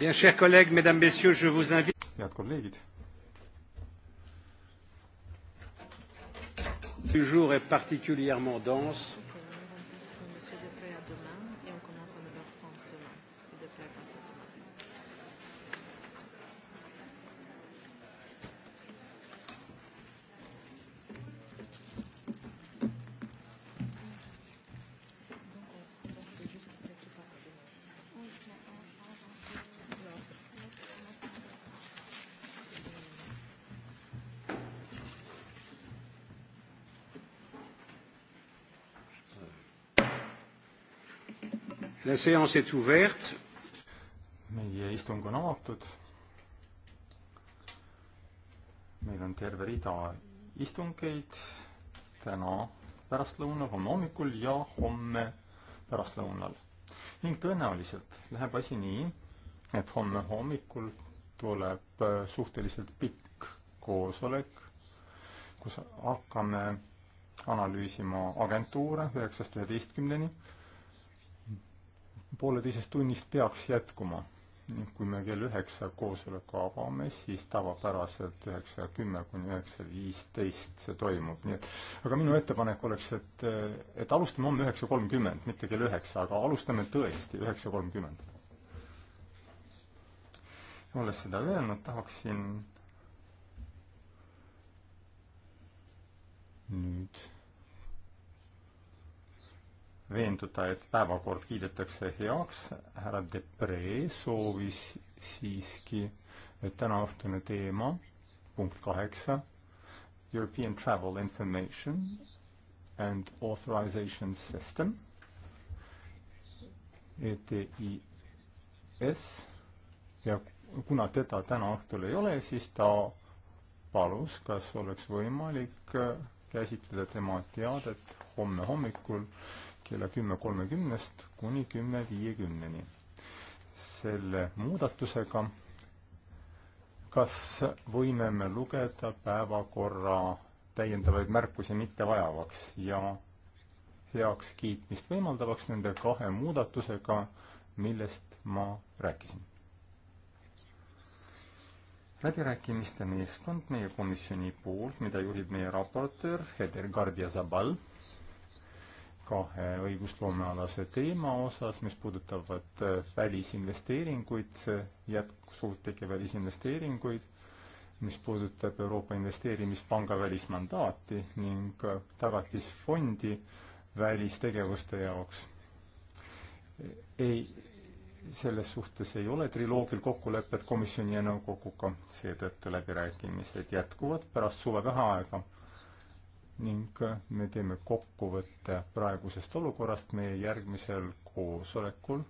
head kolleegid. du jour est particulièrement dense La séance est ouverte. meie istung on avatud. meil on terve rida istungeid täna pärastlõunal, homme hommikul ja homme pärastlõunal. ning tõenäoliselt läheb asi nii, et homme hommikul tuleb äh, suhteliselt pikk koosolek, kus hakkame analüüsima agentuure üheksast üheteistkümneni pooleteisest tunnist peaks jätkuma. kui me kell üheksa koosoleku avame, siis tavapäraselt üheksa kümme kuni üheksa viisteist see toimub, nii et aga minu ettepanek oleks, et, et alustame homme üheksa kolmkümmend, mitte kell üheksa, aga alustame tõesti üheksa kolmkümmend. olles seda öelnud, tahaksin nüüd veenduda, et päevakord kiidetakse heaks. härra Depree soovis siiski, et tänaõhtune teema, punkt kaheksa, European Travel Information and Authorization System, ETIS, ja kuna teda täna õhtul ei ole, siis ta palus, kas oleks võimalik käsitleda tema teadet homme hommikul kella kümme kolmekümnest kuni kümme viiekümneni. selle muudatusega kas võime me lugeda päevakorra täiendavaid märkusi mittevajavaks ja heakskiitmist võimaldavaks nende kahe muudatusega, millest ma rääkisin? läbirääkimiste meeskond meie komisjoni poolt, mida juhib meie raportöör Heder Gardia Zabal kahe õigusloomealase teema osas, mis puudutavad äh, välisinvesteeringuid, äh, jätkusuutlikke välisinvesteeringuid, mis puudutab Euroopa Investeerimispanga välismandaati ning äh, tagatisfondi välistegevuste jaoks. ei, selles suhtes ei ole triloogil kokkulepet komisjoni ja nõukoguga, seetõttu läbirääkimised jätkuvad pärast suvevaheaega ning me teeme kokkuvõtte praegusest olukorrast meie järgmisel koosolekul.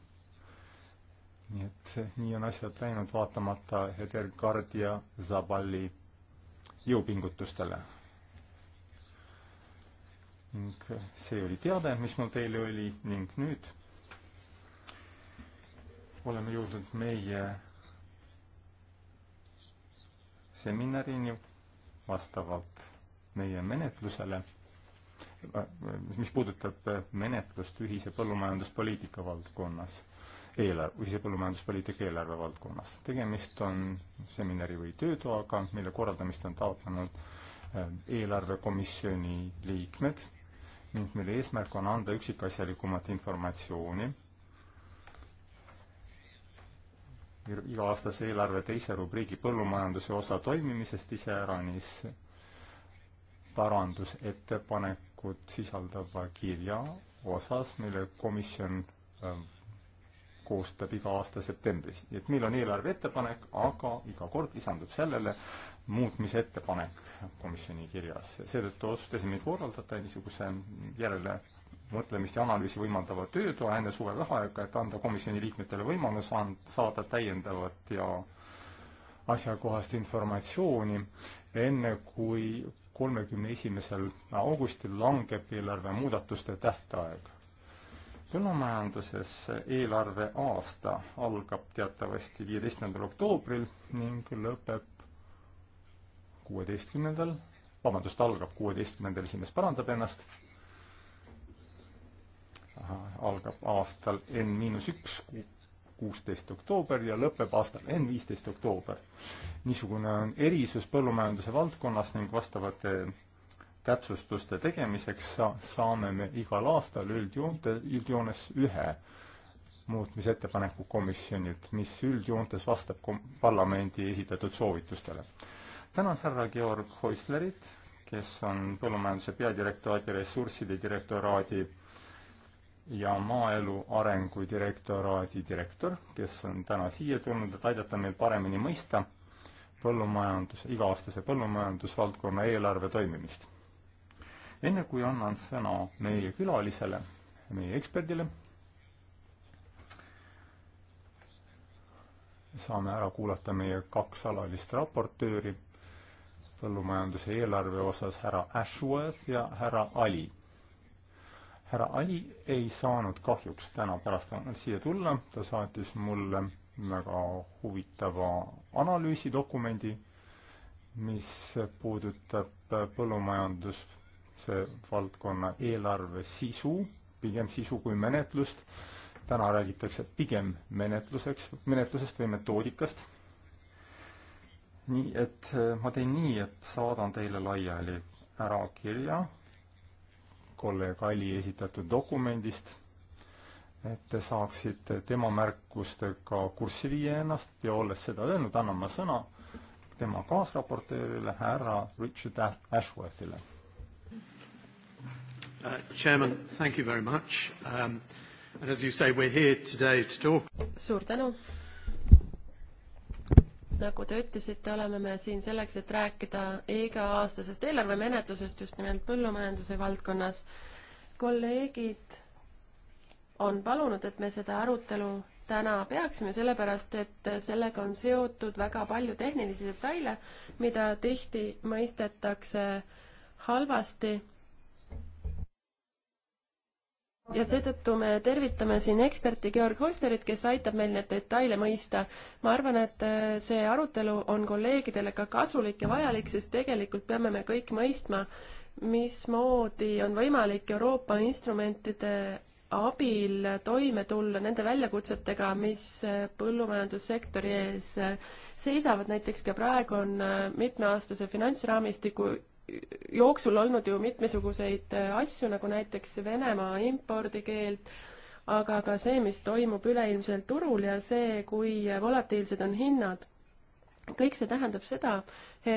nii et nii on asjad läinud, vaatamata Heder Gardia Zabali jõupingutustele. ning see oli teade, mis mul teile oli ning nüüd oleme jõudnud meie seminarini vastavalt meie menetlusele, mis puudutab menetlust ühise põllumajanduspoliitika valdkonnas, eelarve, ühise põllumajanduspoliitika eelarve valdkonnas. tegemist on seminari või töötoaga, mille korraldamist on taotlenud äh, eelarvekomisjoni liikmed ning mille eesmärk on anda üksikasjalikumat informatsiooni iga-aastase eelarve teise rubriigi põllumajanduse osa toimimisest iseäranis parandusettepanekut sisaldava kirja osas, mille komisjon ähm, koostab iga aasta septembris. nii et meil on eelarve ettepanek, aga iga kord lisandub sellele muutmise ettepanek komisjoni kirjas. seetõttu otsustasime korraldada niisuguse järele mõtlemist ja analüüsi võimaldava töötoa enne suvevaheaega, et anda komisjoni liikmetele võimalus and-, saada täiendavat ja asjakohast informatsiooni, enne kui kolmekümne esimesel augustil langeb eelarve muudatuste tähtaeg. põllumajanduses eelarveaasta algab teatavasti viieteistkümnendal oktoobril ning lõpeb kuueteistkümnendal, vabandust, algab kuueteistkümnendal, esimees parandab ennast, algab aastal N miinus üks kuusteist oktoober ja lõpeb aastal N viisteist oktoober. niisugune on erisus põllumajanduse valdkonnas ning vastavate täpsustuste tegemiseks sa-, saame me igal aastal üldjoonte, üldjoones ühe muutmisettepaneku komisjonilt, mis üldjoontes vastab kom-, parlamendi esitatud soovitustele. tänan härra Georg Häuslerit, kes on Põllumajanduse Peadirektoraadi ressursside direktoraadi ja Maaelu Arengu Direktoraadi direktor, kes on täna siia tulnud, et aidata meil paremini mõista põllumajandus, iga-aastase põllumajandusvaldkonna eelarve toimimist. enne kui annan sõna meie külalisele, meie eksperdile, saame ära kuulata meie kaks alalist raportööri põllumajanduse eelarve osas, härra Ashworth ja härra Ali härra Ali ei saanud kahjuks täna pärast siia tulla, ta saatis mulle väga huvitava analüüsidokumendi, mis puudutab põllumajanduse valdkonna eelarve sisu, pigem sisu kui menetlust. täna räägitakse pigem menetluseks, menetlusest või metoodikast. nii et ma teen nii, et saadan teile laiali ära kirja kolleeg Ali esitatud dokumendist, et te saaksite tema märkustega kurssi viia ennast ja olles seda öelnud, annan ma sõna tema kaasraportöörile, härra Richard Ashworthile Uh, Chairman, thank you very much. Um, and as you say, we're here today to talk. Suur tänu nagu te ütlesite, oleme me siin selleks, et rääkida iga-aastasest eelarvemenetlusest just nimelt põllumajanduse valdkonnas. kolleegid on palunud, et me seda arutelu täna peaksime, sellepärast et sellega on seotud väga palju tehnilisi detaile, mida tihti mõistetakse halvasti ja seetõttu me tervitame siin eksperti Georg Holsterit, kes aitab meil neid detaile mõista. ma arvan, et äh, see arutelu on kolleegidele ka kasulik ja vajalik, sest tegelikult peame me kõik mõistma, mismoodi on võimalik Euroopa instrumentide abil toime tulla nende väljakutsetega, mis äh, põllumajandussektori ees äh, seisavad, näiteks ka praegu on mitmeaastase finantsraamistiku jooksul olnud ju mitmesuguseid äh, asju, nagu näiteks Venemaa impordikeeld, aga ka see, mis toimub üleilmsel turul ja see, kui volatiilsed on hinnad. kõik see tähendab seda,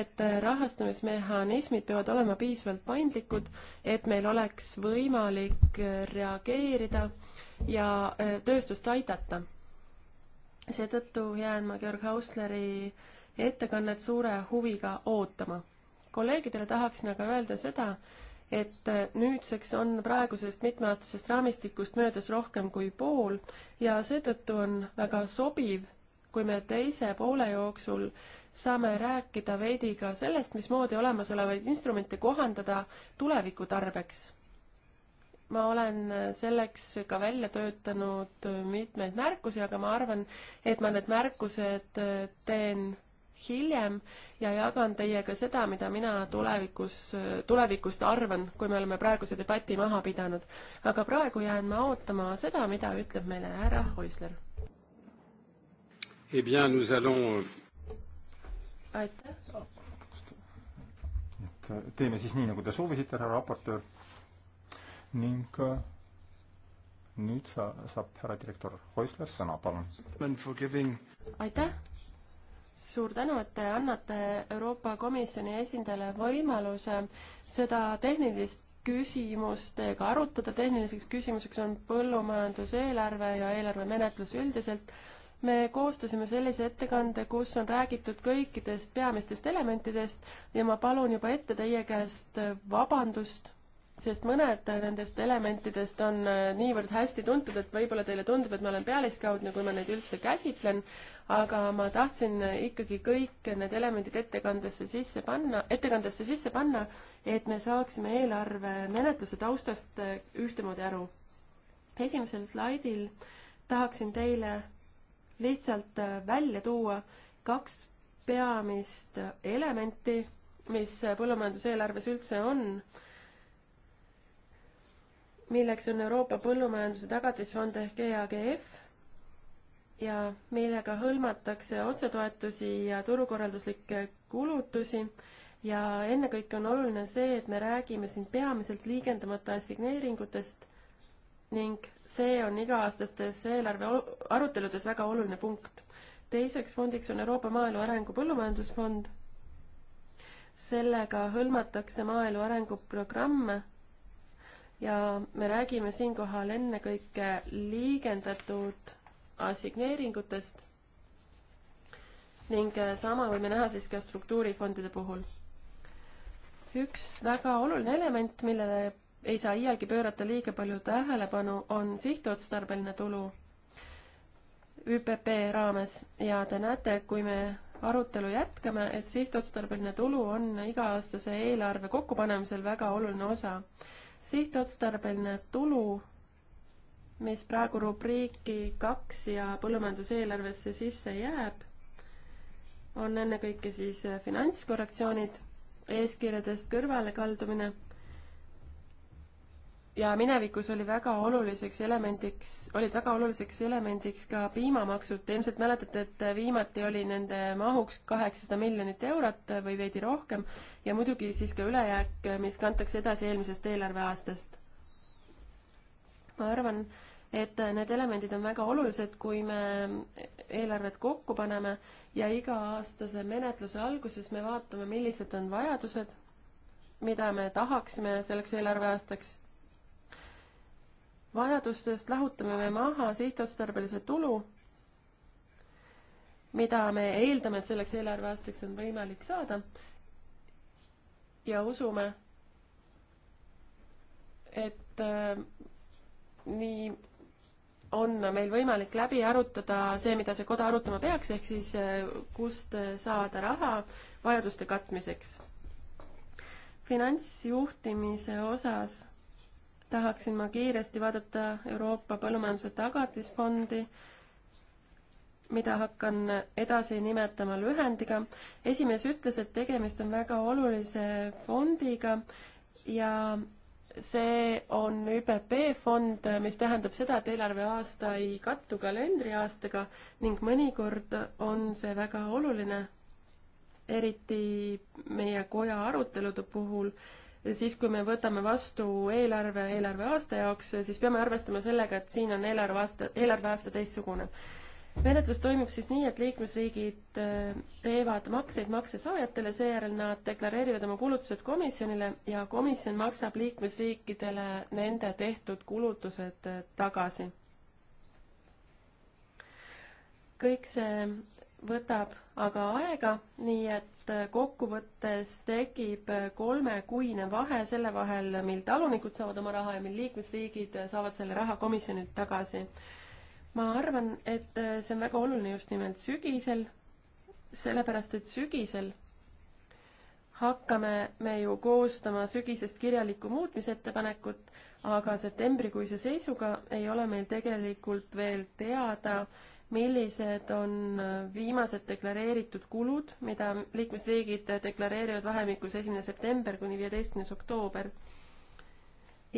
et äh, rahastamismehhanismid peavad olema piisavalt paindlikud, et meil oleks võimalik äh, reageerida ja tööstust aidata. seetõttu jään ma Georg Hausleri ettekannet suure huviga ootama kolleegidele tahaksin aga öelda seda, et nüüdseks on praegusest mitmeaastasest raamistikust möödas rohkem kui pool ja seetõttu on väga sobiv, kui me teise poole jooksul saame rääkida veidi ka sellest, mismoodi olemasolevaid instrumente kohandada tuleviku tarbeks. ma olen selleks ka välja töötanud mitmeid märkusi, aga ma arvan, et ma need märkused teen hiljem ja jagan teiega seda, mida mina tulevikus, tulevikust arvan, kui me oleme praeguse debati maha pidanud. aga praegu jään ma ootama seda, mida ütleb meile härra Häusler. Eh bien, nous allons... Euh, aitäh. et euh, teeme siis nii, nagu te soovisite, härra raportöör. ning äh, nüüd sa, saab härra direktor Häusler sõna, palun. aitäh suur tänu, et te annate Euroopa Komisjoni esindajale võimaluse seda tehnilist küsimust teiega arutada. tehniliseks küsimuseks on põllumajanduseelarve ja eelarvemenetlus üldiselt. me koostasime sellise ettekande, kus on räägitud kõikidest peamistest elementidest ja ma palun juba ette teie käest vabandust sest mõned nendest elementidest on äh, niivõrd hästi tuntud, et võib-olla teile tundub, et ma olen pealiskaudne, kui ma neid üldse käsitlen, aga ma tahtsin äh, ikkagi kõik need elemendid ettekandesse sisse panna, ettekandesse sisse panna, et me saaksime eelarve menetluse taustast äh, ühtemoodi aru. esimesel slaidil tahaksin teile lihtsalt välja tuua kaks peamist elementi, mis põllumajanduseelarves üldse on milleks on Euroopa Põllumajanduse Tagatisfond ehk EAGF ja millega hõlmatakse otsetoetusi ja turukorralduslikke kulutusi ja ennekõike on oluline see, et me räägime siin peamiselt liigendamata assigneeringutest ning see on iga-aastastes eelarve aruteludes väga oluline punkt. teiseks fondiks on Euroopa Maaelu Arengu Põllumajandusfond. sellega hõlmatakse maaelu arenguprogramme ja me räägime siinkohal ennekõike liigendatud assigneeringutest ning äh, sama võime näha siis ka struktuurifondide puhul. üks väga oluline element, millele ei saa iialgi pöörata liiga palju tähelepanu, on sihtotstarbeline tulu ÜPP raames ja te näete, kui me arutelu jätkame, et sihtotstarbeline tulu on iga-aastase eelarve kokkupanemisel väga oluline osa sihtotstarbeline tulu, mis praegu rubriiki kaks ja põllumajanduseelarvesse sisse jääb, on ennekõike siis finantskorrektsioonid, eeskirjadest kõrvalekaldumine ja minevikus oli väga oluliseks elemendiks, olid väga oluliseks elemendiks ka piimamaksud. Te ilmselt mäletate, et viimati oli nende mahuks kaheksasada miljonit eurot või veidi rohkem ja muidugi siis ka ülejääk, mis kantakse edasi eelmisest eelarveaastast. ma arvan, et need elemendid on väga olulised, kui me eelarvet kokku paneme ja iga-aastase menetluse alguses me vaatame, millised on vajadused, mida me tahaksime selleks eelarveaastaks vajadustest lahutame me maha sihtotstarbelise tulu, mida me eeldame, et selleks eelarveaastaks on võimalik saada ja usume, et äh, nii on meil võimalik läbi arutada see, mida see koda arutama peaks, ehk siis äh, kust saada raha vajaduste katmiseks. finantsjuhtimise osas tahaksin ma kiiresti vaadata Euroopa Põllumajanduse Tagatisfondi, mida hakkan edasi nimetama lühendiga. esimees ütles, et tegemist on väga olulise fondiga ja see on ÜPP fond, mis tähendab seda, et eelarveaasta ei kattu kalendriaastaga ning mõnikord on see väga oluline, eriti meie koja arutelude puhul siis, kui me võtame vastu eelarve eelarveaasta jaoks, siis peame arvestama sellega, et siin on eelarveaasta, eelarveaasta teistsugune. menetlus toimub siis nii, et liikmesriigid äh, teevad makseid maksesaajatele, seejärel nad deklareerivad oma kulutused komisjonile ja komisjon maksab liikmesriikidele nende tehtud kulutused äh, tagasi. kõik see võtab aga aega, nii et et kokkuvõttes tekib kolmekuine vahe selle vahel, mil talunikud saavad oma raha ja mil liikmesriigid saavad selle raha komisjonilt tagasi. ma arvan, et see on väga oluline just nimelt sügisel, sellepärast et sügisel hakkame me ju koostama sügisest kirjalikku muutmisettepanekut, aga septembrikuise seisuga ei ole meil tegelikult veel teada, millised on viimased deklareeritud kulud, mida liikmesriigid deklareerivad vahemikus esimene september kuni viieteistkümnes oktoober.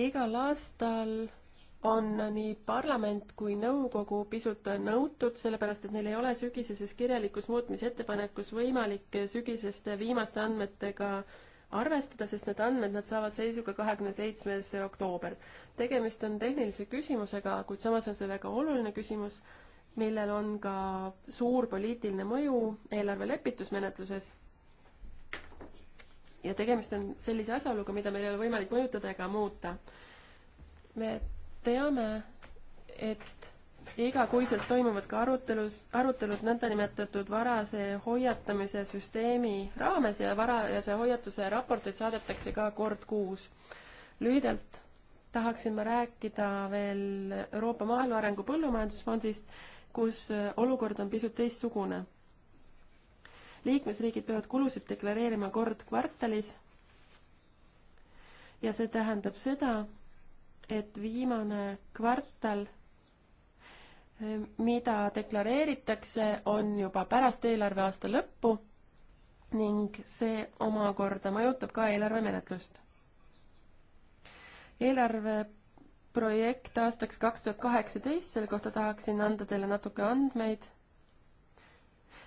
igal aastal on nii parlament kui nõukogu pisut nõutud, sellepärast et neil ei ole sügiseses kirjalikus muutmisettepanekus võimalik sügiseste viimaste andmetega arvestada, sest need andmed nad saavad seisuga kahekümne seitsmes oktoober. tegemist on tehnilise küsimusega, kuid samas on see väga oluline küsimus millel on ka suur poliitiline mõju eelarve lepitusmenetluses. ja tegemist on sellise asjaoluga, mida meil ei ole võimalik mõjutada ega muuta. me teame, et igakuiselt toimuvad ka arutelus, arutelud nõndanimetatud varase hoiatamise süsteemi raames ja varajase hoiatuse raporteid saadetakse ka kord kuus. lühidalt tahaksin ma rääkida veel Euroopa Maaelu Arengu Põllumajandusfondist kus äh, olukord on pisut teistsugune. liikmesriigid peavad kulusid deklareerima kord kvartalis ja see tähendab seda, et viimane kvartal, äh, mida deklareeritakse, on juba pärast eelarveaasta lõppu ning see omakorda mõjutab ka eelarvemenetlust. eelarve projekt aastaks kaks tuhat kaheksateist, selle kohta tahaksin anda teile natuke andmeid.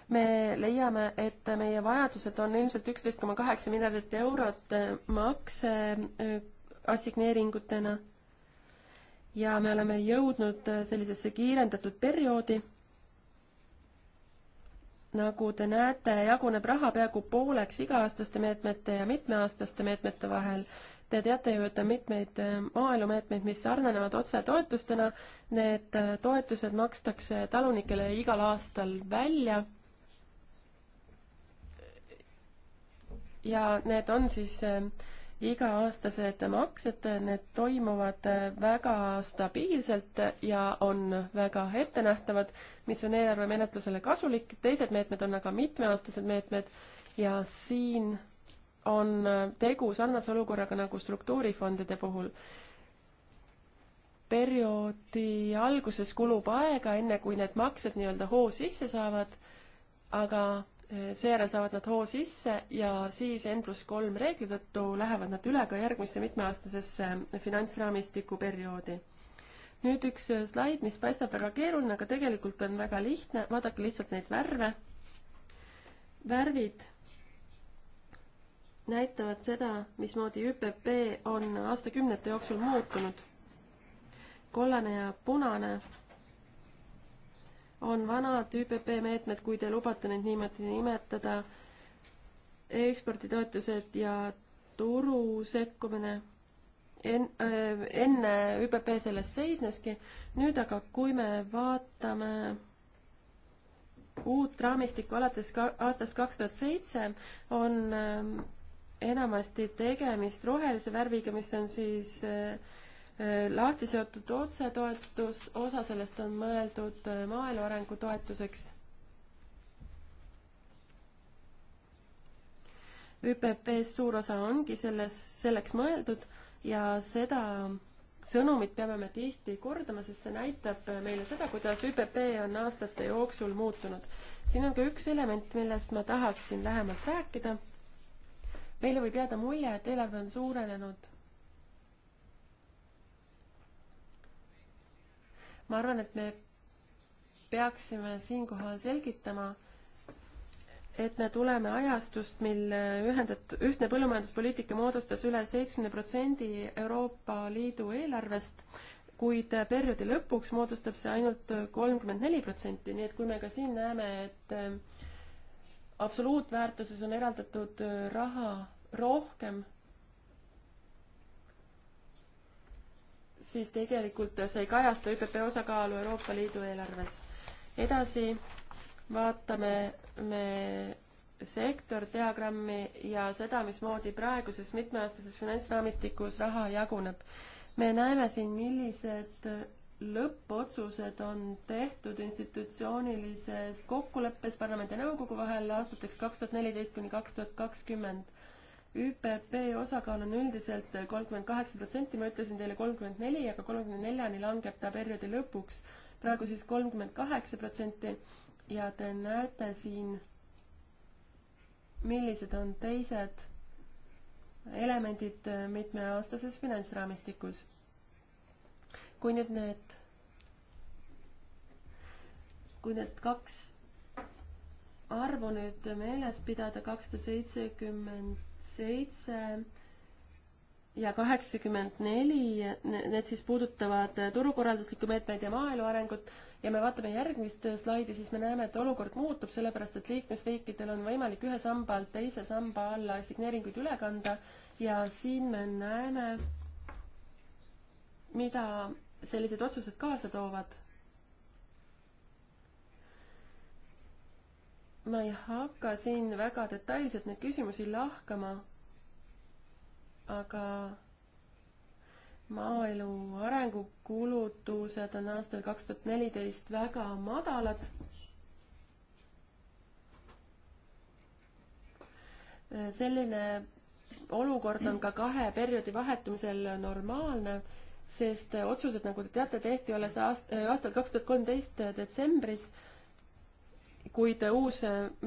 me leiame, et meie vajadused on ilmselt üksteist koma kaheksa miljardit eurot äh, makse äh, assigneeringutena. ja me oleme jõudnud äh, sellisesse kiirendatud perioodi. nagu te näete, jaguneb raha peaaegu pooleks iga-aastaste meetmete ja mitmeaastaste meetmete vahel Te teate ju, et on mitmeid äh, maaelumeetmeid, mis sarnanevad otsetoetustena. Need äh, toetused makstakse talunikele igal aastal välja. ja need on siis äh, iga-aastased maksed, need toimuvad väga stabiilselt ja on väga ettenähtavad, mis on eelarvemenetlusele kasulik, teised meetmed on aga mitmeaastased meetmed ja siin on tegu sarnase olukorraga nagu struktuurifondide puhul. perioodi alguses kulub aega, enne kui need maksed nii-öelda hoo sisse saavad, aga eh, seejärel saavad nad hoo sisse ja siis N pluss kolm reegli tõttu lähevad nad üle ka järgmisse mitmeaastasesse finantsraamistiku perioodi. nüüd üks eh, slaid, mis paistab väga keeruline, aga tegelikult on väga lihtne, vaadake lihtsalt neid värve. värvid näitavad seda, mismoodi ÜPP on aastakümnete jooksul muutunud. kollane ja punane on vanad ÜPP meetmed, kui te lubate neid niimoodi nimetada e, eksporditoetused ja turu sekkumine en-, äh, enne ÜPP selles seisneski, nüüd aga, kui me vaatame uut raamistikku alates ka aastast kaks tuhat seitse, on ähm, enamasti tegemist rohelise värviga, mis on siis äh, äh, lahti seotud otsetoetus, osa sellest on mõeldud äh, maaelu arengu toetuseks. ÜPP-s suur osa ongi selles, selleks mõeldud ja seda sõnumit peame me tihti kordama, sest see näitab meile seda, kuidas ÜPP on aastate jooksul muutunud. siin on ka üks element, millest ma tahaksin lähemalt rääkida meile võib jääda mulje, et eelarve on suurenenud. ma arvan, et me peaksime siinkohal selgitama, et me tuleme ajastust, mil ühendat-, ühtne põllumajanduspoliitika moodustas üle seitsmekümne protsendi Euroopa Liidu eelarvest, kuid perioodi lõpuks moodustab see ainult kolmkümmend neli protsenti, nii et kui me ka siin näeme, et absoluutväärtuses on eraldatud äh, raha rohkem, siis tegelikult see ei kajasta ÜPP osakaalu Euroopa Liidu eelarves. edasi vaatame me sektordiagrammi ja seda, mismoodi praeguses mitmeaastases finantsraamistikus raha jaguneb. me näeme siin, millised lõppotsused on tehtud institutsioonilises kokkuleppes parlamendi ja nõukogu vahel aastateks kaks tuhat neliteist kuni kaks tuhat kakskümmend. ÜPP osakaal on üldiselt kolmkümmend kaheksa protsenti, ma ütlesin teile kolmkümmend neli, aga kolmekümne neljani langeb ta perioodi lõpuks, praegu siis kolmkümmend kaheksa protsenti ja te näete siin, millised on teised elemendid mitmeaastases finantsraamistikus kui nüüd need, kui need kaks arvu nüüd meeles pidada, kakssada seitsekümmend seitse ja kaheksakümmend neli, need siis puudutavad turukorralduslikku meetmeid ja maaelu arengut ja me vaatame järgmist slaidi, siis me näeme, et olukord muutub, sellepärast et liikmesriikidel on võimalik ühe samba alt teise samba alla signeeringuid üle kanda ja siin me näeme, mida sellised otsused kaasa toovad. ma ei hakka siin väga detailselt neid küsimusi lahkama, aga maaelu arengukulutused on aastal kaks tuhat neliteist väga madalad selline olukord on ka kahe perioodi vahetumisel normaalne sest äh, otsused, nagu te teate, tehti alles aast-, äh, aastal kaks tuhat kolmteist äh, detsembris, kuid uus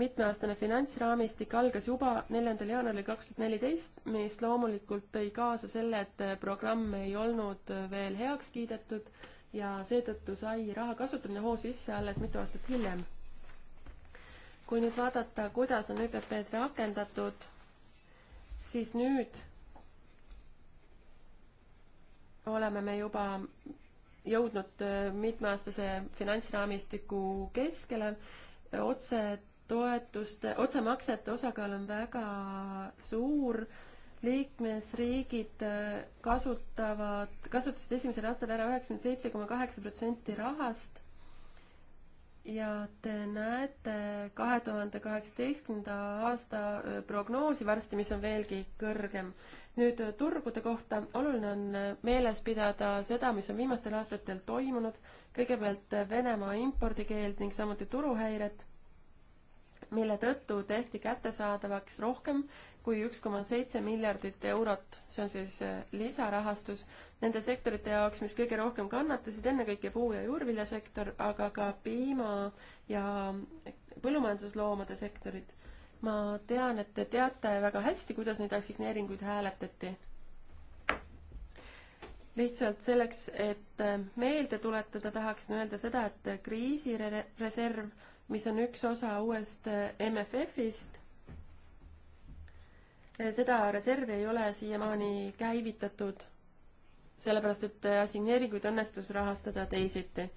mitmeaastane finantsraamistik algas juba neljandal jaanuaril kaks tuhat neliteist, mis loomulikult tõi kaasa selle, et programm ei olnud veel heaks kiidetud ja seetõttu sai raha kasutamine hoo sisse alles mitu aastat hiljem. kui nüüd vaadata, kuidas on ÜPP-d rakendatud, siis nüüd oleme me juba jõudnud äh, mitmeaastase finantsraamistiku keskele. otsetoetuste, otsemaksete osakaal on väga suur. liikmesriigid äh, kasutavad, kasutasid esimesel aastal ära üheksakümmend seitse koma kaheksa protsenti rahast. ja te näete kahe tuhande kaheksateistkümnenda aasta äh, prognoosi varsti, mis on veelgi kõrgem nüüd äh, turgude kohta, oluline on äh, meeles pidada seda, mis on viimastel aastatel toimunud, kõigepealt äh, Venemaa impordikeeld ning samuti turuhäiret, mille tõttu tehti kättesaadavaks rohkem kui üks koma seitse miljardit eurot, see on siis lisarahastus nende sektorite jaoks, mis kõige rohkem kannatasid, ennekõike puu- ja juurviljasektor, aga ka piima- ja põllumajandusloomade sektorid ma tean, et te teate väga hästi, kuidas neid assigneeringuid hääletati. lihtsalt selleks, et meelde tuletada, tahaksin öelda seda, et kriisireserv, mis on üks osa uuest MFF-ist, seda reservi ei ole siiamaani käivitatud, sellepärast et assigneeringuid õnnestus rahastada teisiti.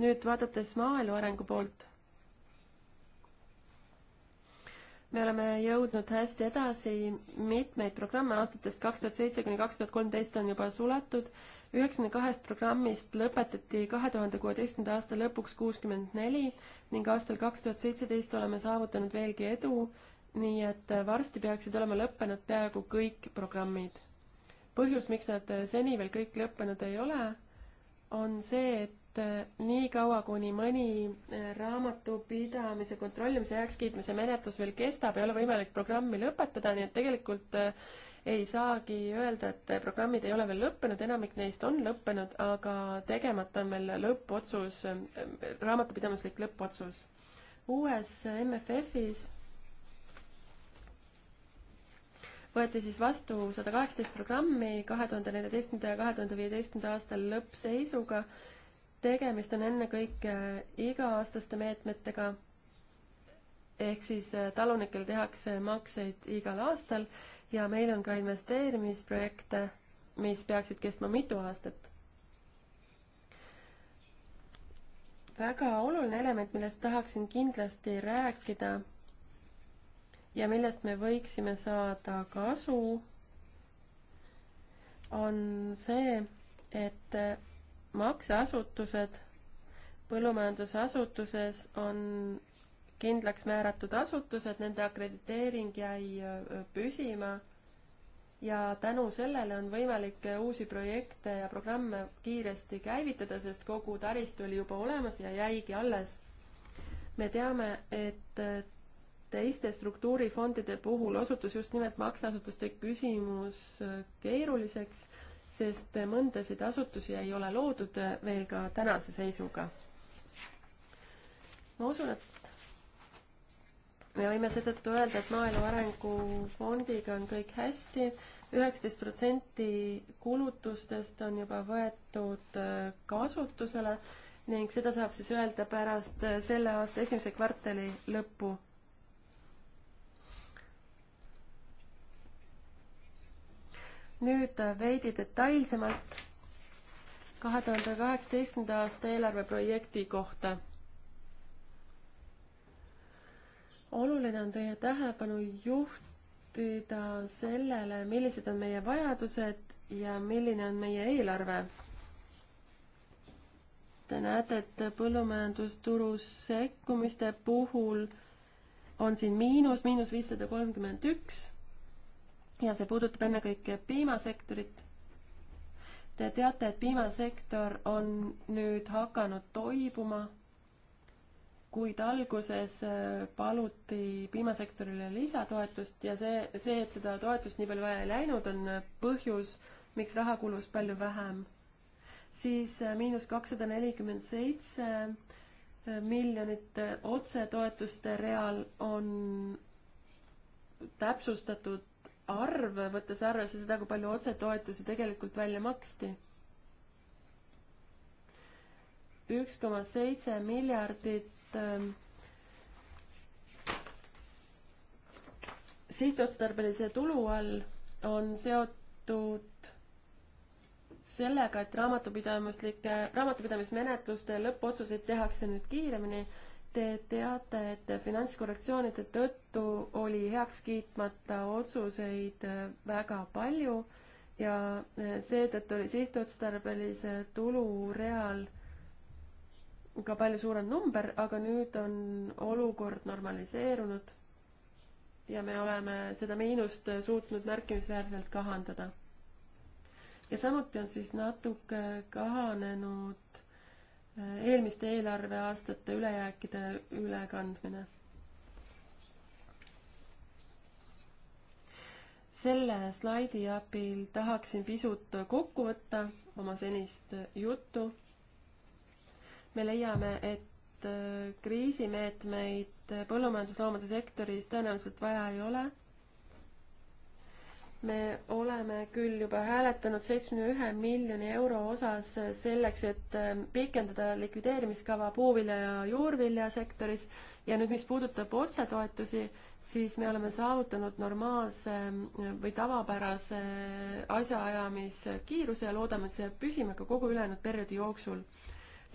nüüd vaadates maaelu arengu poolt me oleme jõudnud hästi edasi, mitmeid programme aastatest kaks tuhat seitse kuni kaks tuhat kolmteist on juba suletud, üheksakümne kahest programmist lõpetati kahe tuhande kuueteistkümnenda aasta lõpuks kuuskümmend neli ning aastal kaks tuhat seitseteist oleme saavutanud veelgi edu, nii et varsti peaksid olema lõppenud peaaegu kõik programmid. põhjus, miks nad seni veel kõik lõppenud ei ole, on see, et äh, niikaua, kuni mõni äh, raamatupidamise kontrollimise heakskiitmise menetlus veel kestab, ei ole võimalik programmi lõpetada, nii et tegelikult äh, ei saagi öelda, et programmid ei ole veel lõppenud, enamik neist on lõppenud, aga tegemata on veel lõppotsus, raamatupidamislik lõppotsus. uues MFF-is võeti siis vastu sada kaheksateist programmi kahe tuhande neljateistkümnenda ja kahe tuhande viieteistkümnenda aasta lõppseisuga. tegemist on ennekõike iga-aastaste meetmetega, ehk siis äh, talunikel tehakse makseid igal aastal ja meil on ka investeerimisprojekte, mis peaksid kestma mitu aastat. väga oluline element, millest tahaksin kindlasti rääkida ja millest me võiksime saada kasu, on see, et makseasutused põllumajandusasutuses on kindlaks määratud asutused, nende akrediteering jäi püsima ja tänu sellele on võimalik uusi projekte ja programme kiiresti käivitada, sest kogu taristu oli juba olemas ja jäigi alles. me teame, et teiste struktuurifondide puhul osutus just nimelt makseasutuste küsimus äh, keeruliseks, sest äh, mõndasid asutusi ei ole loodud äh, veel ka tänase seisuga. ma usun, et me võime seetõttu öelda, et Maaelu Arengufondiga on kõik hästi, üheksateist protsenti kulutustest on juba võetud kasutusele ning seda saab siis öelda pärast selle aasta esimese kvartali lõppu nüüd äh, veidi detailsemalt kahe tuhande kaheksateistkümnenda aasta eelarveprojekti kohta. oluline on teie tähelepanu juhtida sellele, millised on meie vajadused ja milline on meie eelarve. Te näete, et põllumajandusturu sekkumiste puhul on siin miinus, miinus viissada kolmkümmend üks ja see puudutab ennekõike piimasektorit. Te teate, et piimasektor on nüüd hakanud toibuma, kuid alguses äh, paluti piimasektorile lisatoetust ja see, see, et seda toetust nii palju vaja ei läinud, on äh, põhjus, miks raha kulus palju vähem. siis äh, miinus kakssada nelikümmend seitse miljonit otsetoetuste real on täpsustatud arv, võttes arvesse seda, kui palju otsetoetusi tegelikult välja maksti. üks koma seitse miljardit ähm, sihtotstarbelise tulu all on seotud sellega, et raamatupidamislike, raamatupidamismenetluste lõppotsuseid tehakse nüüd kiiremini Te teate, et finantskorrektsioonide tõttu oli heaks kiitmata otsuseid äh, väga palju ja äh, seetõttu oli sihtotstarbelise tulu real ka palju suurem number, aga nüüd on olukord normaliseerunud ja me oleme seda miinust äh, suutnud märkimisväärselt kahandada. ja samuti on siis natuke kahanenud eelmiste eelarveaastate ülejääkide ülekandmine. selle slaidi abil tahaksin pisut kokku võtta oma senist juttu. me leiame, et kriisimeetmeid põllumajandusloomade sektoris tõenäoliselt vaja ei ole me oleme küll juba hääletanud seitsmekümne ühe miljoni euro osas selleks, et ähm, pikendada likvideerimiskava puuvilja ja juurviljasektoris ja nüüd, mis puudutab otsetoetusi, siis me oleme saavutanud normaalse ähm, või tavapärase äh, asjaajamiskiiruse ja loodame, et see jääb püsima ka kogu ülejäänud perioodi jooksul.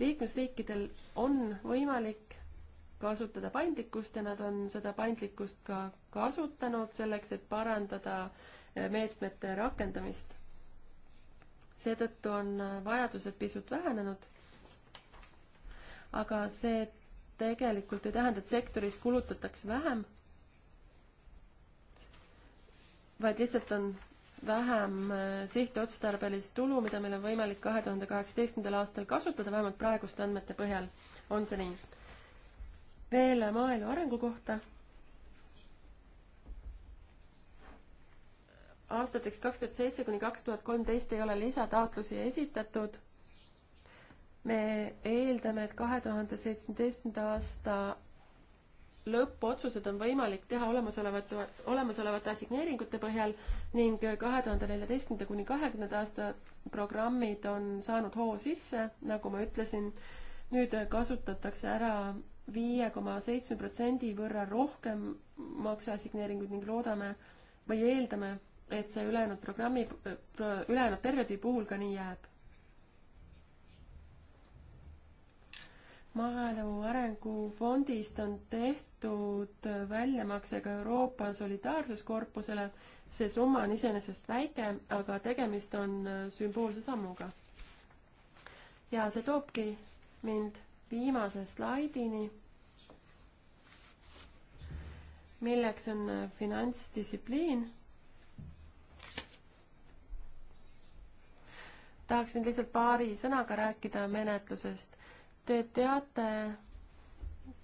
liikmesriikidel on võimalik kasutada paindlikkust ja nad on seda paindlikkust ka kasutanud selleks, et parandada eh, meetmete rakendamist. seetõttu on eh, vajadused pisut vähenenud. aga see tegelikult ei tähenda, et sektoris kulutatakse vähem, vaid lihtsalt on vähem eh, sihtotstarbelist tulu, mida meil on võimalik kahe tuhande kaheksateistkümnendal aastal kasutada, vähemalt praeguste andmete põhjal on see nii veel maaelu arengu kohta. aastateks kaks tuhat seitse kuni kaks tuhat kolmteist ei ole lisataotlusi esitatud. me eeldame, et kahe tuhande seitsmeteistkümnenda aasta lõppotsused on võimalik teha olemasolevate, olemasolevate assigneeringute põhjal ning kahe tuhande neljateistkümnenda kuni kahekümnenda aasta programmid on saanud hoo sisse, nagu ma ütlesin. nüüd kasutatakse ära viie koma seitsme protsendi võrra rohkem makseassigneeringuid ning loodame või eeldame, et see ülejäänud programmi, ülejäänud perioodi puhul ka nii jääb. maaelu arengufondist on tehtud väljamakse ka Euroopa Solidaarsuskorpusele. see summa on iseenesest väike, aga tegemist on sümboolse sammuga. ja see toobki mind viimase slaidini, milleks on äh, finantsdistsipliin. tahaksin lihtsalt paari sõnaga rääkida menetlusest. Te teate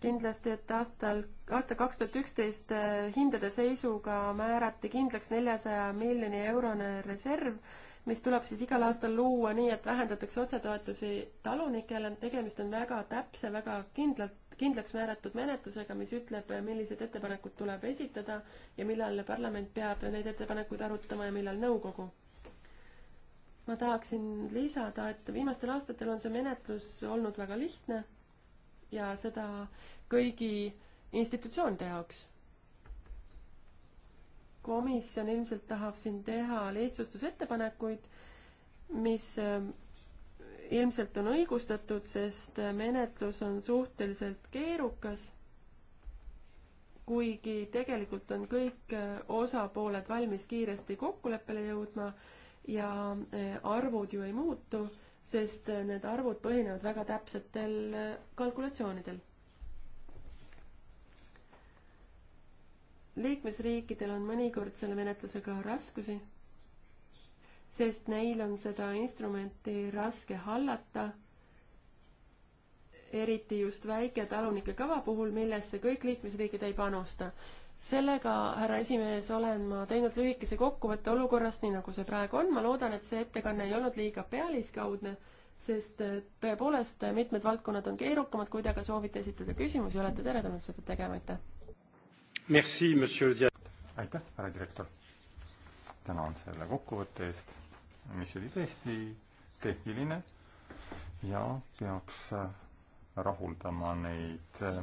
kindlasti, et aastal, aastal kaks tuhat üksteist äh, hindade seisuga määrati kindlaks neljasaja miljoni eurone reserv mis tuleb siis igal aastal luua nii, et vähendatakse otsetoetusi talunikele. tegemist on väga täpse, väga kindlalt, kindlaks määratud menetlusega, mis ütleb, millised ettepanekud tuleb esitada ja millal parlament peab neid ettepanekuid arutama ja millal nõukogu. ma tahaksin lisada, et viimastel aastatel on see menetlus olnud väga lihtne ja seda kõigi institutsioonide jaoks komisjon ilmselt tahab siin teha lihtsustusettepanekuid, mis ähm, ilmselt on õigustatud, sest äh, menetlus on suhteliselt keerukas, kuigi tegelikult on kõik äh, osapooled valmis kiiresti kokkuleppele jõudma ja äh, arvud ju ei muutu, sest need arvud põhinevad väga täpsetel kalkulatsioonidel liikmesriikidel on mõnikord selle menetlusega raskusi, sest neil on seda instrumenti raske hallata, eriti just väiketalunike kava puhul, millesse kõik liikmesriigid ei panusta. sellega, härra esimees, olen ma teinud lühikese kokkuvõtte olukorrast, nii nagu see praegu on, ma loodan, et see ettekanne ei olnud liiga pealiskaudne, sest tõepoolest, mitmed valdkonnad on keerukamad, kui te aga soovite esitada küsimusi, olete teretulnud seda tegema, aitäh! aitäh, härra direktor. tänan selle kokkuvõtte eest, mis oli tõesti tehniline ja peaks rahuldama neid äh,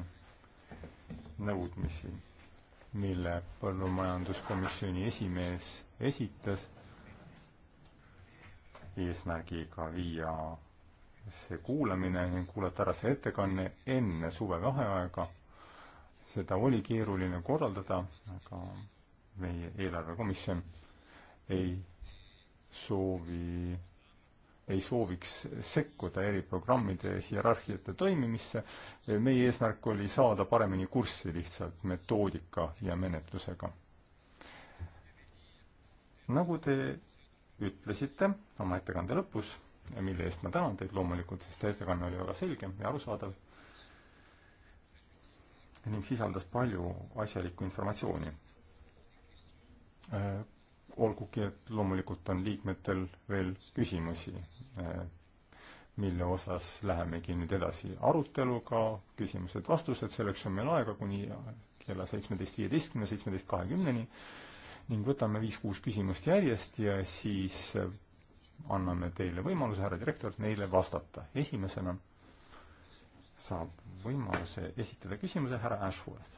nõudmisi, mille põllumajanduskomisjoni esimees esitas eesmärgiga viia see kuulamine ning kuulata ära see ettekanne enne suvevaheaega seda oli keeruline korraldada, aga meie eelarvekomisjon ei soovi, ei sooviks sekkuda eriprogrammide hierarhiate toimimisse. meie eesmärk oli saada paremini kurssi lihtsalt metoodika ja menetlusega. nagu te ütlesite oma ettekande lõpus, mille eest ma tänan teid loomulikult, sest ettekanne oli väga selge ja arusaadav ning sisaldas palju asjalikku informatsiooni. Äh, olgugi, et loomulikult on liikmetel veel küsimusi, äh, mille osas lähemegi nüüd edasi aruteluga, küsimused-vastused, selleks on meil aega kuni kella seitsmeteist viieteistkümne, seitsmeteist kahekümneni ning võtame viis-kuus küsimust järjest ja siis anname teile võimaluse, härra direktor, neile vastata. esimesena saab võimaluse esitada küsimuse härra Ashworth.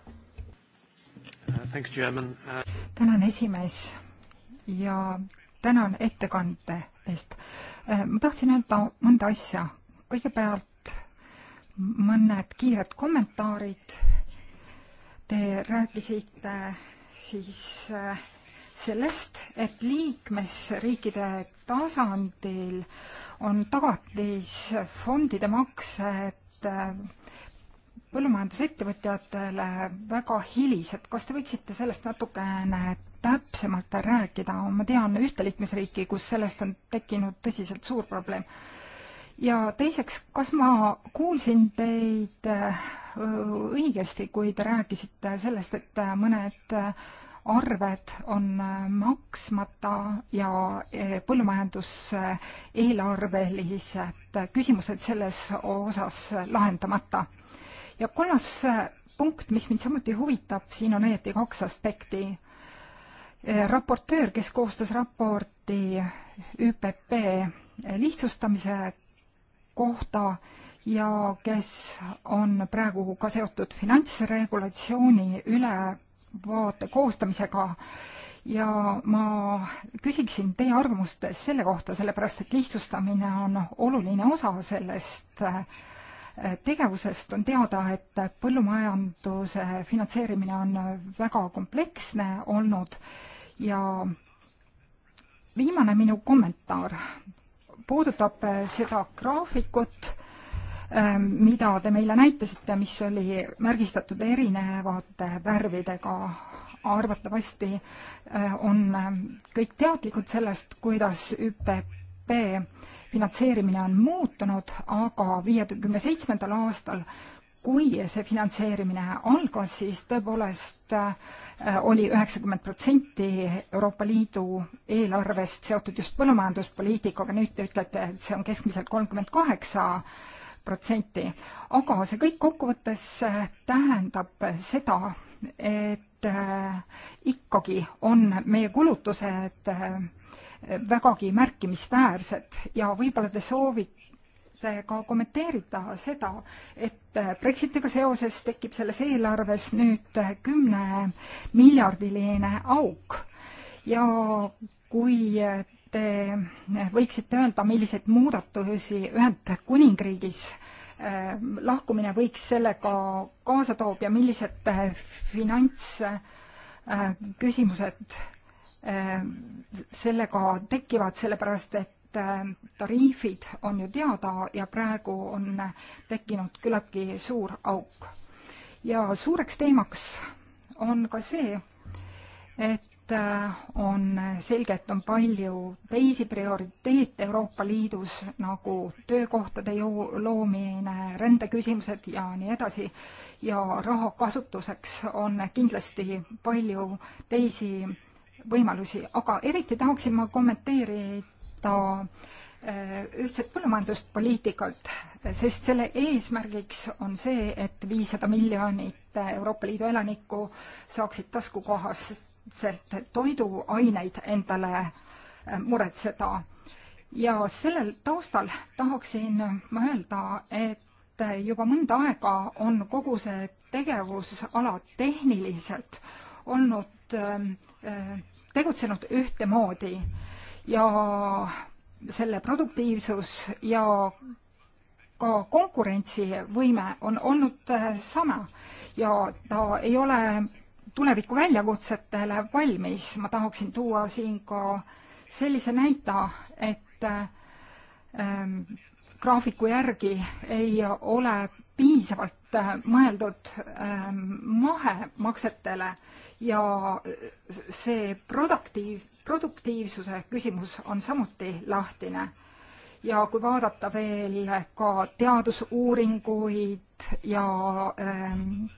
tänan, esimees ja tänan ettekande eest. Äh, ma tahtsin öelda mõnda asja. kõigepealt mõned kiired kommentaarid. Te rääkisite siis äh, sellest, et liikmesriikide tasandil on tagatisfondide maksed olid äh, põllumajandusettevõtjatele väga hilised. kas te võiksite sellest natukene täpsemalt rääkida? ma tean ühte liikmesriiki, kus sellest on tekkinud tõsiselt suur probleem. ja teiseks, kas ma kuulsin teid äh, õigesti, kui te rääkisite sellest, et äh, mõned arved on äh, maksmata ja äh, põllumajanduseelarvelised äh, küsimused selles osas lahendamata. ja kolmas punkt, mis mind samuti huvitab, siin on õieti kaks aspekti. raportöör, kes koostas raporti ÜPP lihtsustamise kohta, ja kes on praegu ka seotud finantsregulatsiooni üle vaate koostamisega ja ma küsiksin teie arvamust selle kohta, sellepärast et lihtsustamine on oluline osa sellest äh, tegevusest. on teada, et põllumajanduse finantseerimine on väga kompleksne olnud ja viimane minu kommentaar puudutab seda graafikut Ähm, mida te meile näitasite, mis oli märgistatud erinevate värvidega. arvatavasti äh, on ähm, kõik teadlikud sellest, kuidas ÜPP finantseerimine on muutunud, aga viiekümne seitsmendal aastal kui see finantseerimine algas, siis tõepoolest äh, oli üheksakümmend protsenti Euroopa Liidu eelarvest seotud just põllumajanduspoliitikaga, nüüd te ütlete, et see on keskmiselt kolmkümmend kaheksa protsenti. aga see kõik kokkuvõttes äh, tähendab seda, et äh, ikkagi on meie kulutused äh, vägagi märkimisväärsed ja võib-olla te soovite ka kommenteerida seda, et Brexitiga seoses tekib selles eelarves nüüd kümne miljardiline auk ja kui te võiksite öelda, milliseid muudatusi Ühendkuningriigis äh, lahkumine võiks sellega kaasa toob ja millised äh, finantsküsimused äh, sellega tekivad, sellepärast et tariifid on ju teada ja praegu on tekkinud küllaltki suur auk. ja suureks teemaks on ka see, et Äh, on selge, et on palju teisi prioriteete Euroopa Liidus nagu töökohtade loomine, rändeküsimused ja nii edasi. ja raha kasutuseks on kindlasti palju teisi võimalusi, aga eriti tahaksin ma kommenteerida äh, ühtset põllumajanduspoliitikat, sest selle eesmärgiks on see, et viissada miljonit Euroopa Liidu elanikku saaksid taskukohast otseselt toiduaineid endale äh, muretseda. ja sellel taustal tahaksin ma öelda, et juba mõnda aega on kogu see tegevusala tehniliselt olnud, ähm, äh, tegutsenud ühtemoodi ja selle produktiivsus ja ka konkurentsivõime on olnud äh, sama ja ta ei ole tuleviku väljakutsetele valmis, ma tahaksin tuua siin ka sellise näite, et ähm, graafiku järgi ei ole piisavalt äh, mõeldud ähm, mahemaksetele ja see produktiiv, produktiivsuse küsimus on samuti lahtine. ja kui vaadata veel ka teadusuuringuid ja ähm,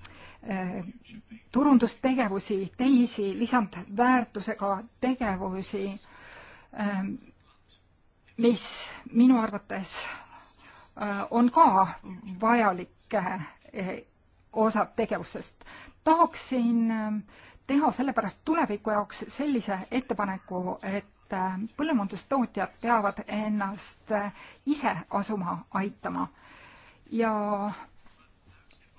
turundustegevusi, teisi lisandväärtusega tegevusi, ähm, mis minu arvates äh, on ka vajalik äh, osa tegevustest. tahaksin ähm, teha sellepärast tuleviku jaoks sellise ettepaneku, et äh, põllumajandustootjad peavad ennast ise asuma aitama ja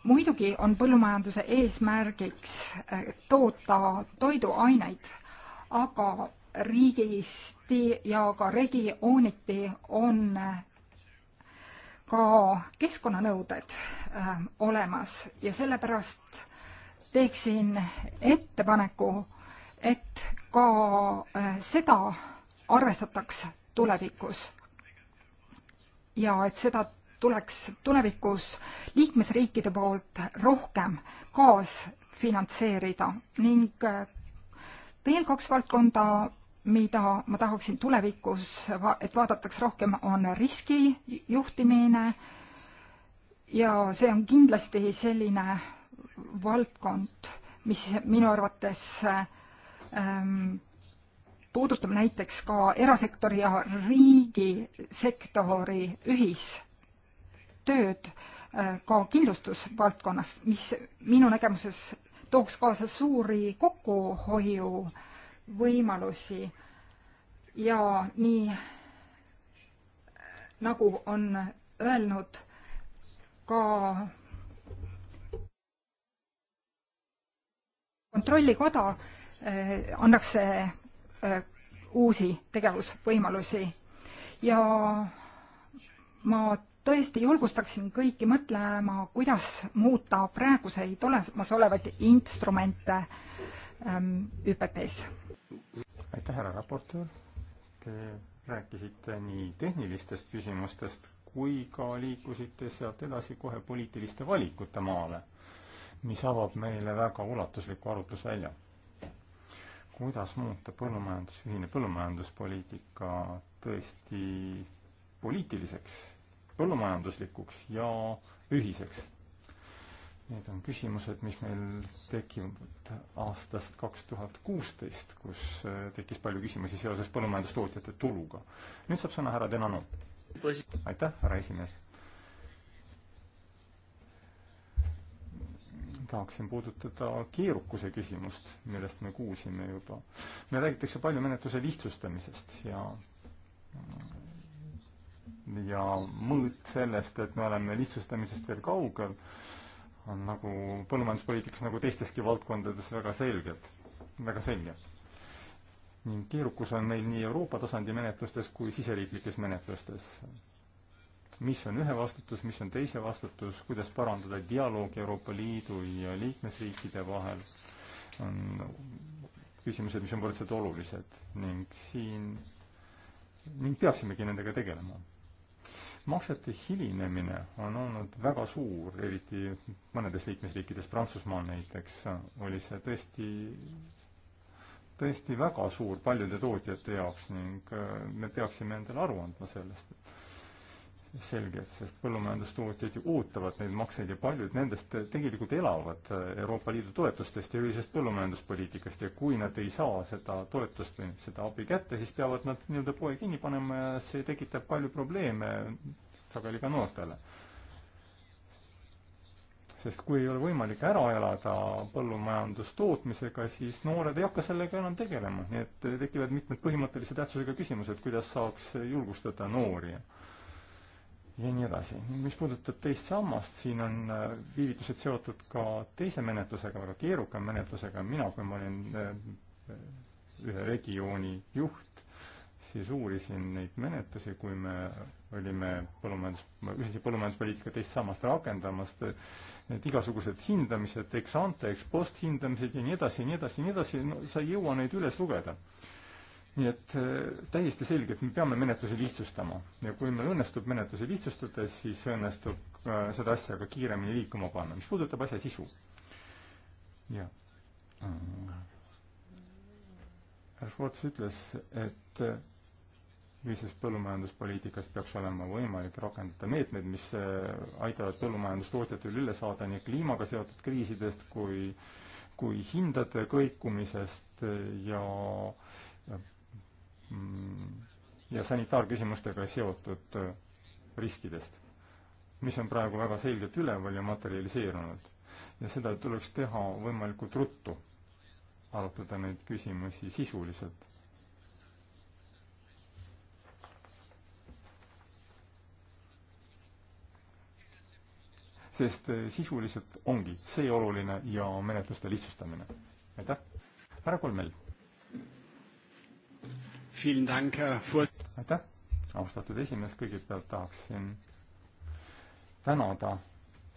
muidugi on põllumajanduse eesmärgiks eh, toota toiduaineid, aga riigisti ja ka regiooniti on eh, ka keskkonnanõuded eh, olemas ja sellepärast teeksin ettepaneku, et ka seda arvestataks tulevikus ja et seda tuleks tulevikus liikmesriikide poolt rohkem kaasfinantseerida ning äh, veel kaks valdkonda, mida ma tahaksin tulevikus, et vaadataks rohkem, on riskijuhtimine ja see on kindlasti selline valdkond, mis minu arvates ähm, puudutab näiteks ka erasektori ja riigisektori ühis tööd äh, ka kindlustusvaldkonnas, mis minu nägemuses tooks kaasa suuri kokkuhoiuvõimalusi ja nii äh, nagu on öelnud ka kontrollikoda, äh, annaks see uusi tegevusvõimalusi ja ma tõesti julgustaksin kõiki mõtlema, kuidas muuta praeguseid olemasolevaid instrumente ähm, ÜPP-s. aitäh, härra raportöör. Te rääkisite nii tehnilistest küsimustest kui ka liikusite sealt edasi kohe poliitiliste valikute maale, mis avab meile väga ulatusliku arutlusvälja kuidas muuta põllumajandus, ühine põllumajanduspoliitika tõesti poliitiliseks põllumajanduslikuks ja ühiseks. Need on küsimused, mis meil tekivad aastast kaks tuhat kuusteist, kus äh, tekkis palju küsimusi seoses põllumajandustootjate tuluga. nüüd saab sõna härra Denano. aitäh, härra esimees. tahaksin puudutada keerukuse küsimust, millest me kuulsime juba. meil räägitakse palju menetluse lihtsustamisest ja mm, ja mõõt sellest, et me oleme lihtsustamisest veel kaugel, on nagu põllumajanduspoliitikas nagu teisteski valdkondades väga selgelt, väga selge. ning keerukus on meil nii Euroopa tasandi menetlustes kui siseriiklikes menetlustes. mis on ühe vastutus, mis on teise vastutus, kuidas parandada dialoogi Euroopa Liidu ja liikmesriikide vahel, on küsimused, mis on võrdselt olulised ning siin, ning peaksimegi nendega tegelema maksete hilinemine on olnud väga suur, eriti mõnedes liikmesriikides, Prantsusmaal näiteks, oli see tõesti, tõesti väga suur paljude tootjate jaoks ning äh, me peaksime endale aru andma sellest, et selged, sest põllumajandustootjad ju ootavad neid makseid ja paljud nendest tegelikult elavad Euroopa Liidu toetustest ja ühisest põllumajanduspoliitikast ja kui nad ei saa seda toetust või seda abi kätte, siis peavad nad nii-öelda poe kinni panema ja see tekitab palju probleeme sageli ka noortele. sest kui ei ole võimalik ära elada põllumajandustootmisega, siis noored ei hakka sellega enam tegelema, nii et tekivad mitmed põhimõttelise tähtsusega küsimused, kuidas saaks julgustada noori ja nii edasi. mis puudutab teist sammast, siin on äh, viivitused seotud ka teise menetlusega, väga keeruka menetlusega, mina, kui ma olin äh, ühe regiooni juht, siis uurisin neid menetlusi, kui me olime põllumajandus, ühise põllumajanduspoliitika teist sammast rakendamas, et igasugused hindamised, ex ante, ex post hindamised ja nii edasi ja nii edasi ja nii edasi, no sa ei jõua neid üles lugeda nii et äh, täiesti selgelt me peame menetlusi lihtsustama ja kui meil õnnestub menetlusi lihtsustada, siis õnnestub äh, seda asja ka kiiremini liikuma panna, mis puudutab asja sisu. jah. Äh, härra Schwartz ütles, et ühises põllumajanduspoliitikas peaks olema võimalik rakendada meetmeid, mis aitavad põllumajandustootjatel üle saada nii kliimaga seotud kriisidest kui, kui hindade kõikumisest ja äh, Mm, ja sanitaarküsimustega seotud äh, riskidest, mis on praegu väga selgelt üleval ja materialiseerunud. ja seda tuleks teha võimalikult ruttu, arutada neid küsimusi sisuliselt. sest äh, sisuliselt ongi see oluline ja menetluste lihtsustamine. aitäh, härra Kolmel aitäh, austatud esimees, kõigepealt tahaksin tänada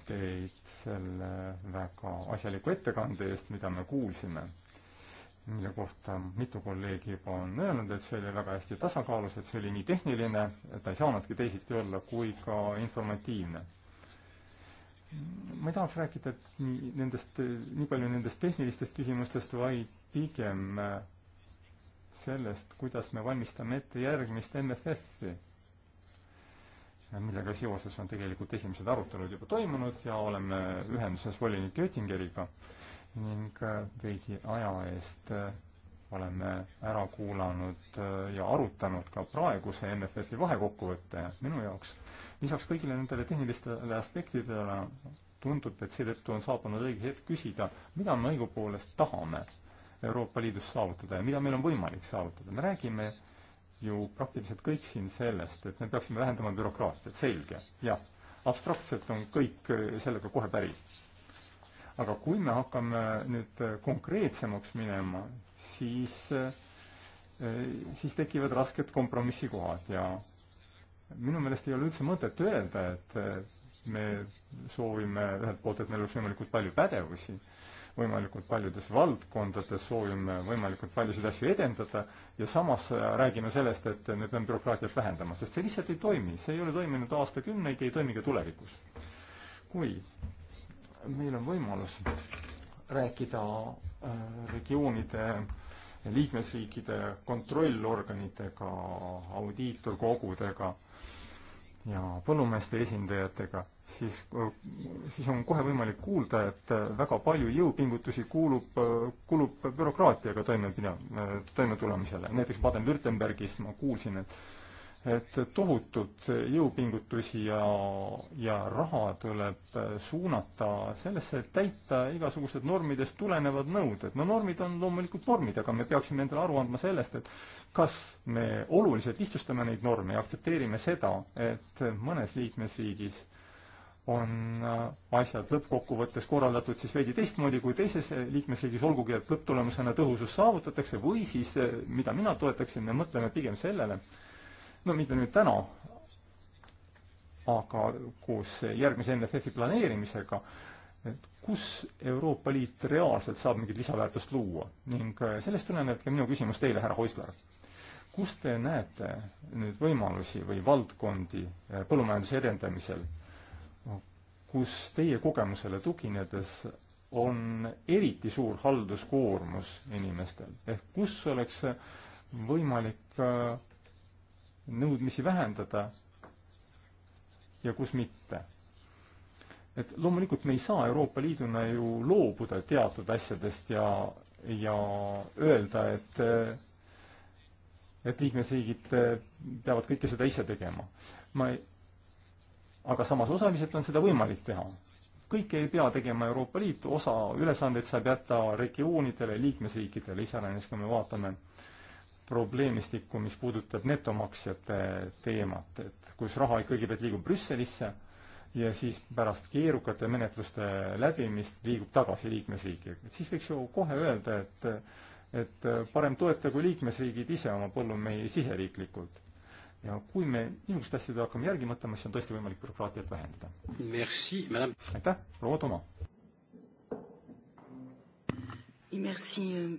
teid selle väga asjaliku ettekande eest, mida me kuulsime, mille kohta mitu kolleegi juba on öelnud, et see oli väga hästi tasakaalus, et see oli nii tehniline, et ta ei saanudki teisiti olla, kui ka informatiivne ma ei tahaks rääkida nii nendest, nii palju nendest tehnilistest küsimustest, vaid pigem sellest, kuidas me valmistame ette järgmist MFF-i, millega seoses on tegelikult esimesed arutelud juba toimunud ja oleme ühenduses volinik Göttingeriga ning äh, veidi aja eest äh, oleme ära kuulanud äh, ja arutanud ka praeguse MFF-i vahekokkuvõtte minu jaoks. lisaks kõigile nendele tehnilistele aspektidele tundub, et seetõttu on saabunud õige hetk küsida, mida me õigupoolest tahame Euroopa Liidus saavutada ja mida meil on võimalik saavutada. me räägime ju praktiliselt kõik siin sellest, et me peaksime vähendama bürokraatiat, selge, jah. abstraktselt on kõik äh, sellega kohe päri. aga kui me hakkame nüüd äh, konkreetsemaks minema, siis, äh, siis tekivad rasked kompromissikohad ja minu meelest ei ole üldse mõtet öelda, et me soovime ühelt poolt, et meil oleks võimalikult palju pädevusi võimalikult paljudes valdkondades, soovime võimalikult paljusid asju edendada ja samas äh, räägime sellest, et me peame bürokraatiat vähendama, sest see lihtsalt ei toimi, see ei ole toiminud aastakümneid, ei toimi ka tulevikus. kui meil on võimalus rääkida äh, regioonide liikmesriikide kontrollorganitega, audiitorkogudega ja põllumeeste esindajatega siis, siis on kohe võimalik kuulda, et väga palju jõupingutusi kuulub, kulub bürokraatiaga toimepina-, toimetulemisele. näiteks Baden-Württembergis ma kuulsin, et et tohutut jõupingutusi ja, ja raha tuleb suunata sellesse, et täita igasugused normidest tulenevad nõuded. no normid on loomulikult normid, aga me peaksime endale aru andma sellest, et kas me oluliselt lihtsustame neid norme ja aktsepteerime seda, et mõnes liikmesriigis äh, on äh, asjad lõppkokkuvõttes korraldatud siis veidi teistmoodi kui teises liikmesriigis, olgugi et lõpptulemusena tõhusus saavutatakse või siis, äh, mida mina toetaksin, me mõtleme pigem sellele, no mitte nüüd täna, aga koos äh, järgmise MFF-i planeerimisega, et kus Euroopa Liit reaalselt saab mingit lisaväärtust luua ning sellest tuleneb ka minu küsimus teile, härra Hoisler kus te näete nüüd võimalusi või valdkondi põllumajanduse edendamisel, kus teie kogemusele tuginedes on eriti suur halduskoormus inimestel, ehk kus oleks võimalik äh, nõudmisi vähendada ja kus mitte. et loomulikult me ei saa Euroopa Liiduna ju loobuda teatud asjadest ja, ja öelda, et äh, et liikmesriigid äh, peavad kõike seda ise tegema. ma ei, aga samas osaliselt on seda võimalik teha. kõike ei pea tegema Euroopa Liit, osa ülesandeid saab jätta regioonidele, liikmesriikidele, iseäranis kui me vaatame probleemistikku, mis puudutab netomaksjate teemat, et kus raha kõigepealt liigub Brüsselisse ja siis pärast keerukate menetluste läbimist liigub tagasi liikmesriiki. siis võiks ju kohe öelda, et, et parem toetagu liikmesriigid ise oma põllumehi siseriiklikult ja kui me niisuguseid asju hakkame järgi mõtlema, siis on tõesti võimalik bürokraatiat vähendada. aitäh, proua Toma! Euh,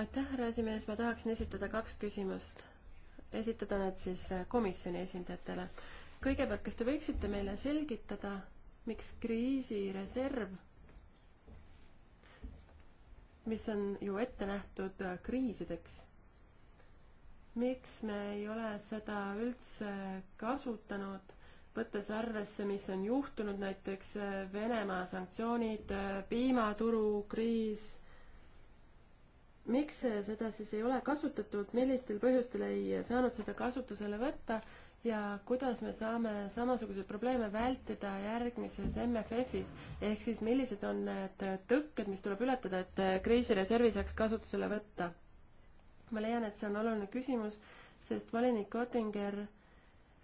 aitäh, härra esimees, ma tahaksin esitada kaks küsimust. esitada need siis äh, komisjoni esindajatele. kõigepealt, kas te võiksite meile selgitada, miks kriisireserv, mis on ju ette nähtud äh, kriisideks miks me ei ole seda üldse kasutanud, võttes arvesse, mis on juhtunud, näiteks äh, Venemaa sanktsioonid, äh, piimaturu kriis, miks äh, seda siis ei ole kasutatud, millistel põhjustel ei saanud seda kasutusele võtta ja kuidas me saame samasuguseid probleeme vältida järgmises MFF-is, ehk siis millised on need tõkked, mis tuleb ületada, et kriisireservi saaks kasutusele võtta ma leian, et see on oluline küsimus, sest volinik Ottinger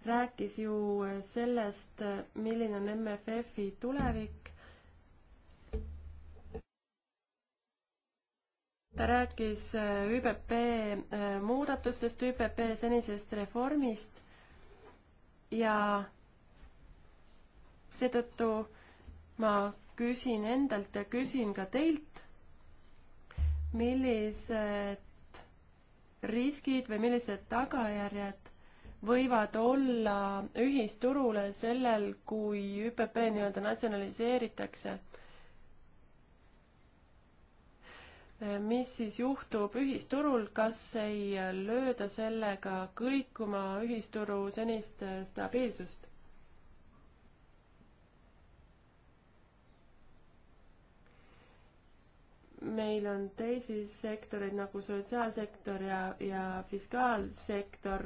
rääkis ju sellest, milline on MFF-i tulevik. ta rääkis äh, ÜPP äh, muudatustest, ÜPP senisest reformist ja seetõttu ma küsin endalt ja küsin ka teilt, millised riskid või millised tagajärjed võivad olla ühisturule sellel, kui ÜPP nii-öelda natsionaliseeritakse. mis siis juhtub ühisturul, kas ei lööda sellega kõikuma ühisturu senist stabiilsust? meil on teisi sektoreid nagu sotsiaalsektor ja, ja fiskaalsektor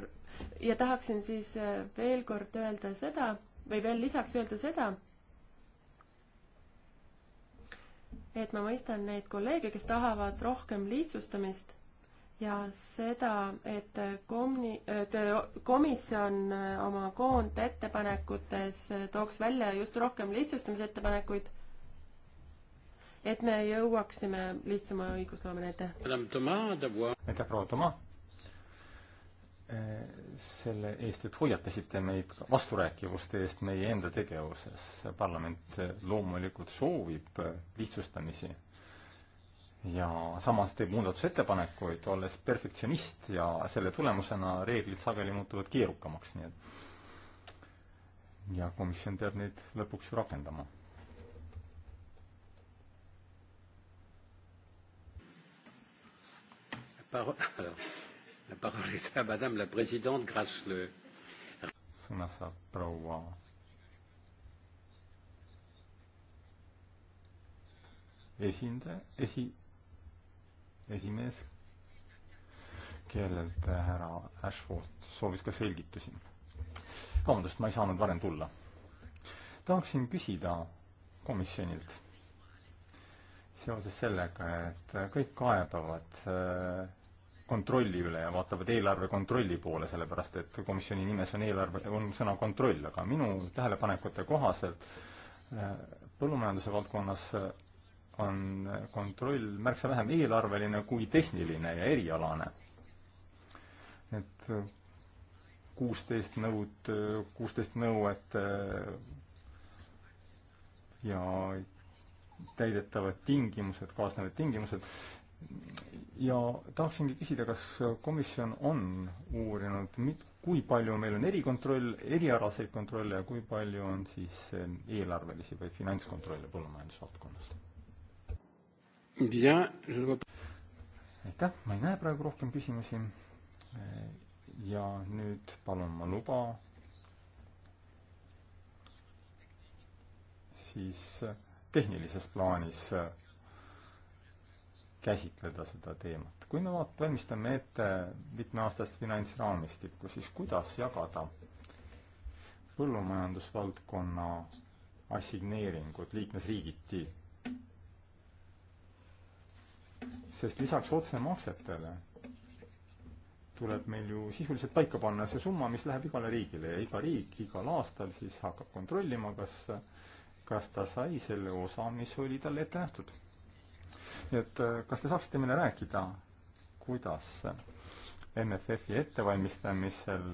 ja tahaksin siis äh, veel kord öelda seda või veel lisaks öelda seda, et ma mõistan neid kolleege, kes tahavad rohkem lihtsustamist ja seda, et komni-, et komisjon äh, oma koondettepanekutes äh, tooks välja just rohkem lihtsustamisettepanekuid et me jõuaksime lihtsama õigusloomeni, aitäh. aitäh, proua Toma, äh, selle eest, et hoiatasite meid vasturääkivuste eest meie enda tegevuses. parlament äh, loomulikult soovib äh, lihtsustamisi ja samas teeb muudatusettepanekuid, olles perfektsionist ja selle tulemusena reeglid sageli muutuvad keerukamaks, nii et ja komisjon peab neid lõpuks ju rakendama Paro... Alors, la parole est à Madame la Présidente Grasle. Sõna saab proua. esindaja, esi, esimees, kellelt härra Ashford soovis ka selgitusi. vabandust, ma ei saanud varem tulla. tahaksin küsida komisjonilt seoses sellega, et kõik kaebavad äh, kontrolli üle ja vaatavad eelarve kontrolli poole, sellepärast et komisjoni nimes on eelarve, on sõna kontroll, aga minu tähelepanekute kohaselt äh, põllumajanduse valdkonnas äh, on kontroll märksa vähem eelarveline kui tehniline ja erialane. et äh, kuusteist nõud, kuusteist nõuet ja täidetavad tingimused, kaasnevad tingimused ja tahaksingi küsida, kas komisjon on uurinud, kui palju meil on erikontroll, erialaseid kontrolle ja kui palju on siis eh, eelarvelisi või finantskontrolle põllumajandusvaldkonnas? aitäh, ma ei näe praegu rohkem küsimusi. Eh, ja nüüd palun ma luba siis eh, tehnilises plaanis käsitleda seda teemat. kui me vaat-, valmistame ette mitmeaastast finantsraamistikku, siis kuidas jagada põllumajandusvaldkonna assigneeringud liikmesriigiti? sest lisaks otsemaksetele tuleb meil ju sisuliselt paika panna see summa, mis läheb igale riigile ja iga riik igal aastal siis hakkab kontrollima, kas, kas ta sai selle osa, mis oli talle ette nähtud nii et äh, kas te saaksite meile rääkida, kuidas MFF-i ettevalmistamisel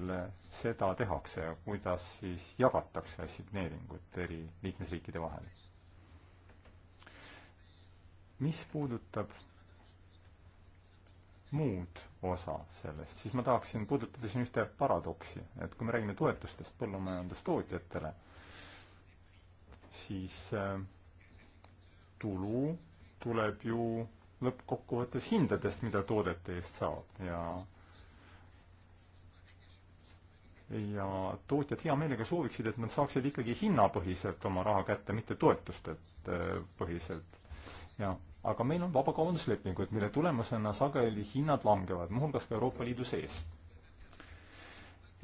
seda tehakse ja kuidas siis jagatakse signeeringut eri liikmesriikide vahel? mis puudutab muud osa sellest, siis ma tahaksin puudutada siin ühte paradoksi, et kui me räägime toetustest põllumajandustootjatele, siis äh, tulu tuleb ju lõppkokkuvõttes hindadest, mida toodete eest saab ja ja tootjad hea meelega sooviksid, et nad saaksid ikkagi hinnapõhiselt oma raha kätte, mitte toetustelt äh, põhiselt. ja, aga meil on vabakaubanduslepingud, mille tulemusena sageli hinnad langevad, muuhulgas ka Euroopa Liidu sees.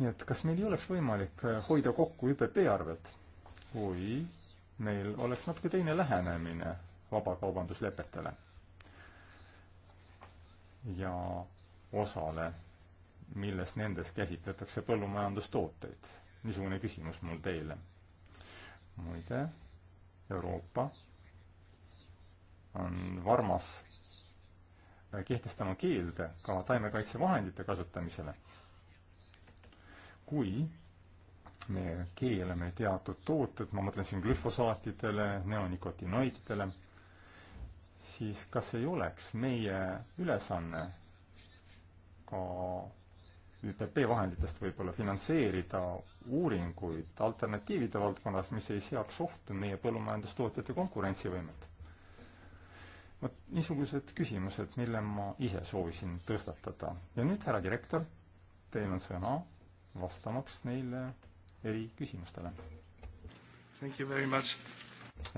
nii et kas meil ei oleks võimalik äh, hoida kokku ÜPP arvelt, kui meil oleks natuke teine lähenemine vabakaubanduslepetele. ja osale, milles nendes käsitletakse põllumajandustooteid. niisugune küsimus mul teile. muide, Euroopa on varmas kehtestama keelde ka taimekaitsevahendite kasutamisele. kui me keelame teatud tooted, ma mõtlen siin glüfosaatidele, neonikotinoididele siis kas ei oleks meie ülesanne ka ÜPP vahenditest võib-olla finantseerida uuringuid alternatiivide valdkonnas, mis ei seaks ohtu meie põllumajandustootjate konkurentsivõimet? vot niisugused küsimused, mille ma ise soovisin tõstatada. ja nüüd, härra direktor, teil on sõna vastamaks neile eriküsimustele.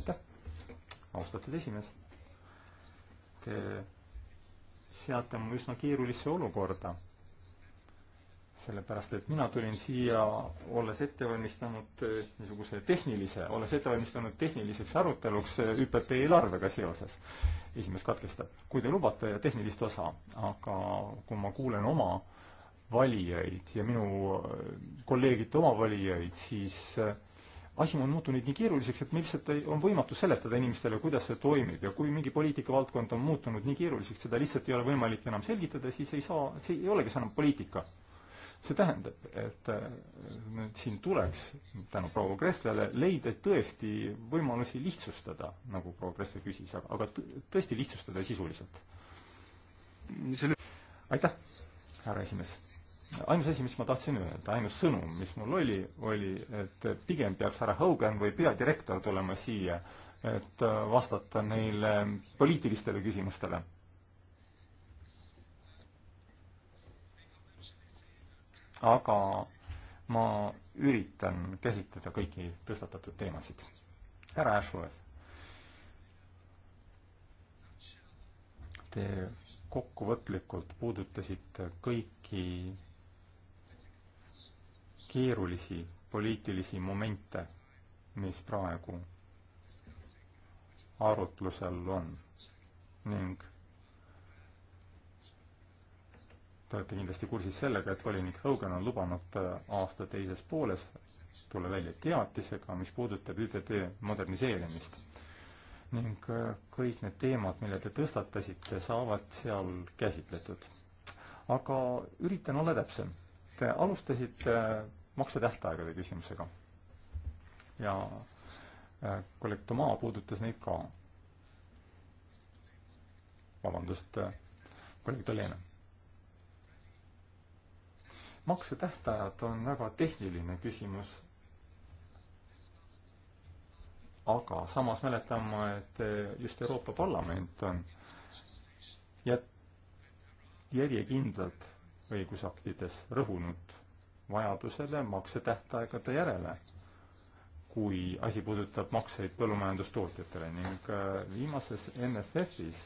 aitäh, austatud esimees te eh, seate mu üsna keerulisse olukorda. sellepärast, et mina tulin siia, olles ette valmistanud eh, niisuguse tehnilise, olles ette valmistanud tehniliseks aruteluks eh, ÜPP eelarvega seoses. esimees katkestab, kui te lubate tehnilist osa, aga kui ma kuulen oma valijaid ja minu kolleegide oma valijaid, siis äh, asi on muutunud nii keeruliseks, et meil lihtsalt ei, on võimatu seletada inimestele, kuidas see toimib ja kui mingi poliitikavaldkond on muutunud nii keeruliseks, seda lihtsalt ei ole võimalik enam selgitada, siis ei saa, see ei olegi see enam poliitika. see tähendab, et äh, nüüd siin tuleks tänu proua Kresslale leida tõesti võimalusi lihtsustada, nagu proua Kressle küsis, aga, aga tõesti lihtsustada sisuliselt. aitäh, härra esimees ainus asi, mis ma tahtsin öelda, ainus sõnum, mis mul oli, oli, et pigem peaks härra Hogan või peadirektor tulema siia, et äh, vastata neile poliitilistele küsimustele. aga ma üritan käsitleda kõiki tõstatatud teemasid. härra Ashworth, te kokkuvõtlikult puudutasite kõiki keerulisi poliitilisi momente, mis praegu arutlusel on ning te olete kindlasti kursis sellega, et volinik Hogan on lubanud aasta teises pooles tulla välja teatisega, mis puudutab ÜPP moderniseerimist. ning kõik need teemad, mille te tõstatasite, saavad seal käsitletud. aga üritan olla täpsem. Te alustasite maksetähtaegade küsimusega. ja äh, kollektomaa puudutas neid ka. vabandust, äh, kollektoleena. maksetähtajad on väga tehniline küsimus. aga samas mäletan ma, et äh, just Euroopa Parlament on jät-, järjekindlalt õigusaktides rõhunud vajadusele maksetähtaegade järele, kui asi puudutab makseid põllumajandustootjatele ning äh, viimases MFF-is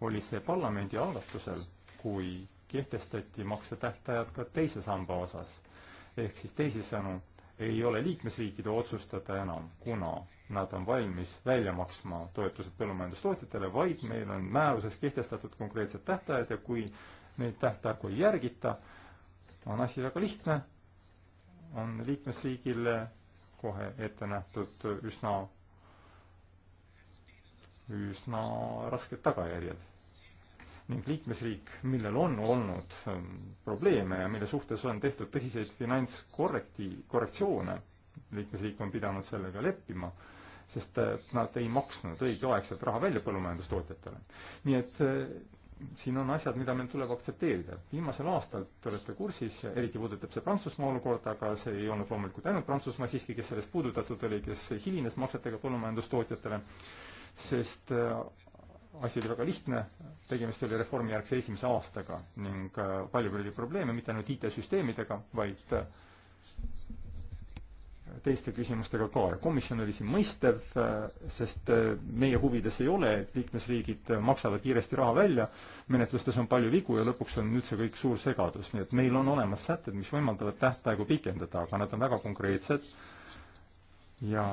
oli see parlamendi algatusel, kui kehtestati maksetähtajad ka teise samba osas. ehk siis teisisõnu, ei ole liikmesriikide otsustada enam, kuna nad on valmis välja maksma toetused põllumajandustootjatele, vaid meil on määruses kehtestatud konkreetsed tähtajad ja kui neid tähtaegu ei järgita, on asi väga lihtne, on liikmesriigile kohe ette nähtud üsna, üsna rasked tagajärjed. ning liikmesriik, millel on olnud ähm, probleeme ja mille suhtes on tehtud tõsiseid finantskorrekti-, korrektsioone, liikmesriik on pidanud sellega leppima, sest äh, nad ei maksnud õigeaegselt raha välja põllumajandustootjatele. nii et äh, siin on asjad, mida meil tuleb aktsepteerida. viimasel aastal, te olete kursis, eriti puudutab see Prantsusmaa olukorda, aga see ei olnud loomulikult ainult Prantsusmaa siiski, kes sellest puudutatud oli, kes hilines maksetega põllumajandustootjatele, sest äh, asi oli väga lihtne, tegemist oli reformijärgse esimese aastaga ning äh, palju oli probleeme mitte ainult IT-süsteemidega, vaid äh, teiste küsimustega ka. komisjon oli siin mõistev, äh, sest äh, meie huvides ei ole, et liikmesriigid äh, maksavad kiiresti raha välja, menetlustes on palju vigu ja lõpuks on üldse kõik suur segadus, nii et meil on olemas sätted, mis võimaldavad tähtaegu pikendada, aga nad on väga konkreetsed ja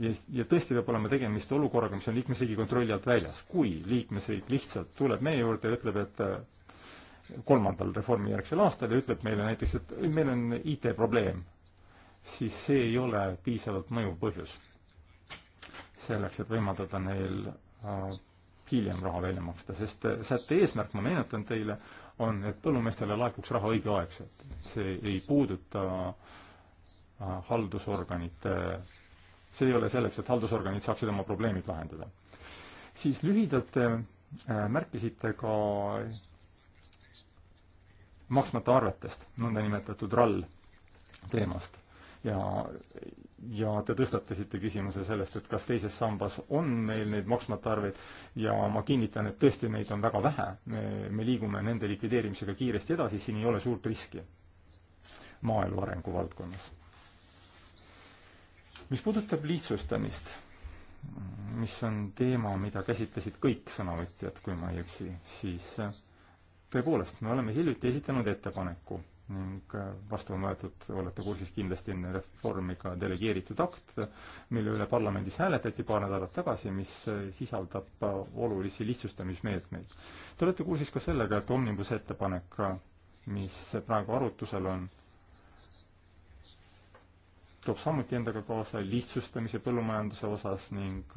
ja, ja tõesti peab olema tegemist olukorraga, mis on liikmesriigi kontrolli alt väljas. kui liikmesriik lihtsalt tuleb meie juurde ja ütleb, et kolmandal reformijärgsel aastal ja ütleb meile näiteks, et meil on IT-probleem siis see ei ole piisavalt mõjuv põhjus selleks, et võimaldada neil äh, hiljem raha välja maksta, sest äh, sätte eesmärk, ma meenutan teile, on, et põllumeestele laekuks raha õigeaegselt. see ei puuduta äh, haldusorganite, see ei ole selleks, et haldusorganid saaksid oma probleemid lahendada. siis lühidalt märkisite ka maksmata arvetest, nõndanimetatud RAL teemast ja, ja te tõstatasite küsimuse sellest, et kas teises sambas on meil neid maksmata arveid ja ma kinnitan, et tõesti neid on väga vähe. me, me liigume nende likvideerimisega kiiresti edasi, siin ei ole suurt riski maaelu arengu valdkonnas. mis puudutab lihtsustamist, mis on teema, mida käsitlesid kõik sõnavõtjad, kui ma ei eksi, siis tõepoolest, me oleme hiljuti esitanud ettepaneku ning äh, vastu on võetud, olete kursis kindlasti enne reformi ka delegeeritud akt, mille üle parlamendis hääletati paar nädalat tagasi, mis äh, sisaldab äh, olulisi lihtsustamismeetmeid. Te olete kursis ka sellega, et Omnibus ettepanek, mis praegu arutusel on, toob samuti endaga kaasa lihtsustamise põllumajanduse osas ning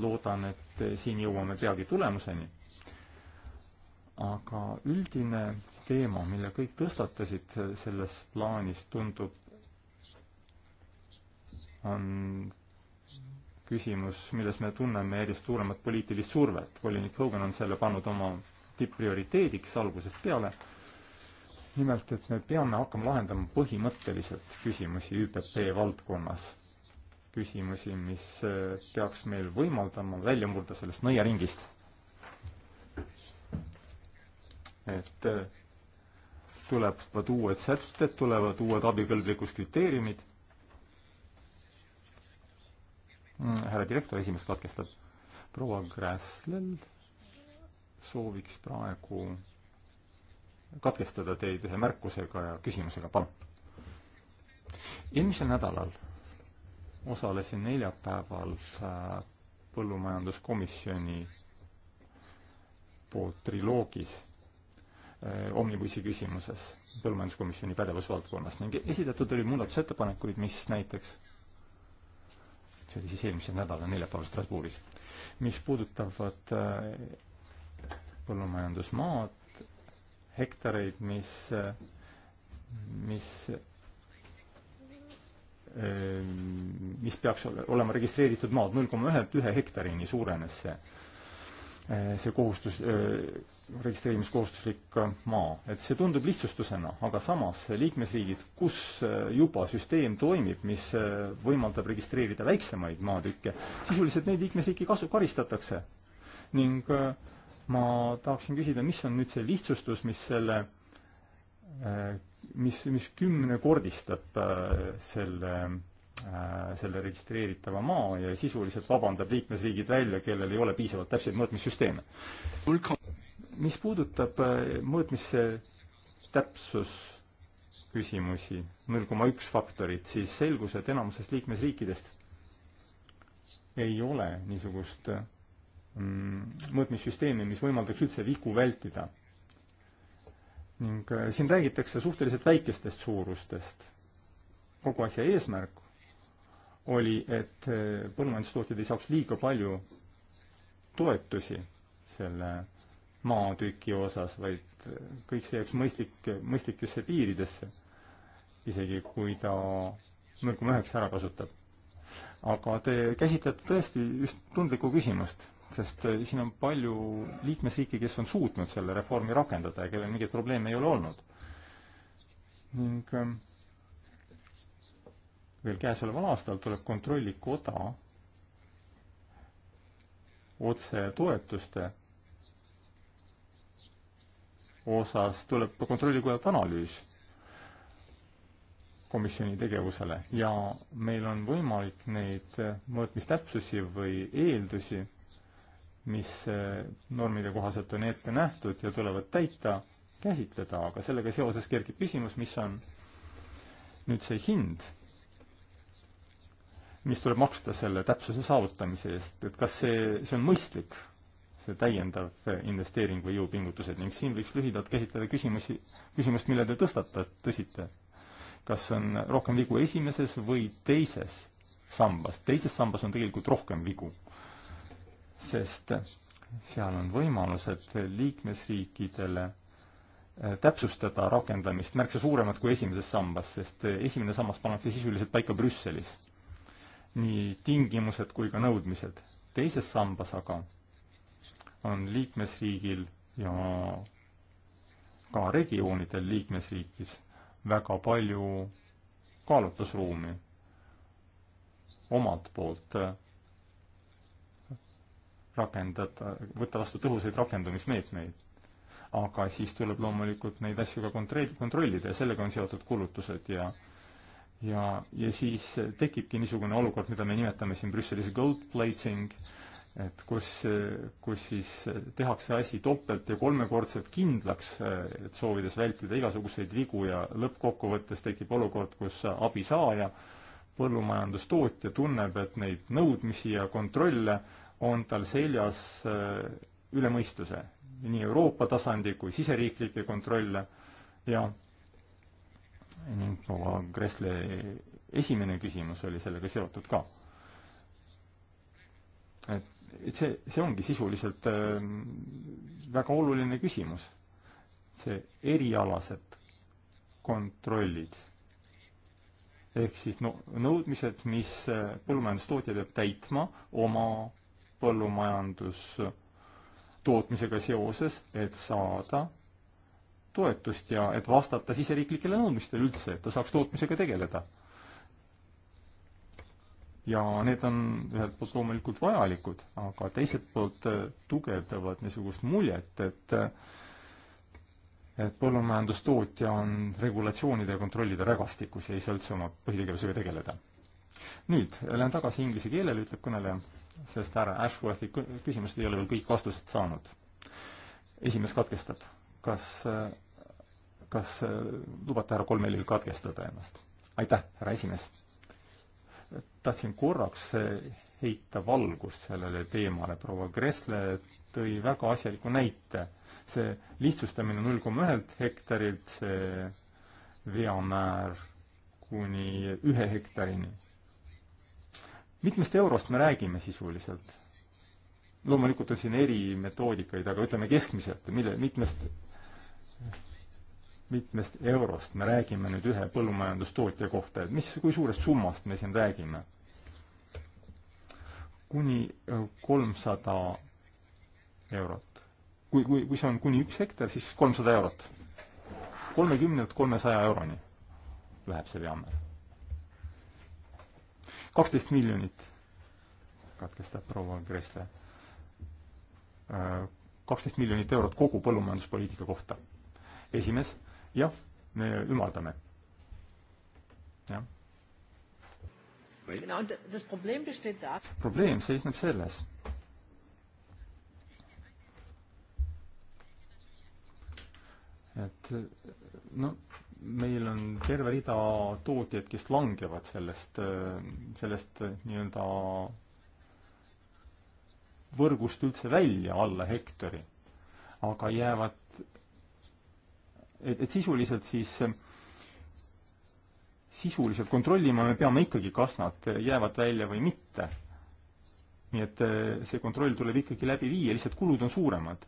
loodan, et siin jõuame peagi tulemuseni. aga üldine teema, mille kõik tõstatasid selles plaanis, tundub, on küsimus, milles me tunneme järjest suuremat poliitilist survet. volinik Hogan on selle pannud oma tipprioriteediks algusest peale. nimelt, et me peame hakkama lahendama põhimõtteliselt küsimusi ÜPP valdkonnas. küsimusi, mis eh, peaks meil võimaldama välja murda sellest nõiaringist. et eh, tulevad uued sätted, tulevad uued abikõlblikkuskriteeriumid. Mm, härra direktor, esimees katkestab. proua Gräslel sooviks praegu katkestada teid ühe märkusega ja küsimusega, palun. eelmisel nädalal osalesin neljapäeval äh, põllumajanduskomisjoni poolt triloogis Äh, omnibussi küsimuses põllumajanduskomisjoni pädevusvaldkonnas ning esitatud oli muudatusettepanekuid, mis näiteks, see oli siis eelmise nädala neljapäeval Strasbourgis, mis puudutavad äh, põllumajandusmaad, hektareid, mis, äh, mis mis peaks olema registreeritud maad, null koma ühelt ühe hektarini suurenes see, see kohustus registreerimiskohustuslik äh, maa. et see tundub lihtsustusena, aga samas liikmesriigid, kus äh, juba süsteem toimib, mis äh, võimaldab registreerida väiksemaid maatükke, sisuliselt neid liikmesriiki kasu, karistatakse. ning ma tahaksin küsida, mis on nüüd see lihtsustus, mis selle, mis, mis kümnekordistab selle selle registreeritava maa ja sisuliselt vabandab liikmesriigid välja, kellel ei ole piisavalt täpseid mõõtmissüsteeme mis puudutab äh, mõõtmise täpsus küsimusi, null koma üks faktorit, siis selgus, et enamuses liikmesriikidest ei ole niisugust mm, mõõtmissüsteemi, mis võimaldaks üldse vigu vältida. ning äh, siin räägitakse suhteliselt väikestest suurustest. kogu asja eesmärk oli, et äh, põllumajandustootjad ei saaks liiga palju toetusi selle maatüki osas, vaid kõik see jääks mõistlik, mõistlikesse piiridesse, isegi kui ta null koma üheksa ära kasutab. aga te käsitlete tõesti just tundlikku küsimust, sest eh, siin on palju liikmesriike, kes on suutnud selle reformi rakendada ja kellel mingeid probleeme ei ole olnud. ning eh, veel käesoleval aastal tuleb kontrollikoda otse toetuste osas tuleb kontrollikojalt analüüs komisjoni tegevusele ja meil on võimalik neid mõõtmistäpsusi või eeldusi, mis eh, normide kohaselt on ette nähtud ja tulevad täita, käsitleda, aga sellega seoses kerkib küsimus, mis on nüüd see hind, mis tuleb maksta selle täpsuse saavutamise eest, et kas see, see on mõistlik see täiendav investeering või jõupingutused ning siin võiks lühidalt käsitleda küsimusi, küsimust, mille te tõstatasite. kas on rohkem vigu esimeses või teises sambas? teises sambas on tegelikult rohkem vigu, sest seal on võimalused liikmesriikidele eh, täpsustada rakendamist märksa suuremad kui esimeses sambas, sest eh, esimene sammas pannakse sisuliselt paika Brüsselis. nii tingimused kui ka nõudmised. teises sambas aga on liikmesriigil ja ka regioonidel liikmesriigis väga palju kaalutlusruumi omalt poolt äh, rakendada, võtta vastu tõhusaid rakendumismeetmeid. aga siis tuleb loomulikult neid asju ka kontroll, kontrollida ja sellega on seotud kulutused ja ja, ja siis tekibki niisugune olukord, mida me nimetame siin Brüsselis gold plating, et kus, kus siis tehakse asi topelt ja kolmekordselt kindlaks, et soovides vältida igasuguseid vigu ja lõppkokkuvõttes tekib olukord, kus abisaaja, põllumajandustootja tunneb, et neid nõudmisi ja kontrolle on tal seljas äh, üle mõistuse. nii Euroopa tasandi kui siseriiklikke kontrolle ja ning proua Kressle esimene küsimus oli sellega seotud ka et et see, see ongi sisuliselt ähm, väga oluline küsimus. see erialased kontrollid ehk siis no nõudmised, mis äh, põllumajandustootja peab täitma oma põllumajandustootmisega äh, seoses, et saada toetust ja et vastata siseriiklikele nõudmistele üldse, et ta saaks tootmisega tegeleda ja need on ühelt poolt loomulikult vajalikud, aga teiselt poolt äh, tugevdavad niisugust muljet, et äh, et põllumajandustootja on regulatsioonide ja kontrollide rägastikus ja ei saa üldse oma põhitegevusega tegeleda. nüüd lähen tagasi inglise keelele, ütleb kõneleja, sest härra Ashworthi küsimused ei ole veel kõik vastused saanud. esimees katkestab. kas, äh, kas lubate härra Kolmelil katkestada ennast? aitäh, härra esimees tahtsin korraks heita valgust sellele teemale. proua Kressle tõi väga asjaliku näite. see lihtsustamine null koma ühelt hektarilt, see veamäär kuni ühe hektarini. mitmest eurost me räägime sisuliselt? loomulikult on siin eri metoodikaid, aga ütleme keskmiselt, mille, mitmest mitmest eurost me räägime nüüd ühe põllumajandustootja kohta, et mis, kui suurest summast me siin räägime? kuni äh, kolmsada eurot. kui, kui, kui see on kuni üks hektar, siis kolmsada eurot. kolmekümnelt kolmesaja euroni läheb see veamäär. kaksteist miljonit, katkestab proua Kressle, äh, kaksteist miljonit eurot kogu põllumajanduspoliitika kohta. esimees jah, me ümardame. jah. probleem seisneb selles, et no meil on terve rida tootjaid, kes langevad sellest, sellest nii-öelda võrgust üldse välja alla hektari, aga jäävad et, et sisuliselt siis sisuliselt kontrollima me peame ikkagi, kas nad jäävad välja või mitte. nii et eh, see kontroll tuleb ikkagi läbi viia, lihtsalt kulud on suuremad.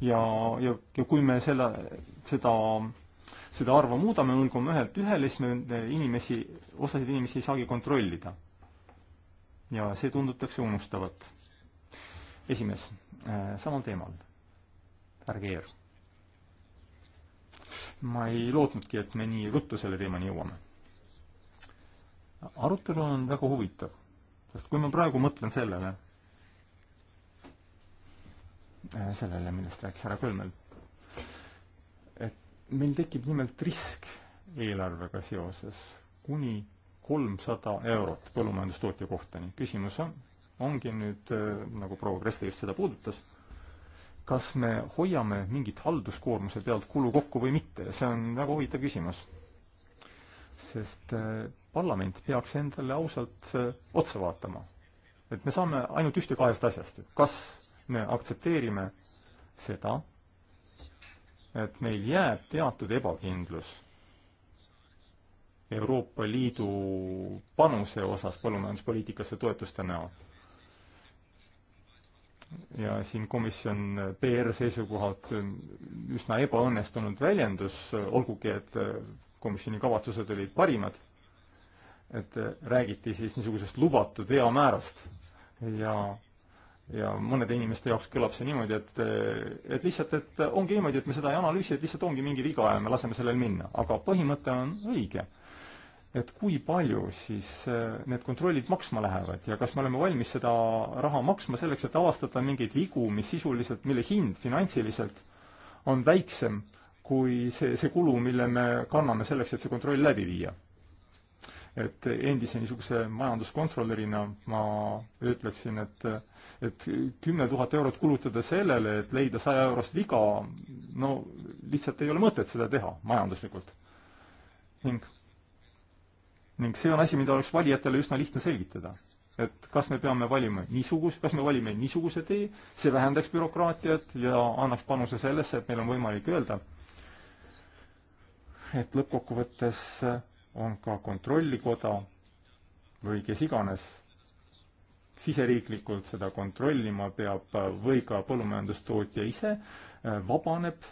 ja, ja, ja kui me selle, seda, seda arvu muudame null koma ühelt ühele, siis me inimesi, osasid inimesi ei saagi kontrollida. ja see tundutakse unustavat. esimees, eh, samal teemal, härra Keer ma ei lootnudki, et me nii ruttu selle teemani jõuame. arutelu on väga huvitav, sest kui ma praegu mõtlen sellele, äh, sellele, millest rääkis härra Kölmel, et meil tekib nimelt risk eelarvega seoses kuni kolmsada eurot põllumajandustootja kohta, nii küsimus on, ongi nüüd, äh, nagu proua Kressle just seda puudutas, kas me hoiame mingit halduskoormuse pealt kulu kokku või mitte, see on väga huvitav küsimus. sest äh, parlament peaks endale ausalt äh, otsa vaatama. et me saame ainult ühte kahest asjast, kas me aktsepteerime seda, et meil jääb teatud ebakindlus Euroopa Liidu panuse osas põllumajanduspoliitikasse toetuste näol ja siin komisjon äh, PR seisukohalt äh, üsna ebaõnnestunud väljendus, äh, olgugi et komisjoni kavatsused olid parimad, et räägiti siis niisugusest lubatud veamäärast ja ja mõnede inimeste jaoks kõlab see niimoodi, et, et lihtsalt, et ongi niimoodi, et me seda ei analüüsi, et lihtsalt ongi mingi viga ja me laseme sellel minna. aga põhimõte on õige et kui palju siis eh, need kontrollid maksma lähevad ja kas me oleme valmis seda raha maksma selleks, et avastada mingeid vigu, mis sisuliselt, mille hind finantsiliselt on väiksem kui see, see kulu, mille me kanname selleks, et see kontroll läbi viia. et endise niisuguse majanduskontrolörina ma ütleksin, et, et kümme tuhat eurot kulutada sellele, et leida saja eurost viga, no lihtsalt ei ole mõtet seda teha majanduslikult. ning ning see on asi, mida oleks valijatele üsna lihtne selgitada. et kas me peame valima niisuguse, kas me valime niisuguse tee, see vähendaks bürokraatiat ja annaks panuse sellesse, et meil on võimalik öelda, et lõppkokkuvõttes on ka kontrollikoda või kes iganes siseriiklikult seda kontrollima peab või ka põllumajandustootja ise vabaneb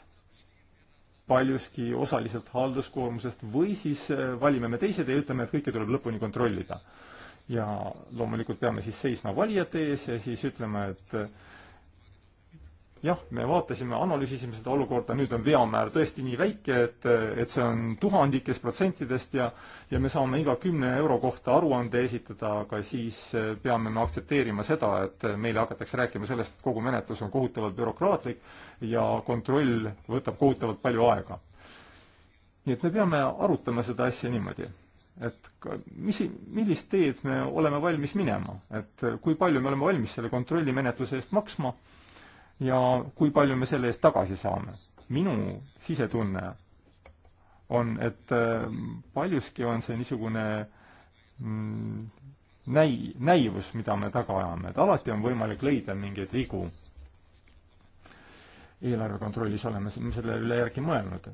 paljuski osaliselt halduskoormusest või siis äh, valime me teised ja ütleme, et kõike tuleb lõpuni kontrollida. ja loomulikult peame siis seisma valijate ees ja siis ütlema, et jah, me vaatasime, analüüsisime seda olukorda, nüüd on veamäär tõesti nii väike, et, et see on tuhandikes protsentidest ja ja me saame iga kümne euro kohta aruande esitada, aga siis eh, peame me aktsepteerima seda, et meile hakatakse rääkima sellest, et kogu menetlus on kohutavalt bürokraatlik ja kontroll võtab kohutavalt palju aega. nii et me peame arutama seda asja niimoodi et mis, millist teed me oleme valmis minema, et kui palju me oleme valmis selle kontrollimenetluse eest maksma ja kui palju me selle eest tagasi saame. minu sisetunne on, et äh, paljuski on see niisugune mm, näi-, näivus, mida me taga ajame, et alati on võimalik leida mingeid vigu. eelarve kontrollis oleme selle üle järgi mõelnud.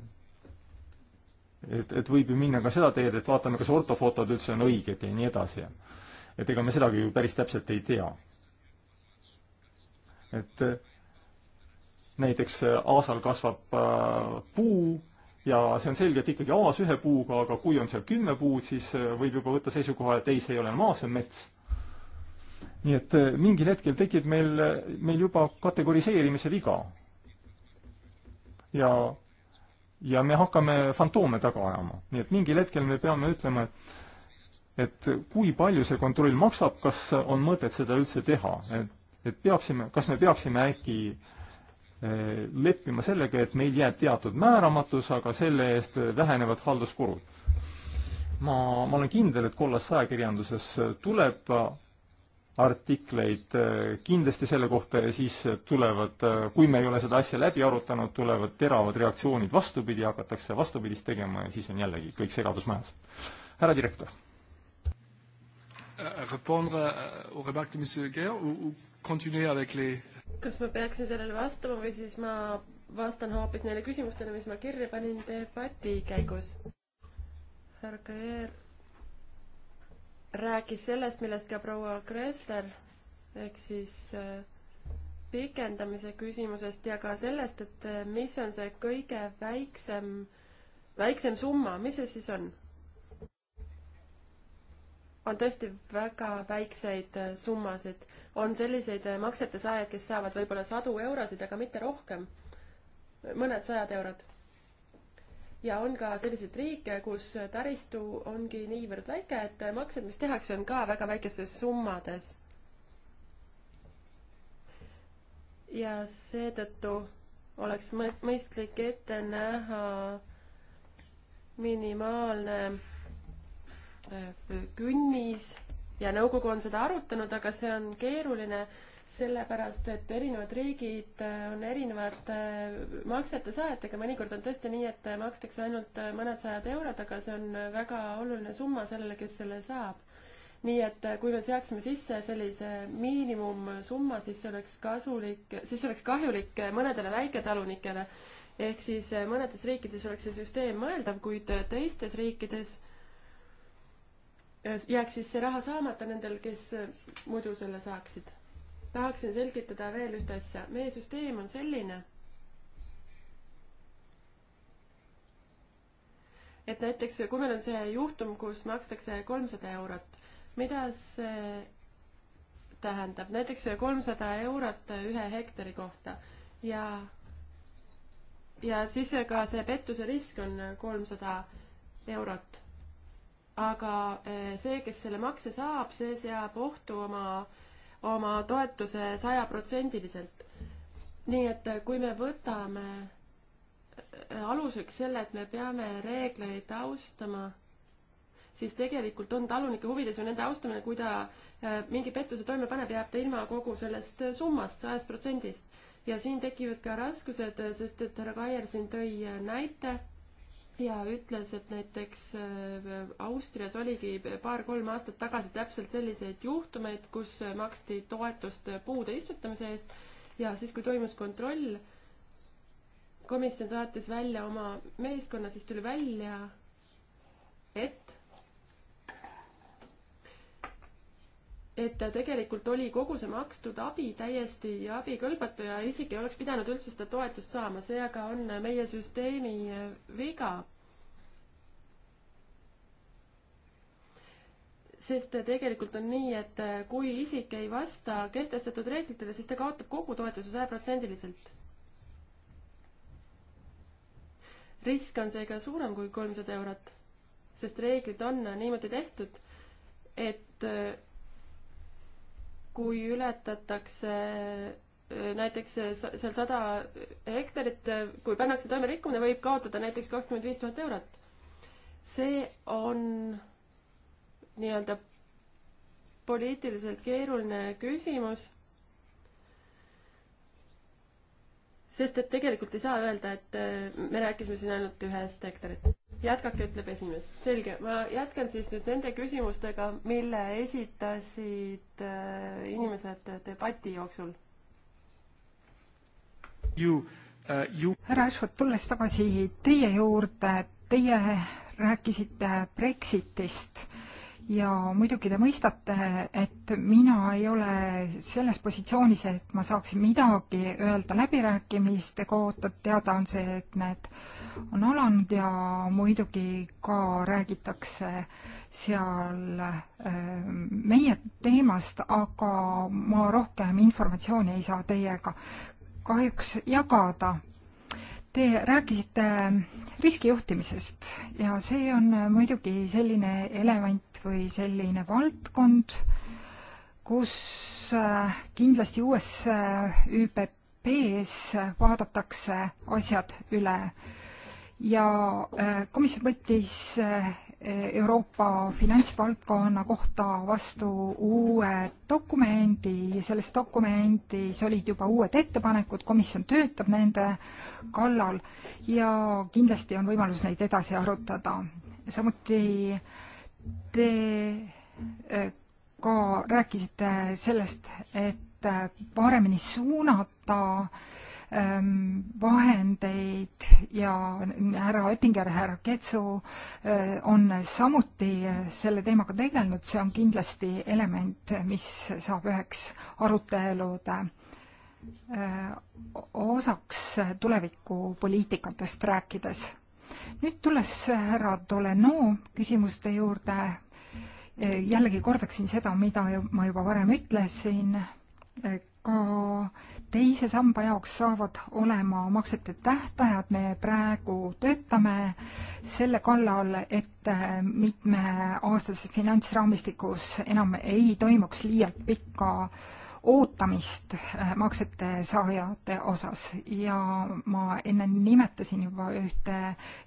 et, et võib ju minna ka seda teed, et vaatame, kas ortofotod üldse on õiged ja nii edasi. et ega me sedagi ju päris täpselt ei tea. et näiteks äh, aasal kasvab äh, puu ja see on selge, et ikkagi aas ühe puuga, aga kui on seal kümme puud, siis äh, võib juba võtta seisukoha, et ei, see ei ole enam aas, see on mets. nii et äh, mingil hetkel tekib meil, meil juba kategoriseerimise viga. ja, ja me hakkame fantoome taga ajama, nii et mingil hetkel me peame ütlema, et et kui palju see kontroll maksab, kas on mõtet seda üldse teha, et, et peaksime, kas me peaksime äkki äh, Eh, leppima sellega, et meil jääb teatud määramatus, aga selle eest vähenevad halduskulud. ma, ma olen kindel, et kollas ajakirjanduses tuleb artikleid eh, kindlasti selle kohta ja siis tulevad, eh, kui me ei ole seda asja läbi arutanud, tulevad teravad reaktsioonid vastupidi, hakatakse vastupidist tegema ja siis on jällegi kõik segadus majas. härra direktor euh, répondre euh, aux remarques de M. Guerre ou, ou continuer avec les, kas ma peaksin sellele vastama või siis ma vastan hoopis neile küsimustele, mis ma kirja panin debati käigus? härra Kajer rääkis sellest, millest ka proua Kressler ehk siis äh, pikendamise küsimusest ja ka sellest, et äh, mis on see kõige väiksem, väiksem summa, mis see siis on? on tõesti väga väikseid äh, summasid. on selliseid äh, maksete saajaid, kes saavad võib-olla sadu eurosid, aga mitte rohkem, mõned sajad eurod. ja on ka selliseid riike, kus äh, taristu ongi niivõrd väike, et maksed, mis tehakse, on ka väga väikestes summades. ja seetõttu oleks mõistlik ette näha minimaalne Äh, künnis ja nõukogu on seda arutanud, aga see on keeruline, sellepärast et erinevad riigid äh, on erinevate äh, maksete saajatega, mõnikord on tõesti nii, et makstakse ainult mõned sajad eurod, aga see on väga oluline summa sellele, kes selle saab. nii et kui me seaksime sisse sellise miinimumsumma, siis see oleks kasulik, siis see oleks kahjulik mõnedele väiketalunikele, ehk siis mõnedes riikides oleks see süsteem mõeldav, kuid teistes riikides äh, jääks siis see raha saamata nendel, kes äh, muidu selle saaksid. tahaksin selgitada veel ühte asja. meie süsteem on selline, et näiteks kui meil on see juhtum, kus makstakse kolmsada eurot, mida see tähendab? näiteks kolmsada eurot ühe hektari kohta ja, ja siis ka see pettuse risk on kolmsada eurot aga eh, see, kes selle makse saab, see seab ohtu oma, oma toetuse sajaprotsendiliselt. nii et eh, kui me võtame eh, aluseks selle, et me peame reegleid austama, siis tegelikult on talunike huvides ju nende austamine, kui ta mingi pettuse toime paneb, jääb ta ilma kogu sellest summast, sajast protsendist. ja siin tekivad ka raskused, sest et härra Kaier siin tõi näite ja ütles, et näiteks äh, Austrias oligi paar-kolm aastat tagasi täpselt selliseid juhtumeid, kus maksti toetust puude istutamise eest ja siis, kui toimus kontroll, komisjon saatis välja oma meeskonna, siis tuli välja, et et tegelikult oli kogu see makstud abi täiesti abikõlbatu ja isik ei oleks pidanud üldse seda toetust saama, see aga on meie süsteemi viga. sest tegelikult on nii, et kui isik ei vasta kehtestatud reeglitele, siis ta kaotab kogu toetuse sajaprotsendiliselt. risk on seega suurem kui kolmsada eurot, sest reeglid on niimoodi tehtud, et kui ületatakse äh, näiteks äh, seal sada hektarit, äh, kui pannakse toime rikkumine, võib kaotada näiteks kakskümmend viis tuhat eurot. see on nii-öelda poliitiliselt keeruline küsimus sest et tegelikult ei saa öelda, et äh, me rääkisime siin ainult ühest hektarist. jätkake, ütleb esimees. selge, ma jätkan siis nüüd nende küsimustega, mille esitasid äh, inimesed debati jooksul. Äh, härra Ashford, tulles tagasi teie juurde, teie rääkisite Brexitist ja muidugi te mõistate, et mina ei ole selles positsioonis, et ma saaksin midagi öelda läbirääkimiste kohta, teada on see, et need on alanud ja muidugi ka räägitakse seal äh, meie teemast, aga ma rohkem informatsiooni ei saa teiega kahjuks jagada Te rääkisite riskijuhtimisest ja see on muidugi selline element või selline valdkond, kus äh, kindlasti uues äh, ÜPP-s vaadatakse asjad üle ja äh, komisjon võttis Euroopa finantsvaldkonna kohta vastu uue dokumendi, selles dokumendis olid juba uued ettepanekud, komisjon töötab nende kallal ja kindlasti on võimalus neid edasi arutada. samuti te eh, ka rääkisite sellest, et paremini suunata äh, Ähm, vahendeid ja härra Oettinger, härra Ketsu äh, on samuti äh, selle teemaga tegelenud, see on kindlasti element, mis saab üheks arutelude äh, osaks tulevikupoliitikatest rääkides. nüüd tulles härra Toleno küsimuste juurde, jällegi kordaksin seda, mida ma juba varem ütlesin, ka teise samba jaoks saavad olema maksete tähtajad, me praegu töötame selle kallal, et äh, mitmeaastases finantsraamistikus enam ei toimuks liialt pikka ootamist äh, maksete saajate osas ja ma enne nimetasin juba ühte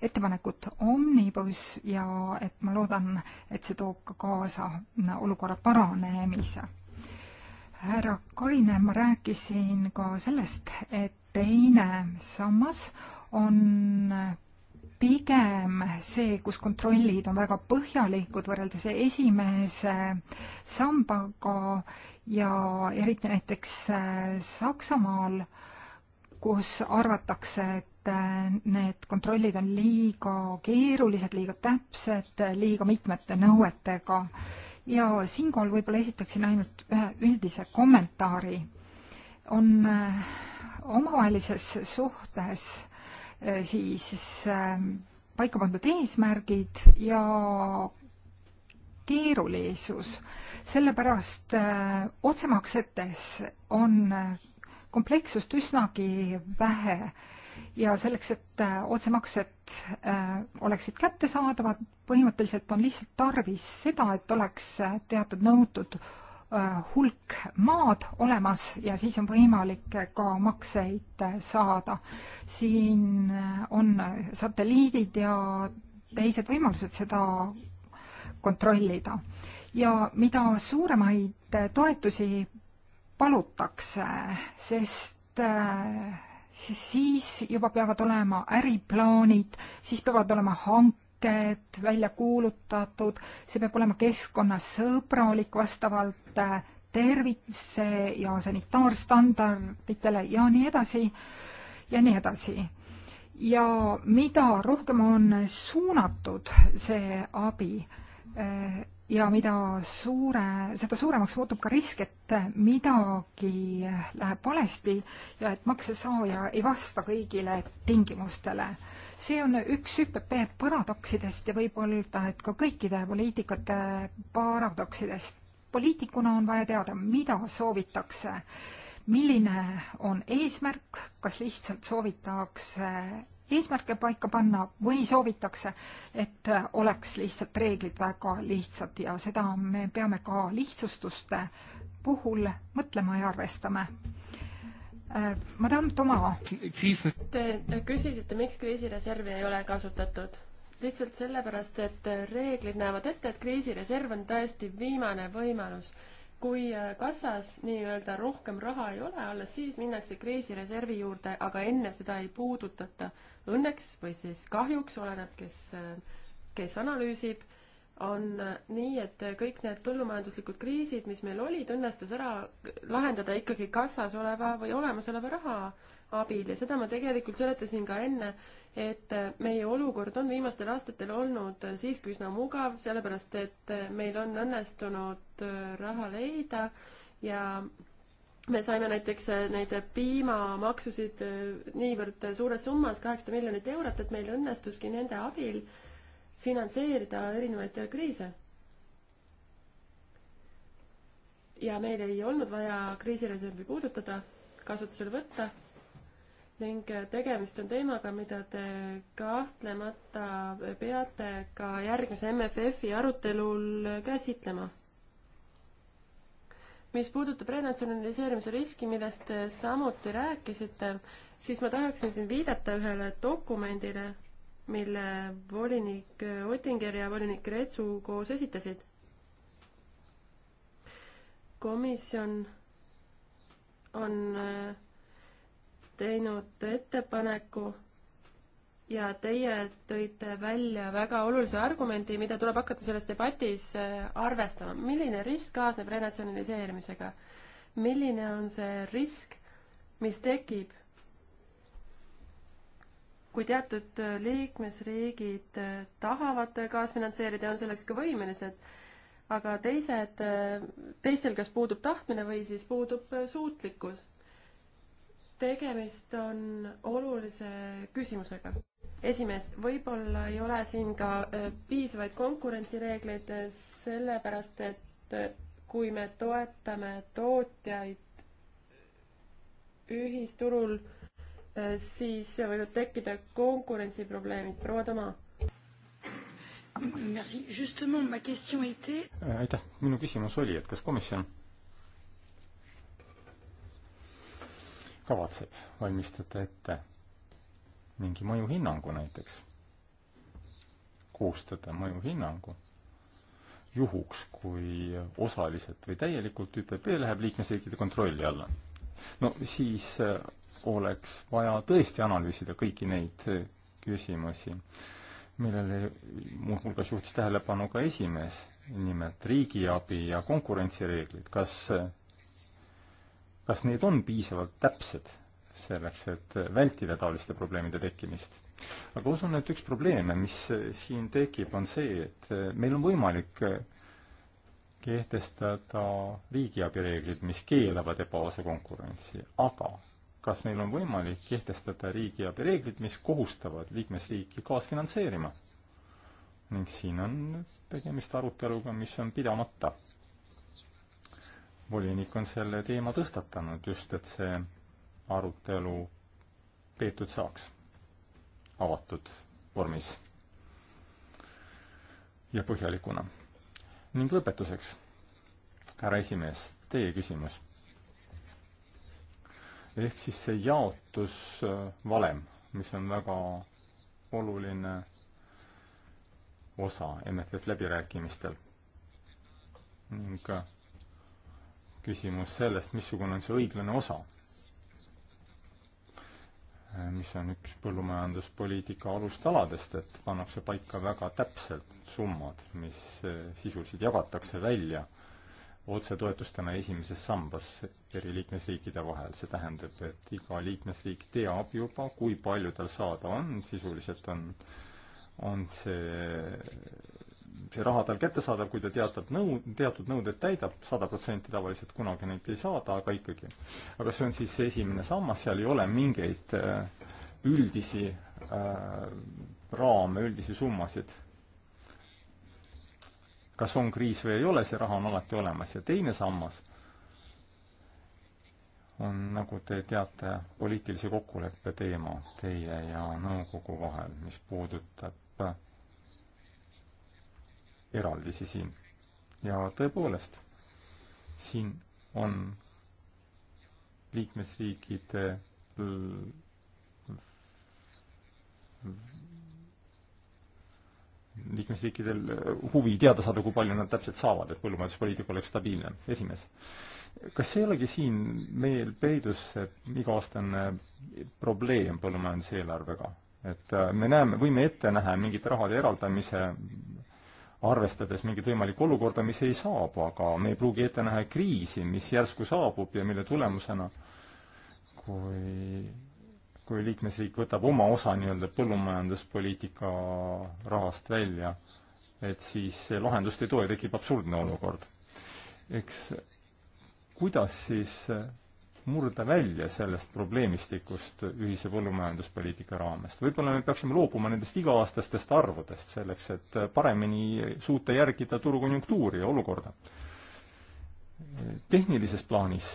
ettepanekut Omnibus ja et ma loodan, et see toob ka kaasa olukorra paranemise härra Karine, ma rääkisin ka sellest, et teine sammas on pigem see, kus kontrollid on väga põhjalikud võrreldes esimese sambaga ja eriti näiteks äh, Saksamaal, kus arvatakse, et äh, need kontrollid on liiga keerulised, liiga täpsed, liiga mitmete nõuetega ja siinkohal võib-olla esitaksin ainult ühe üldise kommentaari. on äh, omavahelises suhtes äh, siis äh, paika pandud eesmärgid ja keerulisus, sellepärast äh, otsemaksetes on kompleksust üsnagi vähe ja selleks, et äh, otsemaksed äh, oleksid kättesaadavad, põhimõtteliselt on lihtsalt tarvis seda, et oleks äh, teatud nõutud hulk maad olemas ja siis on võimalik ka makseid saada. siin on satelliidid ja teised võimalused seda kontrollida. ja mida suuremaid toetusi palutakse, sest siis juba peavad olema äriplaanid, siis peavad olema hanked välja kuulutatud, see peab olema keskkonnasõbralik vastavalt äh, tervise ja sanitaarstandarditele ja nii edasi ja nii edasi. ja mida rohkem on suunatud see abi äh, ja mida suure, seda suuremaks muutub ka risk, et midagi läheb valesti ja et maksesaaja ei vasta kõigile tingimustele. see on üks ÜPP paradoksidest ja võib-olla et ka kõikide poliitikate paradoksidest. poliitikuna on vaja teada, mida soovitakse, milline on eesmärk, kas lihtsalt soovitakse eesmärke paika panna või soovitakse, et oleks lihtsalt reeglid väga lihtsad ja seda me peame ka lihtsustuste puhul mõtlema ja arvestama. Äh, ma tahan Toma. Te küsisite, miks kriisireservi ei ole kasutatud? lihtsalt sellepärast, et reeglid näevad ette, et kriisireserv on tõesti viimane võimalus kui äh, kassas nii-öelda rohkem raha ei ole, alles siis minnakse kriisireservi juurde, aga enne seda ei puudutata. Õnneks või siis kahjuks, oleneb, kes, äh, kes analüüsib, on äh, nii, et kõik need põllumajanduslikud kriisid, mis meil olid, õnnestus ära lahendada ikkagi kassas oleva või olemasoleva raha abil ja seda ma tegelikult seletasin ka enne, et meie olukord on viimastel aastatel olnud siiski üsna mugav, sellepärast et meil on õnnestunud äh, raha leida ja me saime näiteks äh, neid piimamaksusid äh, niivõrd suures summas, kaheksasada miljonit eurot, et meil õnnestuski nende abil finantseerida erinevaid kriise. ja meil ei olnud vaja kriisireservi puudutada, kasutusele võtta ning äh, tegemist on teemaga, mida te kahtlemata peate ka järgmise MFF-i arutelul äh, käsitlema. mis puudutab renatsionaliseerimise riski, millest te samuti rääkisite, siis ma tahaksin siin viidata ühele dokumendile, mille volinik äh, Ottinger ja volinik Retsu koos esitasid. komisjon on äh, teinud ettepaneku ja teie tõite välja väga olulise argumendi, mida tuleb hakata selles debatis äh, arvestama. milline risk kaasneb renatsionaliseerimisega? milline on see risk, mis tekib, kui teatud äh, liikmesriigid äh, tahavad kaasfinantseerida ja on selleks ka võimelised, aga teised, teistel kas puudub tahtmine või siis puudub suutlikkus tegemist on olulise küsimusega. esimees, võib-olla ei ole siin ka äh, piisavaid konkurentsireegleid, äh, sellepärast et äh, kui me toetame tootjaid ühisturul, siis võivad tekkida konkurentsiprobleemid. proua Toma. aitäh, minu küsimus oli, et kas komisjon kavatseb valmistada ette mingi mõjuhinnangu näiteks, koostada mõjuhinnangu, juhuks, kui osaliselt või täielikult ÜPP läheb liikmesriikide kontrolli alla. no siis äh, oleks vaja tõesti analüüsida kõiki neid äh, küsimusi, millele muuhulgas juhtis tähelepanu ka esimees, nimelt riigiabi ja konkurentsireeglid, kas äh, kas need on piisavalt täpsed selleks, et vältida taoliste probleemide tekkimist? aga usun, et üks probleeme, mis siin tekib, on see, et meil on võimalik kehtestada riigiabireeglid, mis keelavad ebaausa konkurentsi, aga kas meil on võimalik kehtestada riigiabireeglid, mis kohustavad liikmesriiki kaasfinantseerima? ning siin on tegemist aruteluga, mis on pidamata volinik on selle teema tõstatanud just, et see arutelu peetud saaks avatud vormis ja põhjalikuna. ning lõpetuseks, härra esimees, teie küsimus. ehk siis see jaotusvalem, äh, mis on väga oluline osa MFF läbirääkimistel ning äh, küsimus sellest, missugune on see õiglane osa, äh, mis on üks põllumajanduspoliitika alustaladest, et pannakse paika väga täpselt summad, mis äh, sisuliselt jagatakse välja otsetoetustena esimeses sambas eri liikmesriikide vahel. see tähendab, et iga liikmesriik teab juba, kui palju tal saada on, sisuliselt on, on see see raha tal kättesaadav, kui ta teatud nõu-, teatud nõuded täidab, sada protsenti tavaliselt kunagi neid ei saada, aga ikkagi. aga see on siis see esimene sammas, seal ei ole mingeid äh, üldisi äh, raame, üldisi summasid. kas on kriis või ei ole, see raha on alati olemas ja teine sammas on, nagu te teate, poliitilise kokkuleppe teema teie ja nõukogu vahel, mis puudutab äh, eraldisi siin. ja tõepoolest, siin on liikmesriikide liikmesriikidel huvi teada saada, kui palju nad täpselt saavad, et põllumajanduspoliitika oleks stabiilne. esimees, kas ei olegi siin meil peidus iga-aastane probleem põllumajanduseelarvega? et äh, me näeme, võime ette näha mingite rahade eraldamise arvestades mingit võimalikku olukorda, mis ei saabu, aga me ei pruugi ette näha kriisi, mis järsku saabub ja mille tulemusena, kui, kui liikmesriik võtab oma osa nii-öelda põllumajanduspoliitika rahast välja, et siis lahendust ei too ja tekib absurdne olukord. eks kuidas siis murda välja sellest probleemistikust ühise põllumajanduspoliitika raamest. võib-olla me peaksime loobuma nendest iga-aastastest arvudest, selleks et paremini suuta järgida turukonjunktuuri ja olukorda. tehnilises plaanis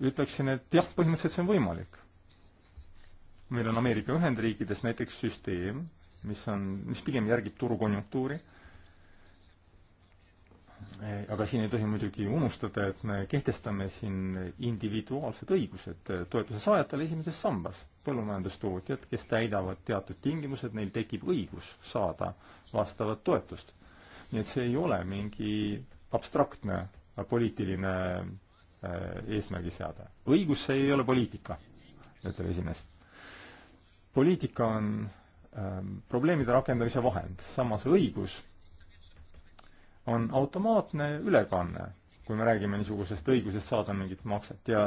ütleksin, et jah, põhimõtteliselt see on võimalik. meil on Ameerika Ühendriikides näiteks süsteem, mis on, mis pigem järgib turukonjunktuuri Eh, aga siin ei tohi muidugi unustada, et me kehtestame siin individuaalsed õigused eh, toetuse saajatele esimeses sambas. põllumajandustootjad, kes täidavad teatud tingimused, neil tekib õigus saada vastavat toetust. nii et see ei ole mingi abstraktne poliitiline eh, eesmärgi seada. õigus, see ei ole poliitika, ütleb esimees. poliitika on probleemide rakendamise vahend, samas õigus on automaatne ülekanne, kui me räägime niisugusest õigusest saada mingit makset ja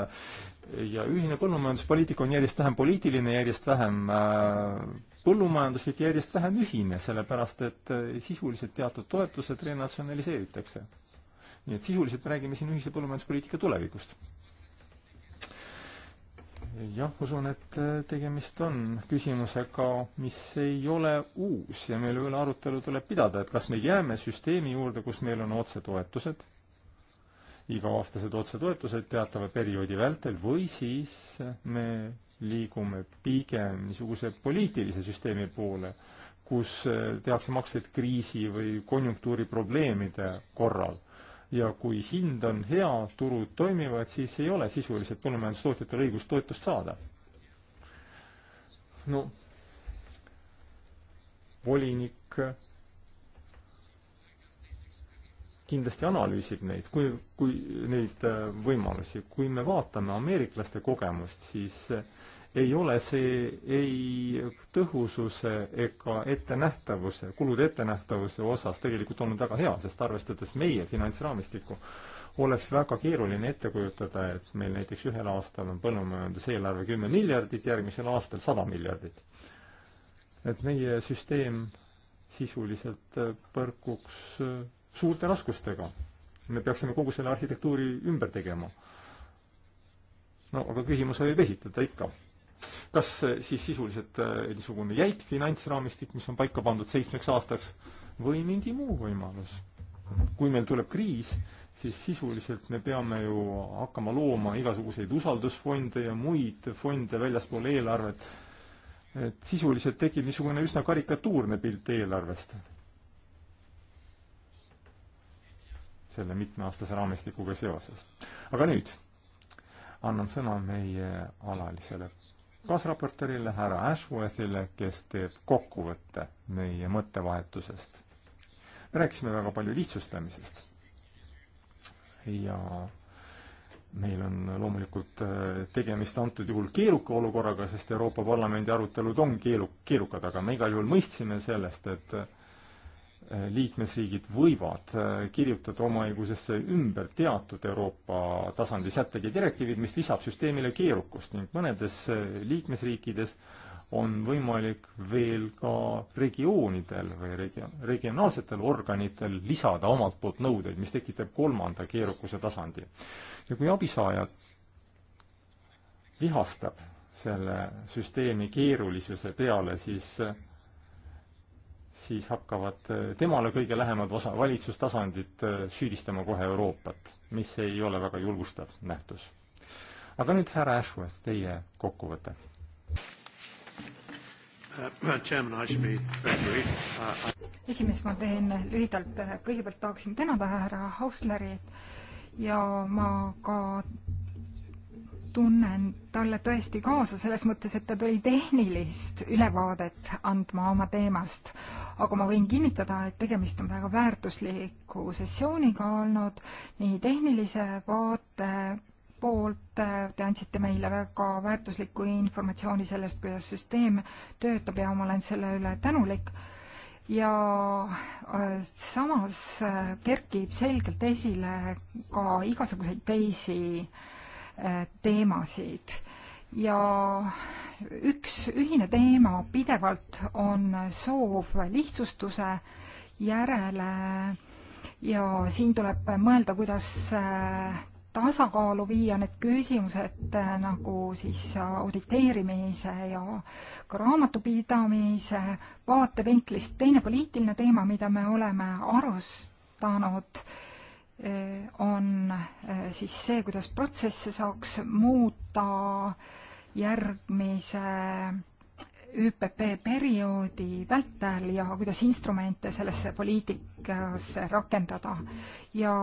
ja ühine põllumajanduspoliitika on järjest vähem poliitiline, järjest vähem äh, põllumajanduslik, järjest vähem ühine, sellepärast et äh, sisuliselt teatud toetused renatsionaliseeritakse. nii et sisuliselt me räägime siin ühise põllumajanduspoliitika tulevikust jah, usun, et äh, tegemist on küsimusega, mis ei ole uus ja mille üle arutelu tuleb pidada, et kas me jääme süsteemi juurde, kus meil on otsetoetused, iga-aastased otsetoetused teatava perioodi vältel, või siis me liigume pigem niisuguse poliitilise süsteemi poole, kus äh, tehakse makseid kriisi või konjunktuuriprobleemide korral ja kui hind on hea, turud toimivad, siis ei ole sisuliselt põllumajandustootjatel õigust toetust saada. no volinik kindlasti analüüsib neid, kui, kui neid äh, võimalusi, kui me vaatame ameeriklaste kogemust, siis äh, ei ole see ei tõhususe ega ettenähtavuse, kulude ettenähtavuse osas tegelikult olnud väga hea, sest arvestades meie finantsraamistikku, oleks väga keeruline ette kujutada, et meil näiteks ühel aastal on põllumajanduseelarve kümme miljardit, järgmisel aastal sada miljardit. et meie süsteem sisuliselt põrkuks suurte raskustega. me peaksime kogu selle arhitektuuri ümber tegema. no aga küsimus võib esitada ikka kas siis sisuliselt äh, niisugune jäik finantsraamistik, mis on paika pandud seitsmeks aastaks, või mingi muu võimalus? kui meil tuleb kriis, siis sisuliselt me peame ju hakkama looma igasuguseid usaldusfonde ja muid fonde väljaspool eelarvet. et sisuliselt tekib niisugune üsna karikatuurne pilt eelarvest. selle mitmeaastase raamistikuga seoses. aga nüüd annan sõna meie alalisele kaasraportorile härra Ashworthile, kes teeb kokkuvõtte meie mõttevahetusest. me rääkisime väga palju lihtsustamisest ja meil on loomulikult äh, tegemist antud juhul keeruka olukorraga, sest Euroopa Parlamendi arutelud on keeru-, keerukad, aga me igal juhul mõistsime sellest, et liikmesriigid võivad äh, kirjutada oma õigusesse ümber teatud Euroopa tasandi sätted ja direktiivid, mis lisab süsteemile keerukust ning mõnedes äh, liikmesriikides on võimalik veel ka regioonidel või regio-, regionaalsetel organitel lisada omalt poolt nõudeid, mis tekitab kolmanda keerukuse tasandi. ja kui abisaaja vihastab selle süsteemi keerulisuse peale, siis äh, siis hakkavad eh, temale kõige lähemad osa, valitsustasandid eh, süüdistama kohe Euroopat, mis ei ole väga julgustav nähtus. aga nüüd härra Ashworth, teie kokkuvõte. Uh, uh, esimees, ma teen lühidalt, kõigepealt tahaksin tänada härra Hauslerit ja ma ka tunnen talle tõesti kaasa selles mõttes, et ta tuli tehnilist ülevaadet andma oma teemast aga ma võin kinnitada, et tegemist on väga väärtusliku sessiooniga olnud nii tehnilise vaate poolt, äh, te andsite meile väga väärtuslikku informatsiooni sellest, kuidas süsteem töötab ja ma olen selle üle tänulik ja äh, samas äh, kerkib selgelt esile ka igasuguseid teisi teemasid ja üks ühine teema pidevalt on soov lihtsustuse järele ja siin tuleb mõelda, kuidas äh, tasakaalu viia need küsimused äh, nagu siis auditeerimise ja ka raamatupidamise vaatevinklist. teine poliitiline teema, mida me oleme arustanud, äh, on siis see, kuidas protsesse saaks muuta äh, järgmise ÜPP perioodi vältel ja kuidas instrumente sellesse poliitikasse rakendada. ja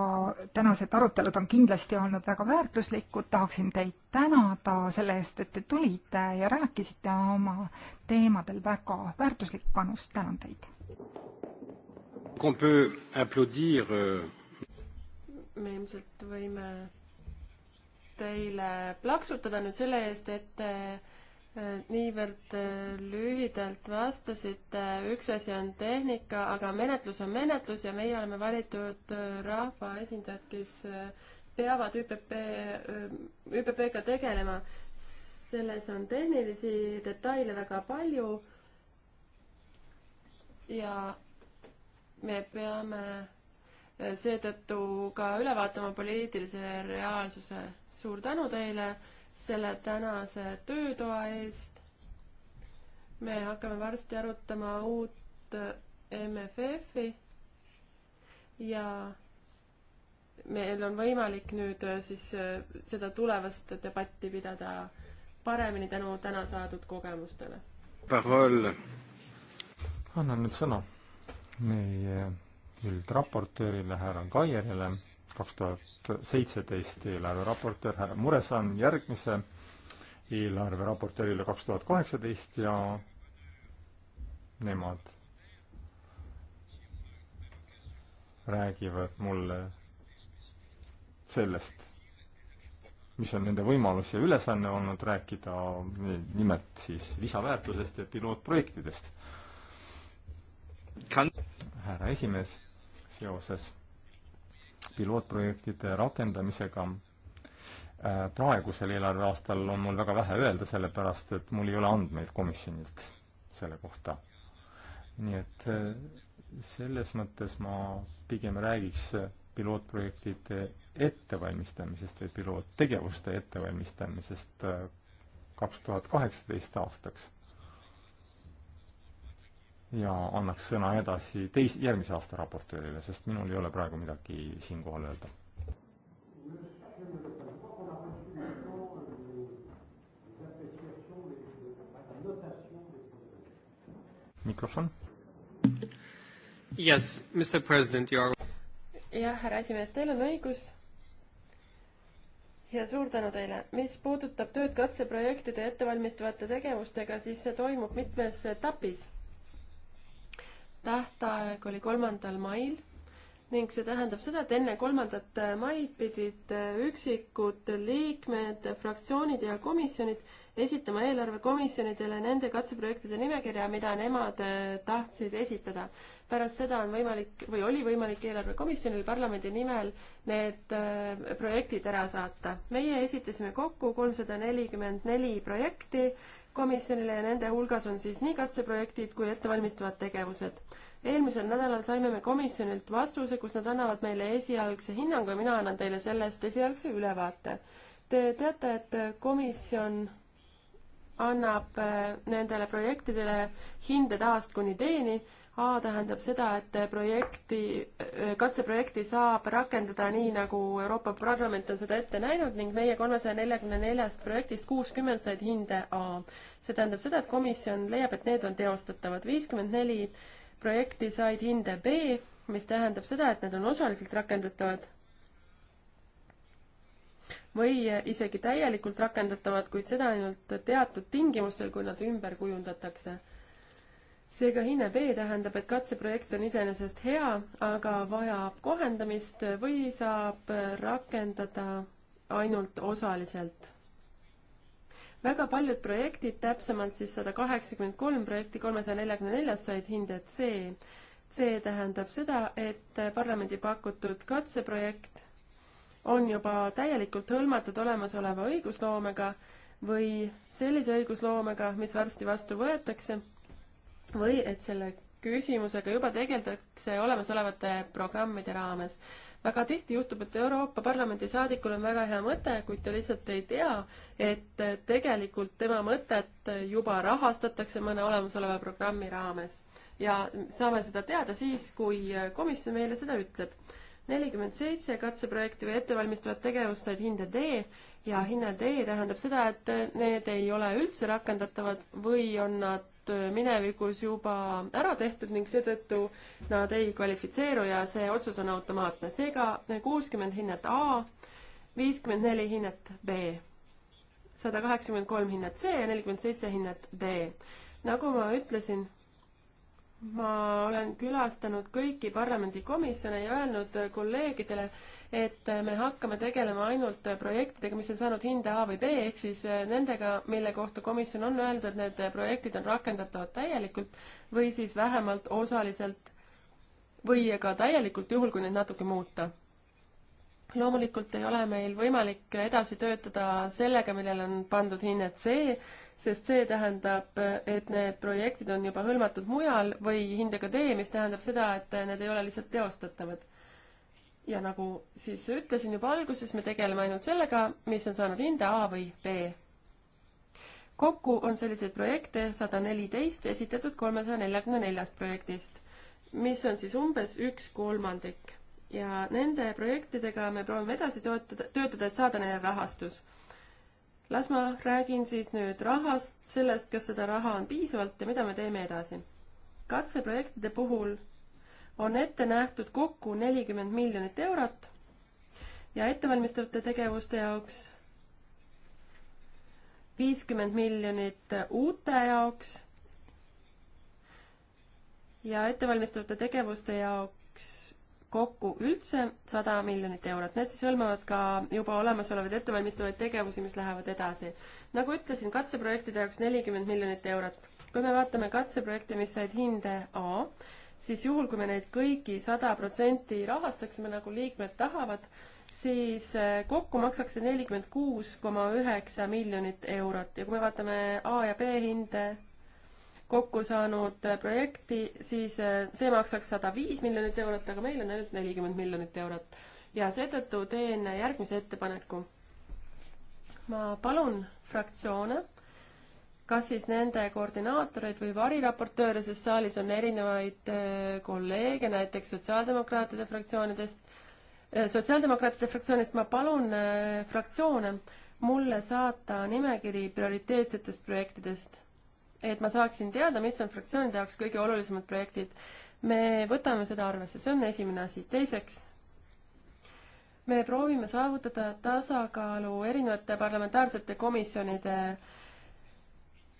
tänased arutelud on kindlasti olnud väga väärtuslikud, tahaksin teid tänada selle eest, et te tulite ja rääkisite oma teemadel väga väärtuslikku panust, tänan teid. Euh, me ilmselt võime teile plaksutada nüüd selle eest, et äh, niivõrd äh, lühidalt vastasite, üks asi on tehnika, aga menetlus on menetlus ja meie oleme valitud äh, rahvaesindajad, kes peavad ÜPP, ÜPP-ga tegelema. selles on tehnilisi detaile väga palju ja me peame seetõttu ka üle vaatama poliitilise reaalsuse. suur tänu teile selle tänase töötoa eest. me hakkame varsti arutama uut MFF-i ja meil on võimalik nüüd äh, siis äh, seda tulevast debatti pidada paremini tänu täna saadud kogemustele. annan nüüd sõna meie üldraportöörile härra Kaierile, kaks tuhat seitseteist eelarveraportöör härra Muresan, järgmise eelarveraportöörile kaks tuhat kaheksateist ja nemad räägivad mulle sellest, mis on nende võimalus ja ülesanne olnud rääkida nimelt siis lisaväärtusest ja pilootprojektidest. härra esimees seoses pilootprojektide rakendamisega äh, praegusel eelarveaastal on mul väga vähe öelda, sellepärast et mul ei ole andmeid komisjonilt selle kohta. nii et äh, selles mõttes ma pigem räägiks äh, pilootprojektide ettevalmistamisest või piloottegevuste ettevalmistamisest kaks tuhat kaheksateist aastaks ja annaks sõna edasi teis-, järgmise aasta raportöörile, sest minul ei ole praegu midagi siinkohal öelda. mikrofon. Yes, Mr President, you are jah, härra esimees, teil on õigus ja suur tänu teile. mis puudutab tööd katseprojektide ettevalmistavate tegevustega, siis see toimub mitmes etapis tähtaeg oli kolmandal mail ning see tähendab seda, et enne kolmandat maid pidid üksikud liikmed, fraktsioonid ja komisjonid esitama eelarvekomisjonidele nende katseprojektide nimekirja, mida nemad tahtsid esitada. pärast seda on võimalik või oli võimalik eelarvekomisjonil parlamendi nimel need projektid ära saata. meie esitasime kokku kolmsada nelikümmend neli projekti komisjonile ja nende hulgas on siis nii katseprojektid kui ettevalmistavad tegevused. eelmisel nädalal saime me komisjonilt vastuse, kus nad annavad meile esialgse hinnangu ja mina annan teile sellest esialgse ülevaate. Te teate, et komisjon annab äh, nendele projektidele hinde tahast kuni teeni A tähendab seda, et projekti, katseprojekti saab rakendada nii, nagu Euroopa Parlament on seda ette näinud ning meie kolmesaja neljakümne neljast projektist kuuskümmend said hinde A. see tähendab seda, et komisjon leiab, et need on teostatavad. viiskümmend neli projekti said hinde B, mis tähendab seda, et need on osaliselt rakendatavad või isegi täielikult rakendatavad, kuid seda ainult teatud tingimustel, kui nad ümber kujundatakse seega hinne B tähendab, et katseprojekt on iseenesest hea, aga vajab kohendamist või saab rakendada ainult osaliselt. väga paljud projektid, täpsemalt siis sada kaheksakümmend kolm projekti kolmesaja neljakümne neljast said hinded C. C tähendab seda, et parlamendi pakutud katseprojekt on juba täielikult hõlmatud olemasoleva õigusloomega või sellise õigusloomega, mis varsti vastu võetakse või et selle küsimusega juba tegeldakse olemasolevate programmide raames. väga tihti juhtub, et Euroopa Parlamendi saadikul on väga hea mõte, kuid ta lihtsalt ei tea, et tegelikult tema mõtet juba rahastatakse mõne olemasoleva programmi raames. ja saame seda teada siis, kui komisjon meile seda ütleb. nelikümmend seitse katseprojekti või ettevalmistavat tegevust said hinde D ja hinne D tähendab seda, et need ei ole üldse rakendatavad või on nad Äh, minevikus juba ära tehtud ning seetõttu nad ei kvalifitseeru ja see otsus on automaatne. seega äh, kuuskümmend hinnet A, viiskümmend neli hinnet B, sada kaheksakümmend kolm hinnet C ja nelikümmend seitse hinnet D. nagu ma ütlesin ma olen külastanud kõiki parlamendikomisjone ja öelnud kolleegidele, et me hakkame tegelema ainult projektidega, mis on saanud hinde A või B, ehk siis eh, nendega, mille kohta komisjon on öelnud, et need projektid on rakendatavad täielikult või siis vähemalt osaliselt või ka täielikult, juhul kui neid natuke muuta loomulikult ei ole meil võimalik edasi töötada sellega, millele on pandud hinnet C, sest see tähendab, et need projektid on juba hõlmatud mujal või hindega D, mis tähendab seda, et need ei ole lihtsalt teostatavad. ja nagu siis ütlesin juba alguses, me tegeleme ainult sellega, mis on saanud hinde A või B. kokku on selliseid projekte sada neliteist esitatud kolmesaja neljakümne neljast projektist, mis on siis umbes üks kolmandik ja nende projektidega me proovime edasi töötada, töötada, et saada neile rahastus. las ma räägin siis nüüd rahast, sellest, kas seda raha on piisavalt ja mida me teeme edasi. katseprojektide puhul on ette nähtud kokku nelikümmend miljonit eurot ja ettevalmistavate tegevuste jaoks viiskümmend miljonit uute jaoks ja ettevalmistavate tegevuste jaoks kokku üldse sada miljonit eurot. Need siis hõlmavad ka juba olemasolevaid ettevalmistavaid tegevusi, mis lähevad edasi. nagu ütlesin, katseprojektide jaoks nelikümmend miljonit eurot. kui me vaatame katseprojekte, mis said hinde A, siis juhul, kui me neid kõiki sada protsenti rahastaksime, nagu liikmed tahavad, siis eh, kokku maksaks see nelikümmend kuus koma üheksa miljonit eurot ja kui me vaatame A ja B hinde kokku saanud projekti, siis äh, see maksaks sada viis miljonit eurot, aga meil on ainult nelikümmend miljonit eurot. ja seetõttu teen järgmise ettepaneku. ma palun fraktsioone, kas siis nende koordinaatoreid või variraportööre, sest saalis on erinevaid äh, kolleege, näiteks sotsiaaldemokraatide fraktsioonidest, äh, sotsiaaldemokraatide fraktsioonist ma palun fraktsioone mulle saata nimekiri prioriteetsetest projektidest et ma saaksin teada, mis on fraktsioonide jaoks kõige olulisemad projektid. me võtame seda arvesse, see on esimene asi. teiseks, me proovime saavutada tasakaalu erinevate parlamentaarsete komisjonide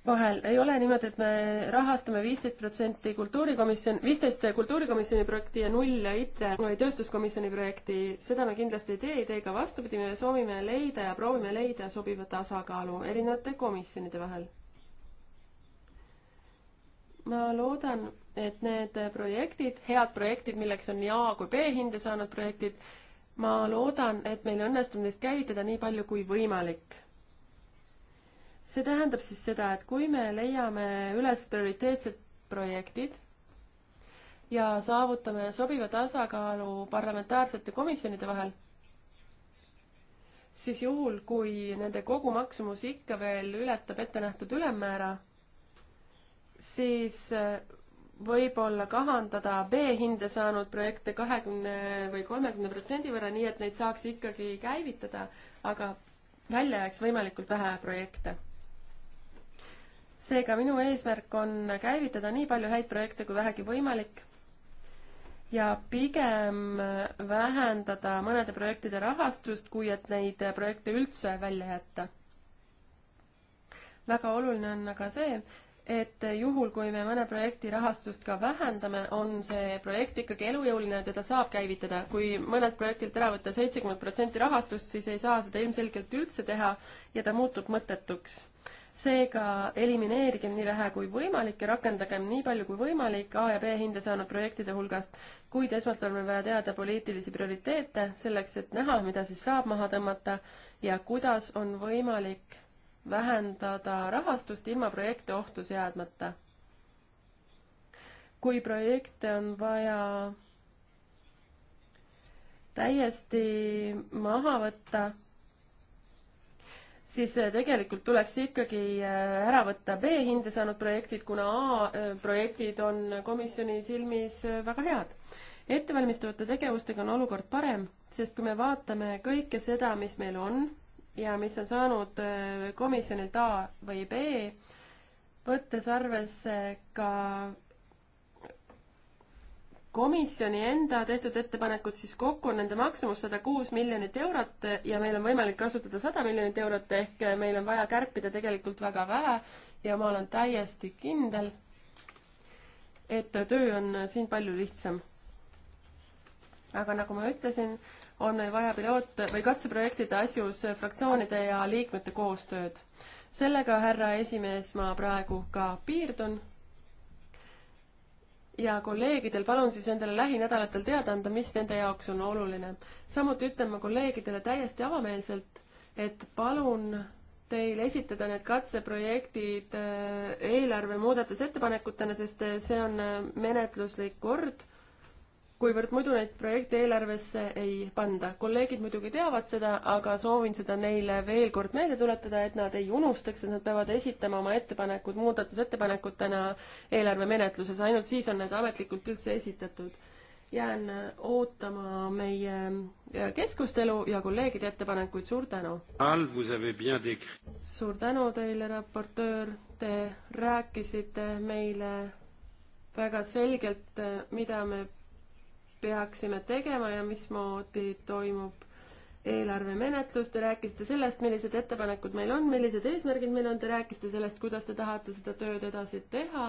vahel ei ole niimoodi, et me rahastame viisteist protsenti kultuurikomisjon, viisteist kultuurikomisjoni projekti ja null ITRE või tööstuskomisjoni projekti, seda me kindlasti ei tee, ei tee ka vastupidi, me soovime leida ja proovime leida sobiva tasakaalu erinevate komisjonide vahel ma loodan, et need projektid, head projektid, milleks on nii A kui B hinde saanud projektid, ma loodan, et meil õnnestub neist käivitada nii palju kui võimalik. see tähendab siis seda, et kui me leiame üles prioriteetsed projektid ja saavutame sobiva tasakaalu parlamentaarsete komisjonide vahel, siis juhul, kui nende kogumaksumus ikka veel ületab ettenähtud ülemmäära, siis äh, võib-olla kahandada B-hinde saanud projekte kahekümne või kolmekümne protsendi võrra, nii et neid saaks ikkagi käivitada, aga välja jääks võimalikult vähe projekte. seega minu eesmärk on käivitada nii palju häid projekte kui vähegi võimalik ja pigem vähendada mõnede projektide rahastust, kui et neid projekte üldse välja jätta. väga oluline on aga see, et juhul, kui me mõne projekti rahastust ka vähendame, on see projekt ikkagi elujõuline, teda saab käivitada. kui mõnelt projektilt ära võtta seitsekümmend protsenti rahastust, siis ei saa seda ilmselgelt üldse teha ja ta muutub mõttetuks. seega elimineerigem nii vähe kui võimalik ja rakendagem nii palju kui võimalik A ja B hinde saanud projektide hulgast, kuid esmalt on meil vaja teada poliitilisi prioriteete selleks, et näha, mida siis saab maha tõmmata ja kuidas on võimalik vähendada rahastust ilma projekte ohtu seadmata. kui projekte on vaja täiesti maha võtta, siis eh, tegelikult tuleks ikkagi eh, ära võtta B-hinde saanud projektid, kuna A-projektid eh, on komisjoni silmis väga head ettevalmistavate tegevustega on olukord parem, sest kui me vaatame kõike seda, mis meil on, ja mis on saanud äh, komisjonilt A või B, võttes arvesse ka komisjoni enda tehtud ettepanekud, siis kokku on nende maksumus sada kuus miljonit eurot ja meil on võimalik kasutada sada miljonit eurot, ehk äh, meil on vaja kärpida tegelikult väga vähe ja ma olen täiesti kindel, et töö on äh, siin palju lihtsam. aga nagu ma ütlesin, on meil vaja piloot- või katseprojektide asjus fraktsioonide ja liikmete koostööd. sellega, härra esimees, ma praegu ka piirdun. ja kolleegidel palun siis endale lähinädalatel teada anda, mis nende jaoks on oluline. samuti ütlen ma kolleegidele täiesti avameelselt, et palun teil esitada need katseprojektid äh, eelarve muudatusettepanekutena, sest äh, see on äh, menetluslik kord kuivõrd muidu neid projekte eelarvesse ei panda. kolleegid muidugi teavad seda, aga soovin seda neile veel kord meelde tuletada, et nad ei unustaks, et nad peavad esitama oma ettepanekud muudatusettepanekutena eelarvemenetluses, ainult siis on need ametlikult üldse esitatud. jään ootama meie keskustelu ja kolleegide ettepanekuid, suur tänu! suur tänu teile, raportöör, te rääkisite meile väga selgelt, mida me peaksime tegema ja mismoodi toimub eelarvemenetlus, te rääkisite sellest, millised ettepanekud meil on, millised eesmärgid meil on, te rääkisite sellest, kuidas te tahate seda tööd edasi teha.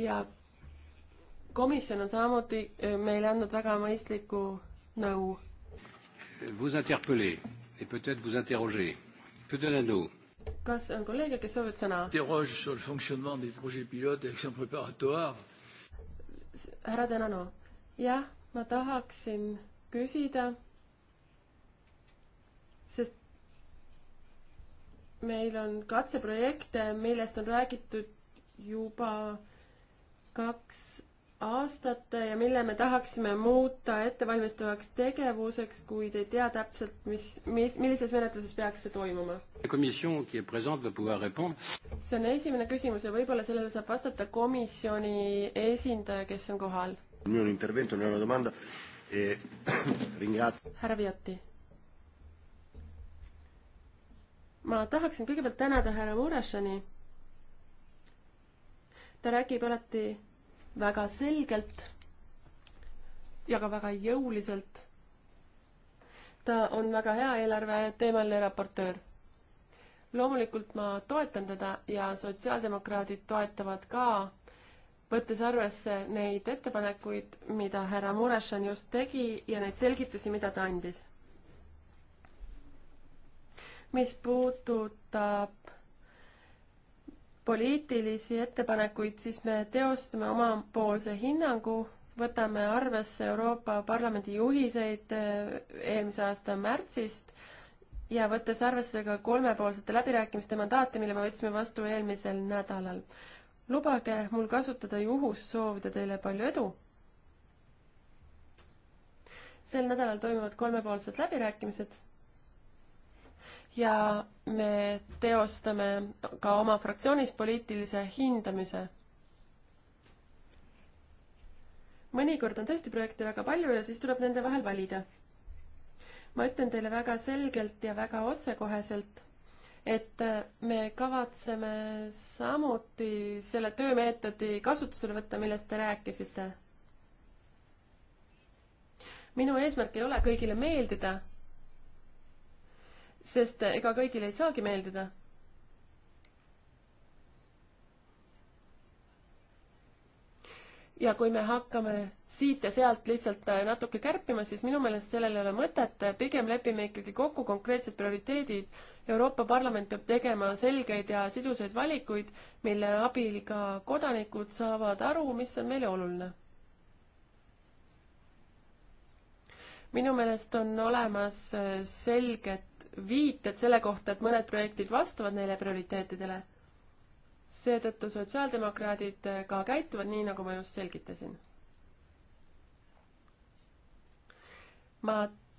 ja komisjon on samuti eh, meile andnud väga mõistlikku nõu. Vous interpellez et peut-être vous interrogez. Que donne nous? kas on kolleege, kes soovivad sõna? Interroge sur le fonctionnement des projets pilotes et actions préparatoires härra Tänano, jah, ma tahaksin küsida, sest meil on katseprojekte, millest on räägitud juba kaks aastat ja mille me tahaksime muuta ettevalmistavaks tegevuseks, kuid ei tea täpselt, mis, mis, millises menetluses peaks see toimuma. see on esimene küsimus ja võib-olla sellele saab vastata komisjoni esindaja, kes on kohal. E, härra Viotti. ma tahaksin kõigepealt tänada härra Murashani. ta räägib alati väga selgelt ja ka väga jõuliselt. ta on väga hea eelarve teemaline raportöör. loomulikult ma toetan teda ja sotsiaaldemokraadid toetavad ka, võttes arvesse neid ettepanekuid, mida härra Murešan just tegi ja neid selgitusi, mida ta andis. mis puudutab poliitilisi ettepanekuid, siis me teostame omapoolse hinnangu, võtame arvesse Euroopa Parlamendi juhiseid eh, eelmise aasta märtsist ja võttes arvesse ka kolmepoolsete läbirääkimiste mandaati, mille me võtsime vastu eelmisel nädalal. lubage mul kasutada juhust soovida teile palju edu. sel nädalal toimuvad kolmepoolsed läbirääkimised ja me teostame ka oma fraktsioonis poliitilise hindamise. mõnikord on tõesti projekte väga palju ja siis tuleb nende vahel valida. ma ütlen teile väga selgelt ja väga otsekoheselt, et me kavatseme samuti selle töömeetodi kasutusele võtta, millest te rääkisite. minu eesmärk ei ole kõigile meeldida sest ega kõigile ei saagi meeldida. ja kui me hakkame siit ja sealt lihtsalt äh, natuke kärpima, siis minu meelest sellel ei ole mõtet, pigem lepime ikkagi kokku konkreetsed prioriteedid. Euroopa Parlament peab tegema selgeid ja sidusaid valikuid, mille abil ka kodanikud saavad aru, mis on meile oluline minu meelest on olemas äh, selged viited selle kohta, et mõned projektid vastavad neile prioriteetidele. seetõttu sotsiaaldemokraadid eh, ka käituvad nii, nagu ma just selgitasin. ma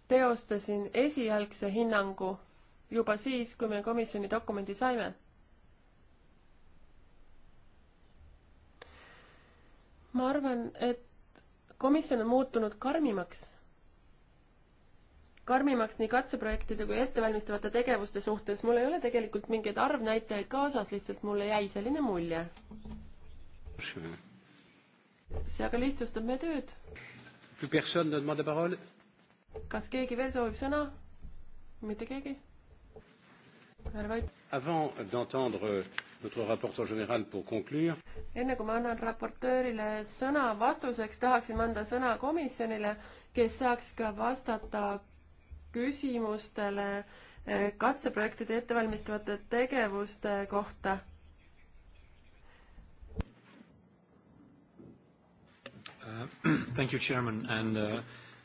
teostasin esialgse hinnangu juba siis, kui me komisjoni dokumendi saime. ma arvan, et komisjon on muutunud karmimaks karmimaks nii katseprojektide kui ettevalmistavate tegevuste suhtes. mul ei ole tegelikult mingeid arvnäitajaid kaasas, lihtsalt mulle jäi selline mulje. see aga lihtsustab meie tööd. kas keegi veel soovib sõna? mitte keegi? Avant d'entendre notre rapporteur général pour conclure. enne kui ma annan raportöörile sõna vastuseks, tahaksin ma anda sõna komisjonile, kes saaks ka vastata küsimustele eh, katseprojektide ettevalmistavate tegevuste kohta. Uh, thank you, chairman and uh,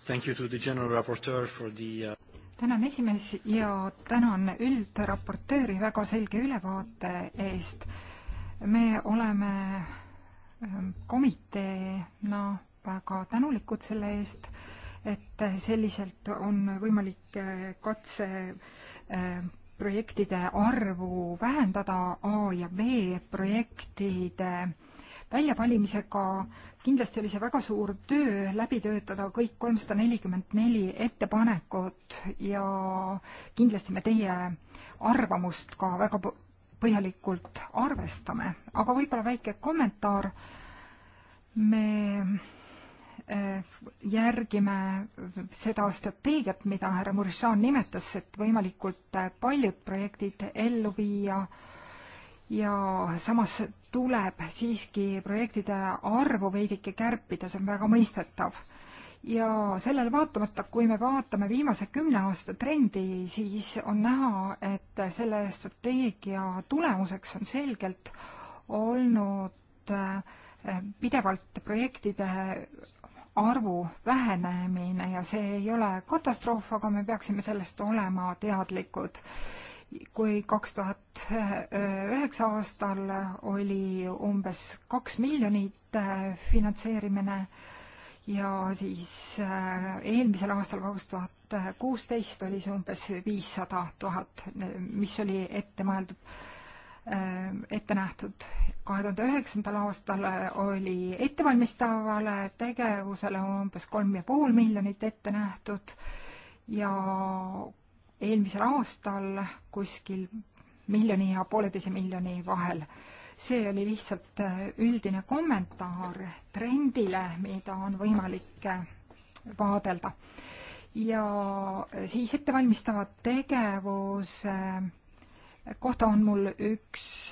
thank you to the general raporteur for the uh... tänan esimees ja tänan üldraportööri väga selge ülevaate eest. me oleme um, komiteena no, väga tänulikud selle eest et selliselt on võimalik eh, katseprojektide eh, arvu vähendada A ja B projektide väljavalimisega. kindlasti oli see väga suur töö läbi töötada kõik kolmsada nelikümmend neli ettepanekut ja kindlasti me teie arvamust ka väga põhjalikult arvestame, aga võib-olla väike kommentaar. me Eh, järgime seda strateegiat, mida härra Murishan nimetas, et võimalikult eh, paljud projektid ellu viia ja samas tuleb siiski projektide arvu veidike kärpida, see on väga mõistetav. ja sellele vaatamata, kui me vaatame viimase kümne aasta trendi, siis on näha, et selle strateegia tulemuseks on selgelt olnud eh, pidevalt projektide arvu vähenemine ja see ei ole katastroof, aga me peaksime sellest olema teadlikud. kui kaks tuhat üheksa aastal oli umbes kaks miljonit äh, finantseerimine ja siis äh, eelmisel aastal, kaks tuhat kuusteist, oli see umbes viissada tuhat, mis oli ette mõeldud Ähm, ette nähtud. kahe tuhande üheksandal aastal äh, oli ettevalmistavale tegevusele umbes kolm ja pool miljonit ette nähtud ja eelmisel aastal kuskil miljoni ja pooleteise miljoni vahel. see oli lihtsalt äh, üldine kommentaar trendile, mida on võimalik äh, vaadelda. ja siis ettevalmistavad tegevuse äh, kohta on mul üks,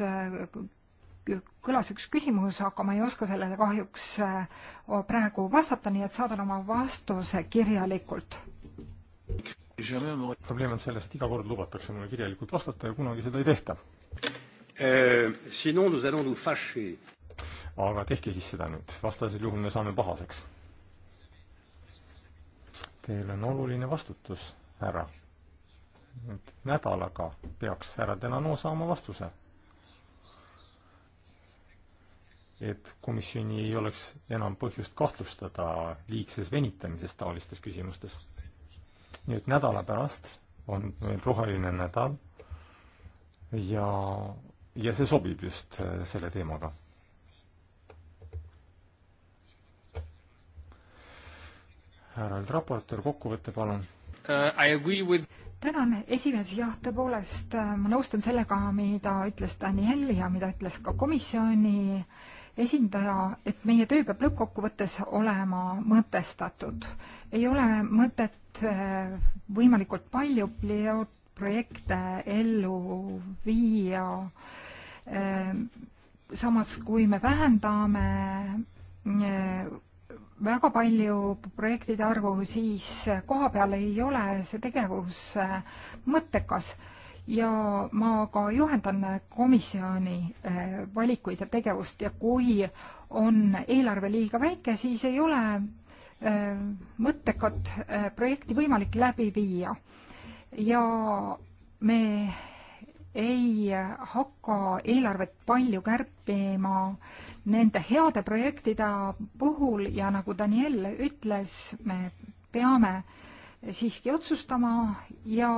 kõlas üks küsimus, aga ma ei oska sellele kahjuks äh, praegu vastata, nii et saadan oma vastuse kirjalikult. probleem on selles, et iga kord lubatakse mulle kirjalikult vastata ja kunagi seda ei tehta eh,. aga tehke siis seda nüüd, vastasel juhul me saame pahaseks. Teil on oluline vastutus, härra nädalaga peaks härra Delano saama vastuse. et komisjoni ei oleks enam põhjust kahtlustada liigses venitamises taolistes küsimustes. nii et nädala pärast on meil roheline nädal ja, ja see sobib just äh, selle teemaga härra raportöör, kokkuvõte palun uh,. I agree with tänan, esimees, jah, tõepoolest äh, ma nõustun sellega, mida ütles Daniel ja mida ütles ka komisjoni esindaja, et meie töö peab lõppkokkuvõttes olema mõtestatud. ei ole mõtet äh, võimalikult palju projekte ellu viia. Äh, samas, kui me vähendame väga palju projektide arvu, siis koha peal ei ole see tegevus äh, mõttekas ja ma ka juhendan komisjoni äh, valikuid ja tegevust ja kui on eelarve liiga väike, siis ei ole äh, mõttekat projekti võimalik läbi viia. ja me ei hakka eelarvet palju kärpima nende heade projektide puhul ja nagu Daniel ütles, me peame siiski otsustama ja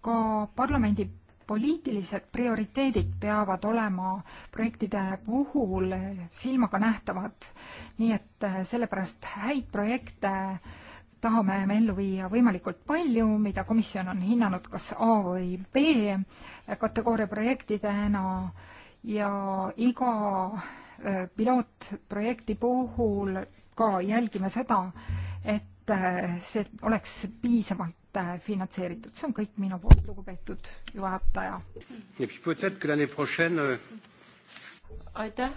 ka parlamendi poliitilised prioriteedid peavad olema projektide puhul silmaga nähtavad. nii et eh, sellepärast häid projekte äh, tahame me ellu viia võimalikult palju, mida komisjon on hinnanud kas A või B kategooria projektidena ja iga äh, pilootprojekti puhul ka jälgime seda, et äh, see oleks piisavalt äh, finantseeritud. see on kõik minu poolt, lugupeetud juhataja. Euh, aitäh,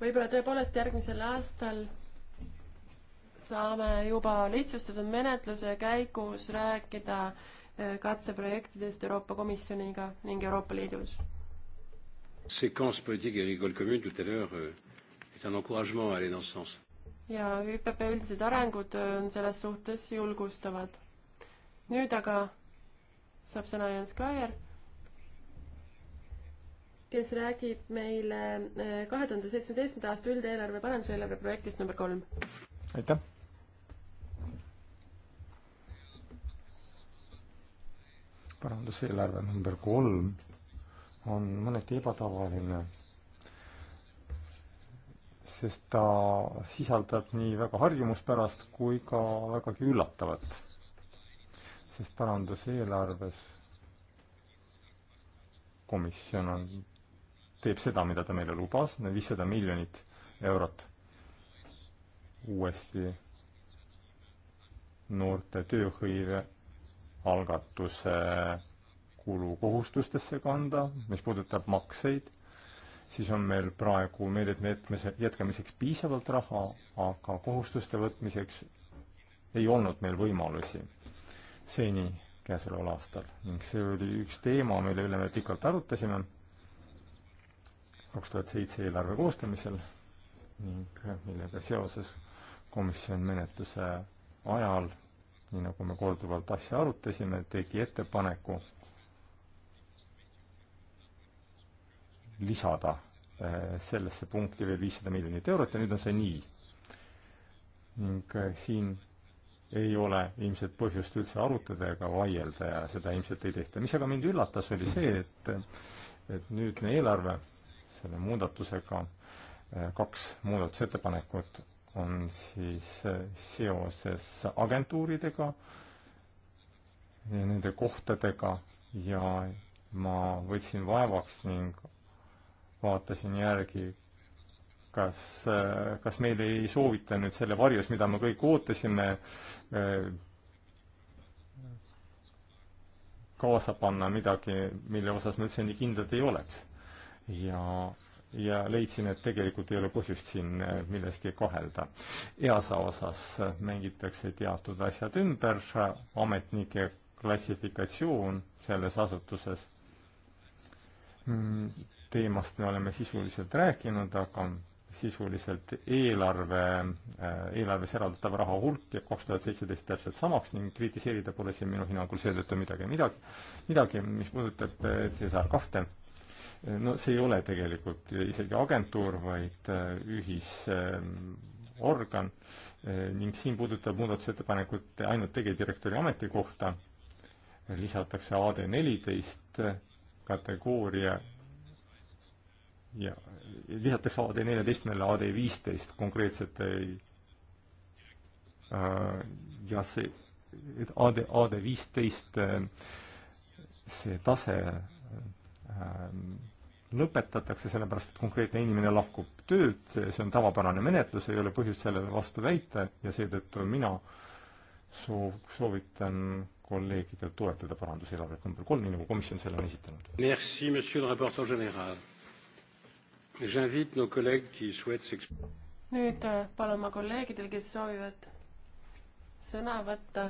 võib-olla tõepoolest järgmisel aastal saame juba lihtsustatud menetluse käigus rääkida eh, katseprojektidest Euroopa Komisjoniga ning Euroopa Liidus. séquence poliitika ja agricole commune tout à l'heure euh, est un encouragement à aller dans ce sens. ja ÜPP üldised arengud euh, on selles suhtes julgustavad. nüüd aga saab sõna Jens Kaier, kes räägib meile äh, kahe tuhande seitsmeteistkümnenda aasta üldeelarve paranduseelarve projektist number kolm aitäh. paranduseelarve number kolm on mõneti ebatavaline, sest ta sisaldab nii väga harjumuspärast kui ka vägagi üllatavat. sest paranduseelarves komisjon on, teeb seda, mida ta meile lubas, viissada miljonit eurot uuesti noorte tööhõive algatuse kulukohustustesse kanda, mis puudutab makseid, siis on meil praegu meedet-, meetmise jätkamiseks piisavalt raha, aga kohustuste võtmiseks ei olnud meil võimalusi seni käesoleval aastal ning see oli üks teema, mille üle me pikalt arutasime kaks tuhat seitse eelarve koostamisel ning millega seoses komisjon menetluse ajal, nii nagu me korduvalt asja arutasime, tegi ettepaneku lisada eh, sellesse punkti veel viissada miljonit eurot ja nüüd on see nii. ning eh, siin ei ole ilmselt põhjust üldse arutada ega vaielda ja seda ilmselt ei tehta. mis aga mind üllatas, oli see, et, et nüüdne eelarve selle muudatusega, eh, kaks muudatusettepanekut on siis eh, seoses agentuuridega ja nende kohtadega ja ma võtsin vaevaks ning vaatasin järgi, kas, eh, kas meile ei soovita nüüd selle varjus, mida me kõik ootasime, eh, kaasa panna midagi, mille osas me üldse nii kindlad ei oleks. ja ja leidsin, et tegelikult ei ole põhjust siin äh, milleski kahelda. EASA osas mängitakse teatud asjad ümber, ametnike klassifikatsioon selles asutuses, mm, teemast me oleme sisuliselt rääkinud, aga sisuliselt eelarve, äh, eelarves eraldatav raha hulk jääb kaks tuhat seitseteist täpselt samaks ning kritiseerida pole siin minu hinnangul seetõttu midagi, midagi, midagi, mis puudutab äh, CSR kahte no see ei ole tegelikult isegi agentuur, vaid äh, ühisorgan äh, ning siin puudutab muudatusettepanekut ainult tegevdirektori ametikohta, lisatakse AD neliteist äh, kategooria ja lisatakse AD neljateistmele AD viisteist konkreetsete ja see AD, AD viisteist see tase Äh, lõpetatakse, sellepärast et konkreetne inimene lahkub töölt, see on tavapärane menetlus, ei ole põhjust sellele vastu väita ja seetõttu mina soov, soovitan kolleegidel toetada paranduseelarvet number kolm, nii nagu komisjon selle on esitanud. Merci, monsieur le rapporteur général. J'invite nos collègues qui souhaitent s'exprimer. nüüd äh, palun ma kolleegidel, kes soovivad sõna võtta,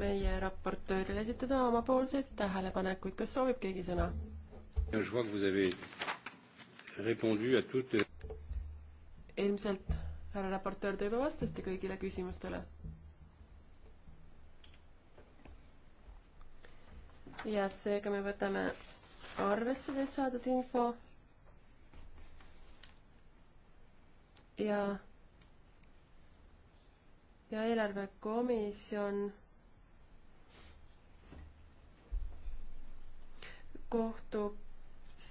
meie raportöörile esitada omapoolseid tähelepanekuid, kas soovib keegi sõna? ilmselt härra raportöör, te juba vastasite kõigile küsimustele. ja seega me võtame arvesse teilt saadud info. ja, ja eelarvekomisjon kohtub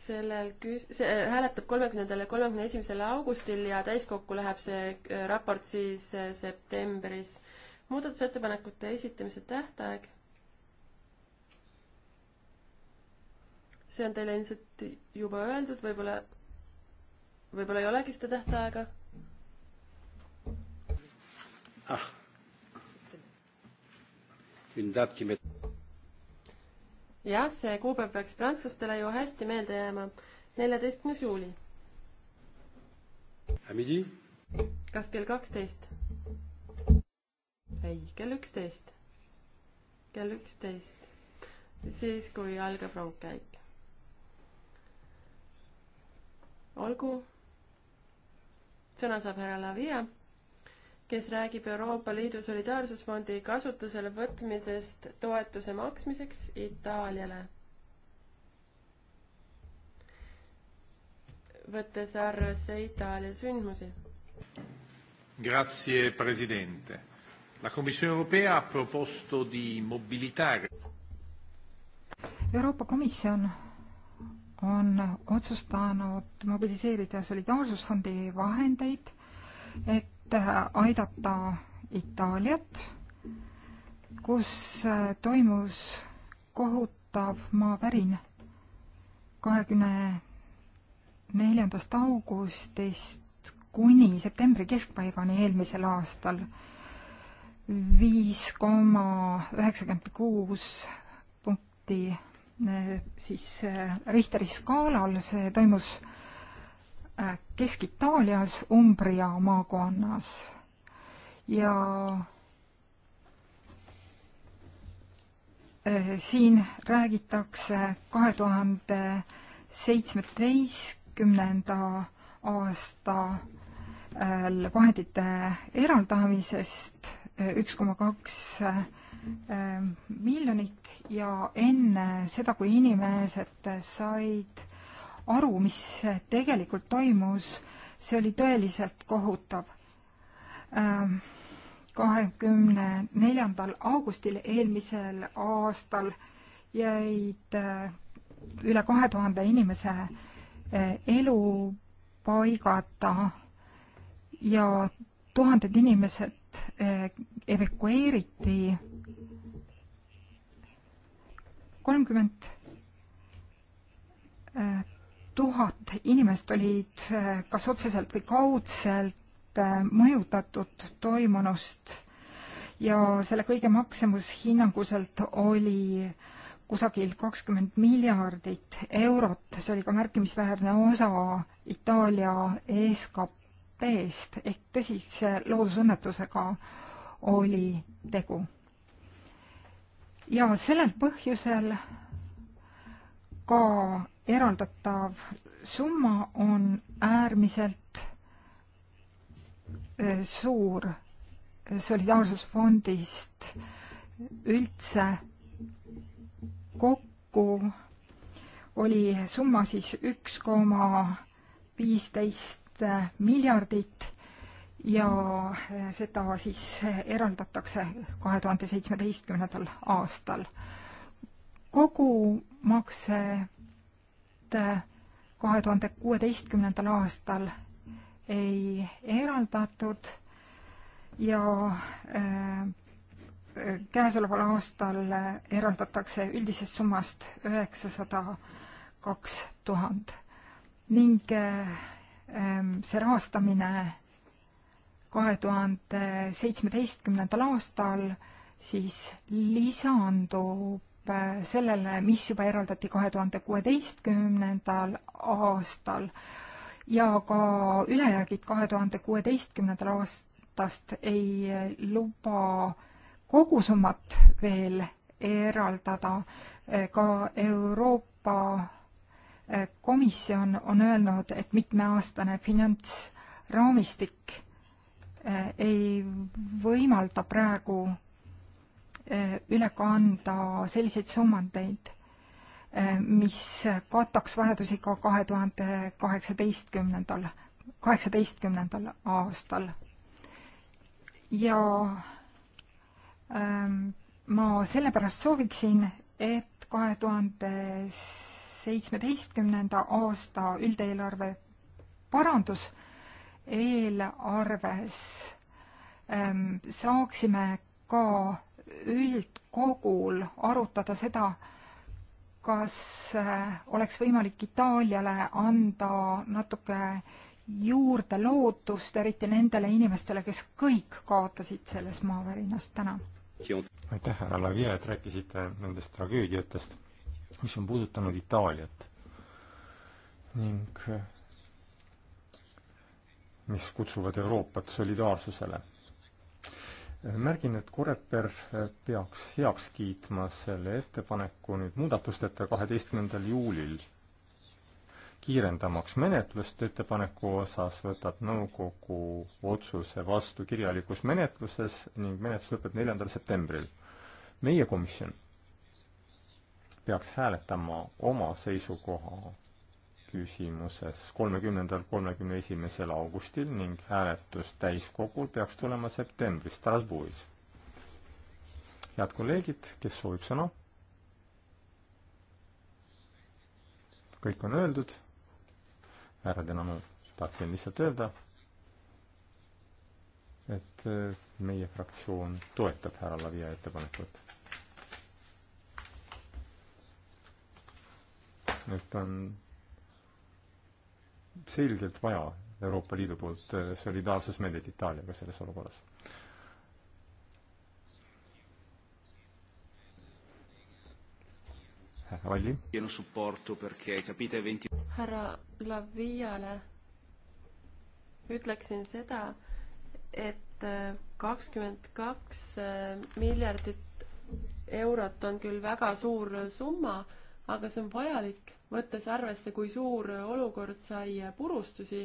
sellel küs-, see äh, hääletab kolmekümnendal ja kolmekümne esimesel augustil ja täiskokku läheb see äh, raport siis äh, septembris. muudatusettepanekute esitamise tähtaeg. see on teile ilmselt juba öeldud, võib-olla, võib-olla ei olegi seda tähtaega. ah jah, see kuupäev peaks prantslastele ju hästi meelde jääma. neljateistkümnes juuli. kas kell kaksteist? ei, kell üksteist. kell üksteist. siis, kui algab rongkäik. olgu. sõna saab härra Lavia kes räägib Euroopa Liidu solidaarsusfondi kasutusele võtmisest toetuse maksmiseks Itaaliale. võttes arvesse Itaalia sündmusi. Grazie, president. La Commissione Europea ha proposto di mobilitare. Euroopa Komisjon on otsustanud mobiliseerida solidaarsusfondi vahendeid, et Äh, aidata Itaaliat, kus äh, toimus kohutav maavärin kahekümne neljandast augustist kuni septembri keskpaigani eelmisel aastal viis koma üheksakümmend kuus punkti äh, siis Richteri skaalal, see toimus Äh, Kesk-Itaalias, Umbria maakonnas ja äh, siin räägitakse kahe tuhande seitsmeteistkümnenda aasta äh, vahendite eraldamisest üks koma kaks miljonit ja enne seda, kui inimesed said aru, mis tegelikult toimus, see oli tõeliselt kohutav. Ähm, kahekümne neljandal augustil eelmisel aastal jäid äh, üle kahe tuhande inimese äh, elupaigata ja tuhanded inimesed äh, evakueeriti kolmkümmend tuhat inimest olid eh, kas otseselt või kaudselt eh, mõjutatud toimunust ja selle kõige maksemus hinnanguliselt oli kusagil kakskümmend miljardit eurot, see oli ka märkimisväärne osa Itaalia SKP-st ehk tõsise loodusõnnetusega oli tegu. ja sellel põhjusel ka eraldatav summa on äärmiselt äh, suur solidaarsusfondist üldse kokku oli summa siis üks koma viisteist äh, miljardit ja äh, seda siis eraldatakse kahe tuhande seitsmeteistkümnendal aastal. kogumakse et äh, kahe tuhande kuueteistkümnendal aastal ei eraldatud ja äh, käesoleval aastal äh, eraldatakse üldisest summast üheksasada kaks tuhat ning ähm, see rahastamine kahe tuhande seitsmeteistkümnendal aastal siis lisandub sellele, mis juba eraldati kahe tuhande kuueteistkümnendal aastal ja ka ülejäägid kahe tuhande kuueteistkümnendal aastast ei luba kogusummat veel eraldada. ka Euroopa eh, Komisjon on öelnud, et mitmeaastane finantsraamistik eh, ei võimalda praegu Eh, üle kanda selliseid summandeid, eh, mis kataks vajadusi ka kahe tuhande kaheksateistkümnendal, kaheksateistkümnendal aastal. ja ähm, ma sellepärast sooviksin, et kahe tuhande seitsmeteistkümnenda aasta üldeelarve parandus eelarves ähm, saaksime ka üldkogul arutada seda, kas äh, oleks võimalik Itaaliale anda natuke juurde lootust, eriti nendele inimestele, kes kõik kaotasid selles maavärinas täna. aitäh, härra Lavia, et rääkisite nendest tragöödiatest, mis on puudutanud Itaaliat ning äh, mis kutsuvad Euroopat solidaarsusele märgin, et Koreper peaks heaks kiitma selle ettepaneku nüüd muudatusteta kaheteistkümnendal juulil. kiirendamaks menetlust ettepaneku osas, võtab nõukogu otsuse vastu kirjalikus menetluses ning menetlus lõpeb neljandal septembril. meie komisjon peaks hääletama oma seisukoha küsimuses kolmekümnendal, kolmekümne esimesel augustil ning hääletus täiskogul peaks tulema septembris Strasbourgis. head kolleegid, kes soovib sõna? kõik on öeldud, härrad enam tahtsin lihtsalt öelda, et äh, meie fraktsioon toetab härra Lavia ettepanekut. nüüd on selgelt vaja Euroopa Liidu poolt äh, solidaarsusmeedet Itaaliaga selles olukorras. härra Valli. härra Laviale ütleksin seda, et äh, kakskümmend kaks äh, miljardit eurot on küll väga suur summa, aga see on vajalik võttes arvesse, kui suur olukord sai purustusi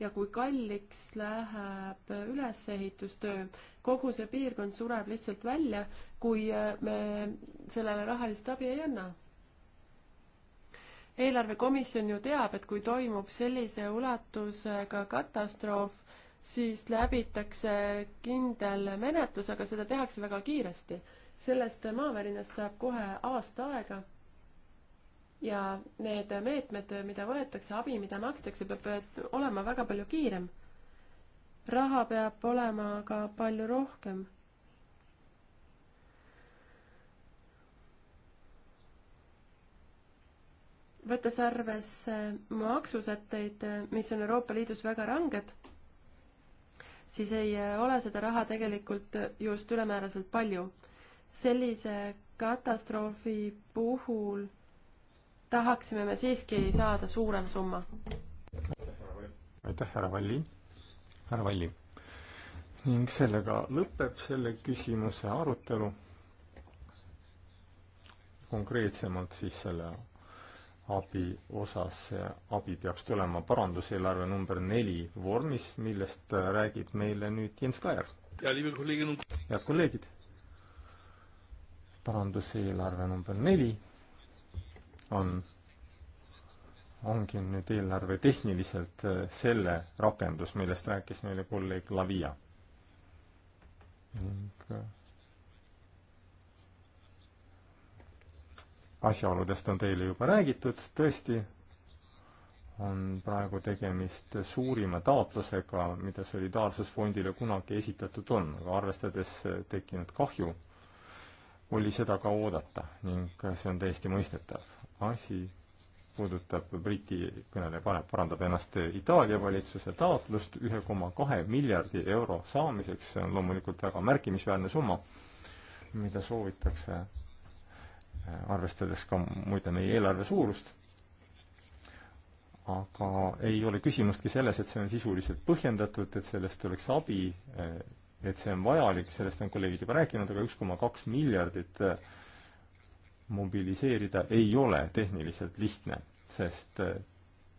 ja kui kalliks läheb ülesehitustöö. kogu see piirkond sureb lihtsalt välja, kui me sellele rahalist abi ei anna. eelarvekomisjon ju teab, et kui toimub sellise ulatusega katastroof, siis läbitakse kindel menetlus, aga seda tehakse väga kiiresti. sellest maavärinast saab kohe aasta aega ja need meetmed, mida võetakse, abi, mida makstakse, peab olema väga palju kiirem. raha peab olema ka palju rohkem. võttes arvesse maksusätteid, mis on Euroopa Liidus väga ranged, siis ei ole seda raha tegelikult just ülemääraselt palju. sellise katastroofi puhul tahaksime me siiski saada suurem summa. aitäh, härra Valli. härra Valli. ning sellega lõpeb selle küsimuse arutelu. konkreetsemalt siis selle abi osas, see abi peaks tulema paranduseelarve number neli vormis, millest räägib meile nüüd Jens Kaer. head kolleegid, paranduseelarve number neli on, ongi nüüd eelarve tehniliselt eh, selle rakendus, millest rääkis meile kolleeg Lavia. ning eh, asjaoludest on teile juba räägitud, tõesti, on praegu tegemist suurima taotlusega, mida Solidaarsusfondile kunagi esitatud on, aga arvestades eh, tekkinud kahju, oli seda ka oodata ning see on täiesti mõistetav asi puudutab Briti, kõneleja paneb, parandab ennast Itaalia valitsuse taotlust ühe koma kahe miljardi euro saamiseks, see on loomulikult väga märkimisväärne summa, mida soovitakse, eh, arvestades ka muide meie eelarve suurust, aga ei ole küsimustki selles, et see on sisuliselt põhjendatud, et sellest oleks abi, eh, et see on vajalik, sellest on kolleegid juba rääkinud, aga üks koma kaks miljardit äh, mobiliseerida ei ole tehniliselt lihtne, sest äh,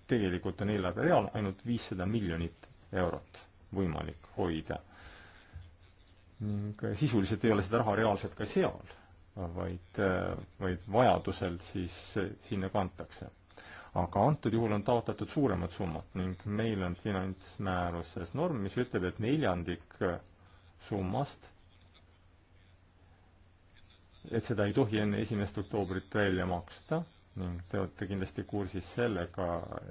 tegelikult on eelarve real ainult viissada miljonit eurot võimalik hoida. ning äh, sisuliselt ei ole seda raha reaalselt ka seal, vaid, äh, vaid vajadusel siis sinna kantakse. aga antud juhul on taotletud suuremad summad ning meil on finantsmääruses norm, mis ütleb, et neljandik summast et seda ei tohi enne esimest oktoobrit välja maksta ning te olete kindlasti kursis sellega,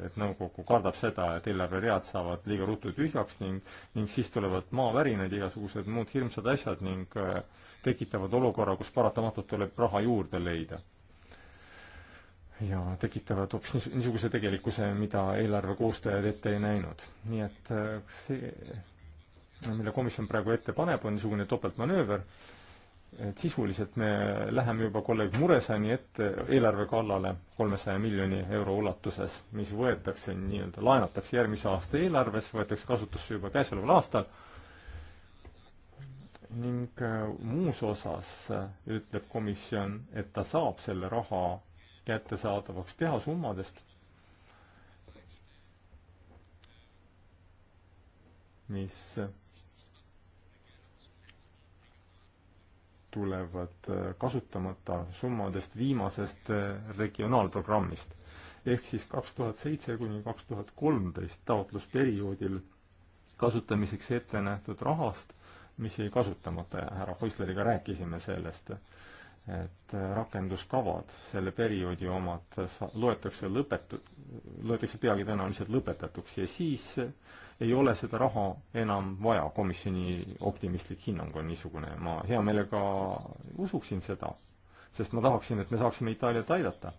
et nõukogu kardab seda, et eelarveread saavad liiga ruttu tühjaks ning, ning siis tulevad maavärinad ja igasugused muud hirmsad asjad ning äh, tekitavad olukorra, kus paratamatult tuleb raha juurde leida. ja tekitavad hoopis niisuguse tegelikkuse, mida eelarve koostajad ette ei näinud. nii et äh, see, mille komisjon praegu ette paneb, on niisugune topeltmanööver et sisuliselt me läheme juba kolleeg Muresani ette eelarve kallale kolmesaja miljoni euro ulatuses, mis võetakse nii-öelda, laenatakse järgmise aasta eelarves, võetakse kasutusse juba käesoleval aastal ning äh, muus osas äh, ütleb komisjon, et ta saab selle raha kättesaadavaks teha summadest, mis tulevad äh, kasutamata summadest viimasest äh, regionaalprogrammist. ehk siis kaks tuhat seitse kuni kaks tuhat kolmteist taotlusperioodil kasutamiseks ette nähtud rahast, mis jäi kasutamata ja härra Häusleriga rääkisime sellest et äh, rakenduskavad, selle perioodi omad loetakse lõpetu-, loetakse peagi tõenäoliselt lõpetatuks ja siis äh, ei ole seda raha enam vaja, komisjoni optimistlik hinnang on niisugune. ma hea meelega usuksin seda, sest ma tahaksin, et me saaksime Itaaliat aidata.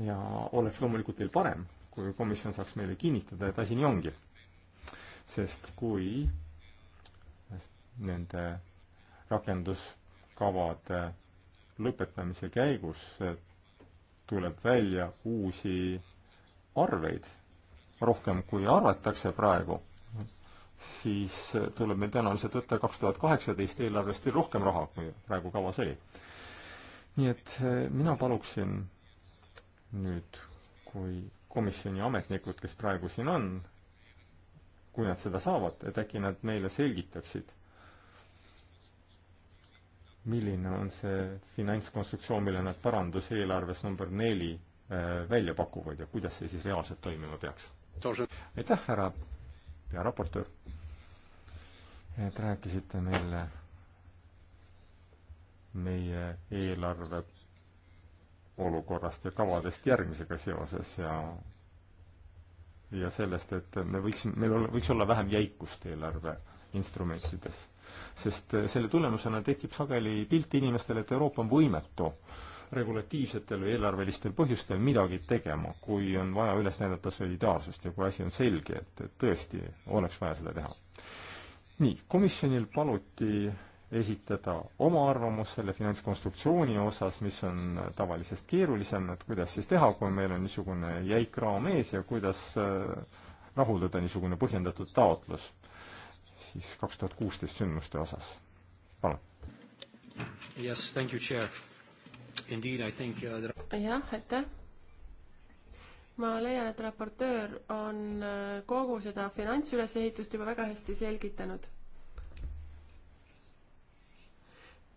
ja oleks loomulikult veel parem, kui komisjon saaks meile kinnitada, et asi nii ongi. sest kui nende rakendus kavade äh, lõpetamise käigus äh, tuleb välja uusi arveid, rohkem kui arvatakse praegu, siis äh, tuleb meil tõenäoliselt võtta kaks tuhat kaheksateist eelarvest veel rohkem raha, kui praegu kavas oli. nii et mina paluksin nüüd, kui komisjoni ametnikud, kes praegu siin on, kui nad seda saavad, et äkki nad meile selgitaksid milline on see finantskonstruktsioon, mille nad paranduseelarves number neli äh, välja pakuvad ja kuidas see siis reaalselt toimima peaks? aitäh, härra pearaportöör, et rääkisite meile meie eelarve olukorrast ja kavadest järgmisega seoses ja ja sellest, et me võiksime, meil ole, võiks olla vähem jäikust eelarve instrumentides. sest eh, selle tulemusena tekib sageli pilt inimestele, et Euroopa on võimetu regulatiivsetel või eelarvelistel põhjustel midagi tegema, kui on vaja üles näidata solidaarsust ja kui asi on selge, et, et tõesti oleks vaja seda teha. nii, komisjonil paluti esitada oma arvamus selle finantskonstruktsiooni osas, mis on tavalisest keerulisem, et kuidas siis teha, kui meil on niisugune jäik raam ees ja kuidas eh, rahuldada niisugune põhjendatud taotlus siis kaks tuhat kuusteist sündmuste osas, palun. Yes, thank you, chair. Indeed, I think uh, there... jah, aitäh. ma leian, et raportöör on äh, kogu seda finantsülesehitust juba väga hästi selgitanud.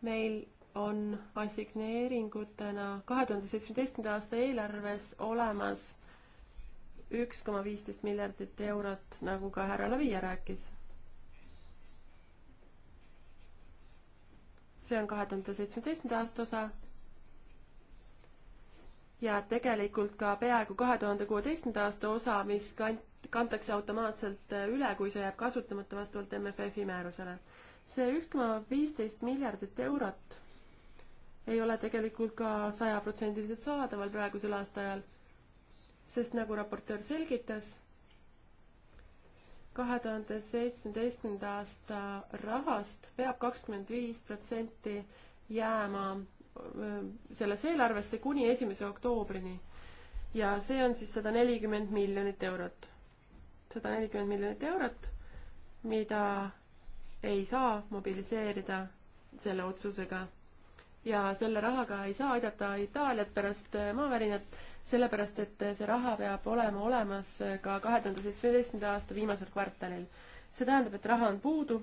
meil on assigneeringutena kahe tuhande seitsmeteistkümnenda aasta eelarves olemas üks koma viisteist miljardit eurot, nagu ka härra Lavia rääkis see on kahe tuhande seitsmeteistkümnenda aasta osa. ja tegelikult ka peaaegu kahe tuhande kuueteistkümnenda aasta osa, mis kant-, kantakse automaatselt üle, kui see jääb kasutamata vastavalt MFF-i määrusele. see üks koma viisteist miljardit eurot ei ole tegelikult ka sajaprotsendiliselt saadaval praegusel aastaajal, sest nagu raportöör selgitas kahe tuhande seitsmeteistkümnenda aasta rahast peab kakskümmend viis protsenti jääma selles eelarvesse kuni esimese oktoobrini. ja see on siis sada nelikümmend miljonit eurot. sada nelikümmend miljonit eurot, mida ei saa mobiliseerida selle otsusega. ja selle rahaga ei saa aidata Itaaliat pärast maavärinat sellepärast et see raha peab olema olemas ka kahe tuhande seitsmeteistkümnenda aasta viimasel kvartalil. see tähendab, et raha on puudu,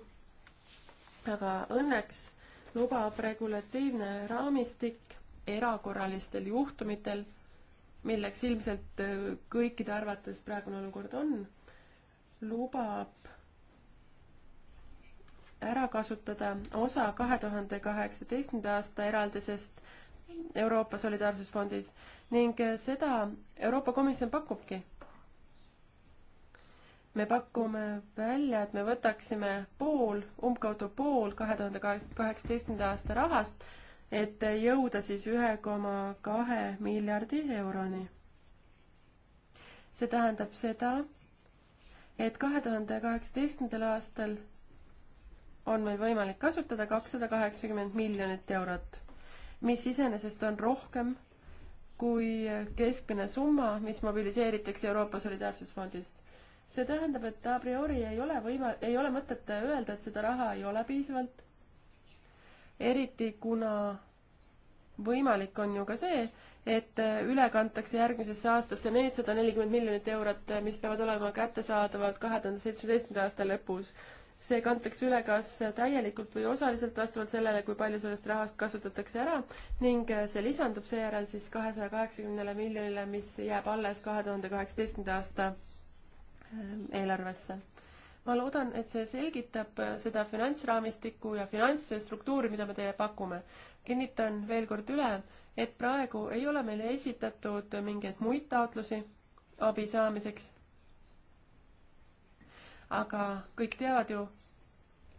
aga õnneks lubab regulatiivne raamistik erakorralistel juhtumitel, milleks ilmselt äh, kõikide arvates praegune olukord on, lubab ära kasutada osa kahe tuhande kaheksateistkümnenda aasta eraldisest Euroopa Solidaarsusfondis ning eh, seda Euroopa Komisjon pakubki. me pakume välja, et me võtaksime pool, umbkaudu pool kahe tuhande kaheksateistkümnenda aasta rahast, et jõuda siis ühe koma kahe miljardi euroni. see tähendab seda, et kahe tuhande kaheksateistkümnendal aastal on meil võimalik kasutada kakssada kaheksakümmend miljonit eurot mis iseenesest on rohkem kui keskmine summa, mis mobiliseeritakse Euroopa Solidaarsusfondist. see tähendab, et a priori ei ole võima-, ei ole mõtet öelda, et seda raha ei ole piisavalt, eriti kuna võimalik on ju ka see, et üle kantakse järgmisesse aastasse need sada nelikümmend miljonit eurot, mis peavad olema kättesaadavad kahe tuhande seitsmeteistkümnenda aasta lõpus see kantakse üle kas täielikult või osaliselt vastavalt sellele, kui palju sellest rahast kasutatakse ära ning äh, see lisandub seejärel siis kahesaja kaheksakümnele miljonile, mis jääb alles kahe tuhande kaheksateistkümnenda aasta ähm, eelarvesse. ma loodan, et see selgitab äh, seda finantsraamistikku ja finantsstruktuuri, mida me teile pakume. kinnitan veel kord üle, et praegu ei ole meile esitatud mingeid muid taotlusi abi saamiseks aga kõik teavad ju,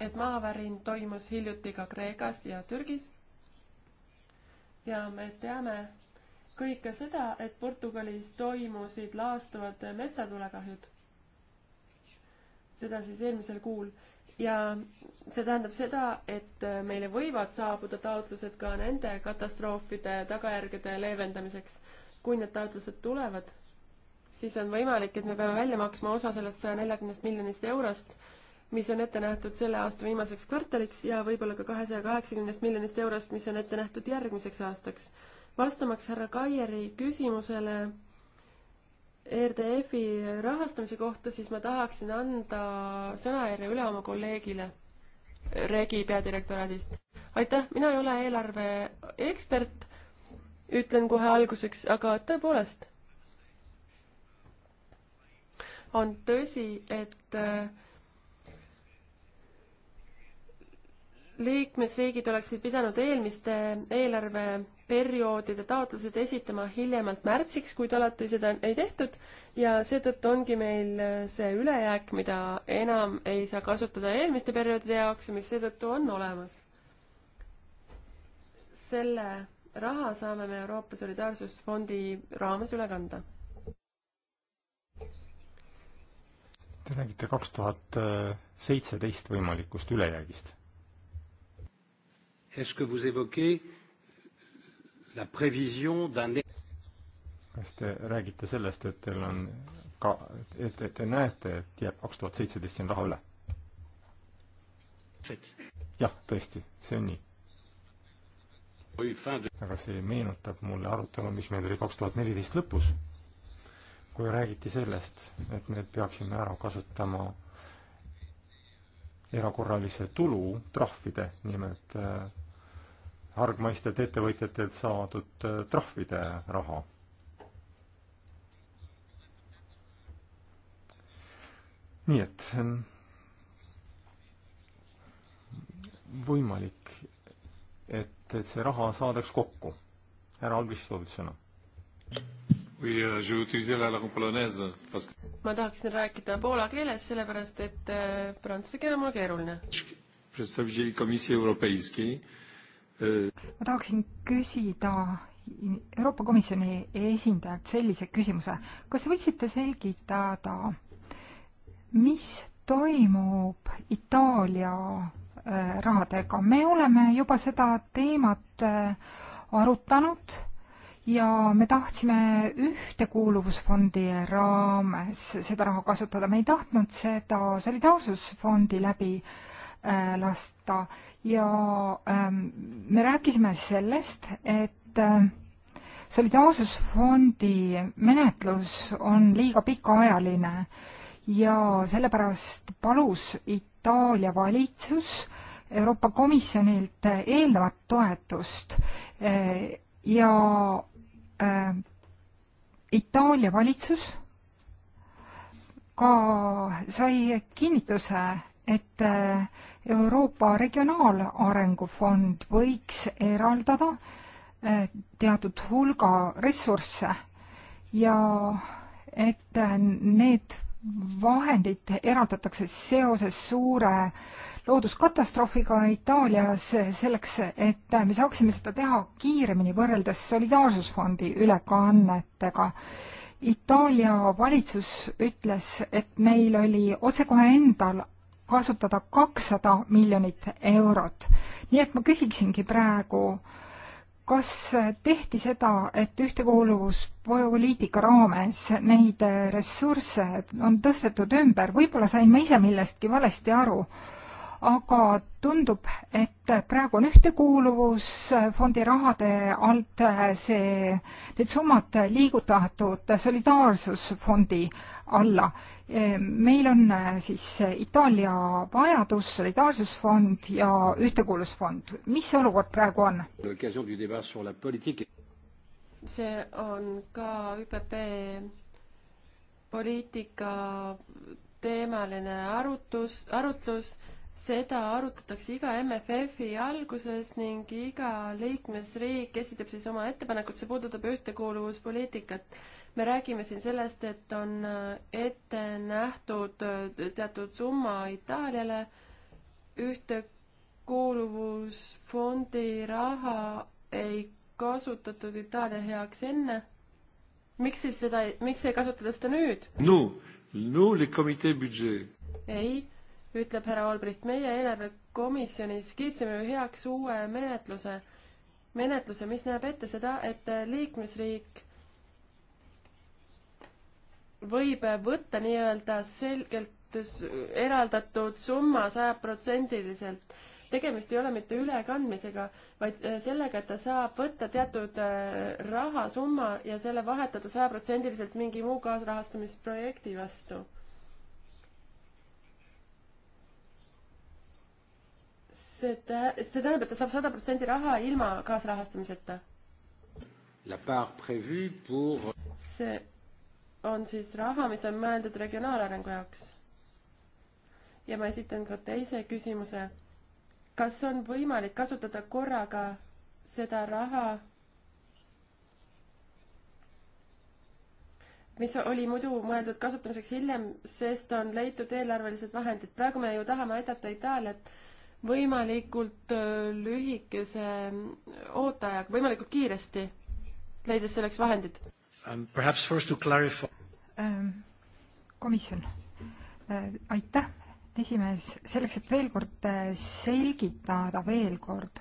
et maavärin toimus hiljuti ka Kreekas ja Türgis. ja me teame kõik ka seda, et Portugalis toimusid laastuvad metsatulekahjud. seda siis eelmisel kuul ja see tähendab seda, et meile võivad saabuda taotlused ka nende katastroofide tagajärgede leevendamiseks, kui need taotlused tulevad siis on võimalik, et me peame välja maksma osa sellest saja neljakümnest miljonist eurost, mis on ette nähtud selle aasta viimaseks kvartaliks ja võib-olla ka kahesaja kaheksakümnest miljonist eurost, mis on ette nähtud järgmiseks aastaks. vastamaks härra Kaieri küsimusele ERDF-i rahastamise kohta, siis ma tahaksin anda sõnajärje üle oma kolleegile Regi peadirektoraadist. aitäh, mina ei ole eelarve ekspert, ütlen kohe alguseks, aga tõepoolest on tõsi, et äh, liikmesriigid oleksid pidanud eelmiste eelarveperioodide taotlused esitama hiljemalt märtsiks, kuid alati seda ei tehtud ja seetõttu ongi meil äh, see ülejääk, mida enam ei saa kasutada eelmiste perioodide jaoks ja mis seetõttu on olemas. selle raha saame me Euroopa Solidaarsusfondi raames üle kanda Te räägite kaks tuhat seitseteist võimalikust ülejäägist. kas te räägite sellest, et teil on ka, et, et te näete, et jääb kaks tuhat seitseteist siin raha üle? jah, tõesti, see on nii. aga see meenutab mulle arutelu, mis meil oli kaks tuhat neliteist lõpus kui räägiti sellest, et me peaksime ära kasutama erakorralise tulu trahvide, nimelt äh, hargmaistelt ettevõtjatelt saadud äh, trahvide raha. nii et ähm, võimalik, et, et see raha saadaks kokku. härra Albrecht soovib sõna. Oui, euh, je vais utiliser la langue polonaise. Parce... ma tahaksin rääkida poola keeles, sellepärast et äh, prantsuse keel on mul keeruline. Э, ma tahaksin küsida Euroopa Komisjoni esindajalt sellise küsimuse. kas te võiksite selgitada, mis toimub Itaalia äh, rahadega? me oleme juba seda teemat äh, arutanud ja me tahtsime ühtekuuluvusfondi raames seda raha kasutada, me ei tahtnud seda solidaarsusfondi läbi äh, lasta ja ähm, me rääkisime sellest, et äh, solidaarsusfondi menetlus on liiga pikaajaline ja sellepärast palus Itaalia valitsus Euroopa Komisjonilt eelnevat toetust äh, ja äh, Itaalia valitsus ka sai kinnituse, et äh, Euroopa Regionaalarengu Fond võiks eraldada äh, teatud hulga ressursse ja et äh, need vahendid eraldatakse seoses suure äh, looduskatastroofiga Itaalias selleks, et me saaksime seda teha kiiremini võrreldes Solidaarsusfondi ülekannetega. Itaalia valitsus ütles, et neil oli otsekohe endal kasutada kakssada miljonit eurot. nii et ma küsiksingi praegu, kas tehti seda, et ühtekuuluvuspoliitika raames neid ressursse on tõstetud ümber, võib-olla sain ma ise millestki valesti aru aga tundub, et praegu on ühtekuuluvusfondi rahade alt see, need summad liigutatud solidaarsusfondi alla. meil on siis Itaalia vajadus, solidaarsusfond ja ühtekuuluvusfond. mis see olukord praegu on? see on ka ÜPP poliitika teemaline arutus, arutlus seda arutatakse iga MFF-i alguses ning iga liikmesriik esitab siis oma ettepanekud, see puudutab ühtekuuluvuspoliitikat. me räägime siin sellest, et on äh, ette nähtud äh, teatud summa Itaaliale, ühtekuuluvusfondi raha ei kasutatud Itaalia heaks enne. miks siis seda, miks ei kasutata seda nüüd? ei ütleb härra Albrecht, meie eelarvekomisjonis kiitsime ju heaks uue menetluse, menetluse, mis näeb ette seda, et liikmesriik võib võtta nii-öelda selgelt eraldatud summa sajaprotsendiliselt tegemist ei ole mitte ülekandmisega, vaid äh, sellega, et ta saab võtta teatud äh, rahasumma ja selle vahetada sajaprotsendiliselt mingi muu kaasrahastamisprojekti vastu. see tä-, see tähendab, et ta saab sada protsenti raha ilma kaasrahastamiseta. Pour... see on siis raha, mis on mõeldud regionaalarengu jaoks. ja ma esitan ka teise küsimuse. kas on võimalik kasutada korraga seda raha, mis oli muidu mõeldud kasutamiseks hiljem, sest on leitud eelarvelised vahendid. praegu me ju tahame aidata Itaaliat võimalikult lühikese ooteajaga, võimalikult kiiresti, leides selleks vahendid um,? Perhaps first to clarify um,. komisjon uh,, aitäh esimees, selleks, et veel kord äh, selgitada, veel kord,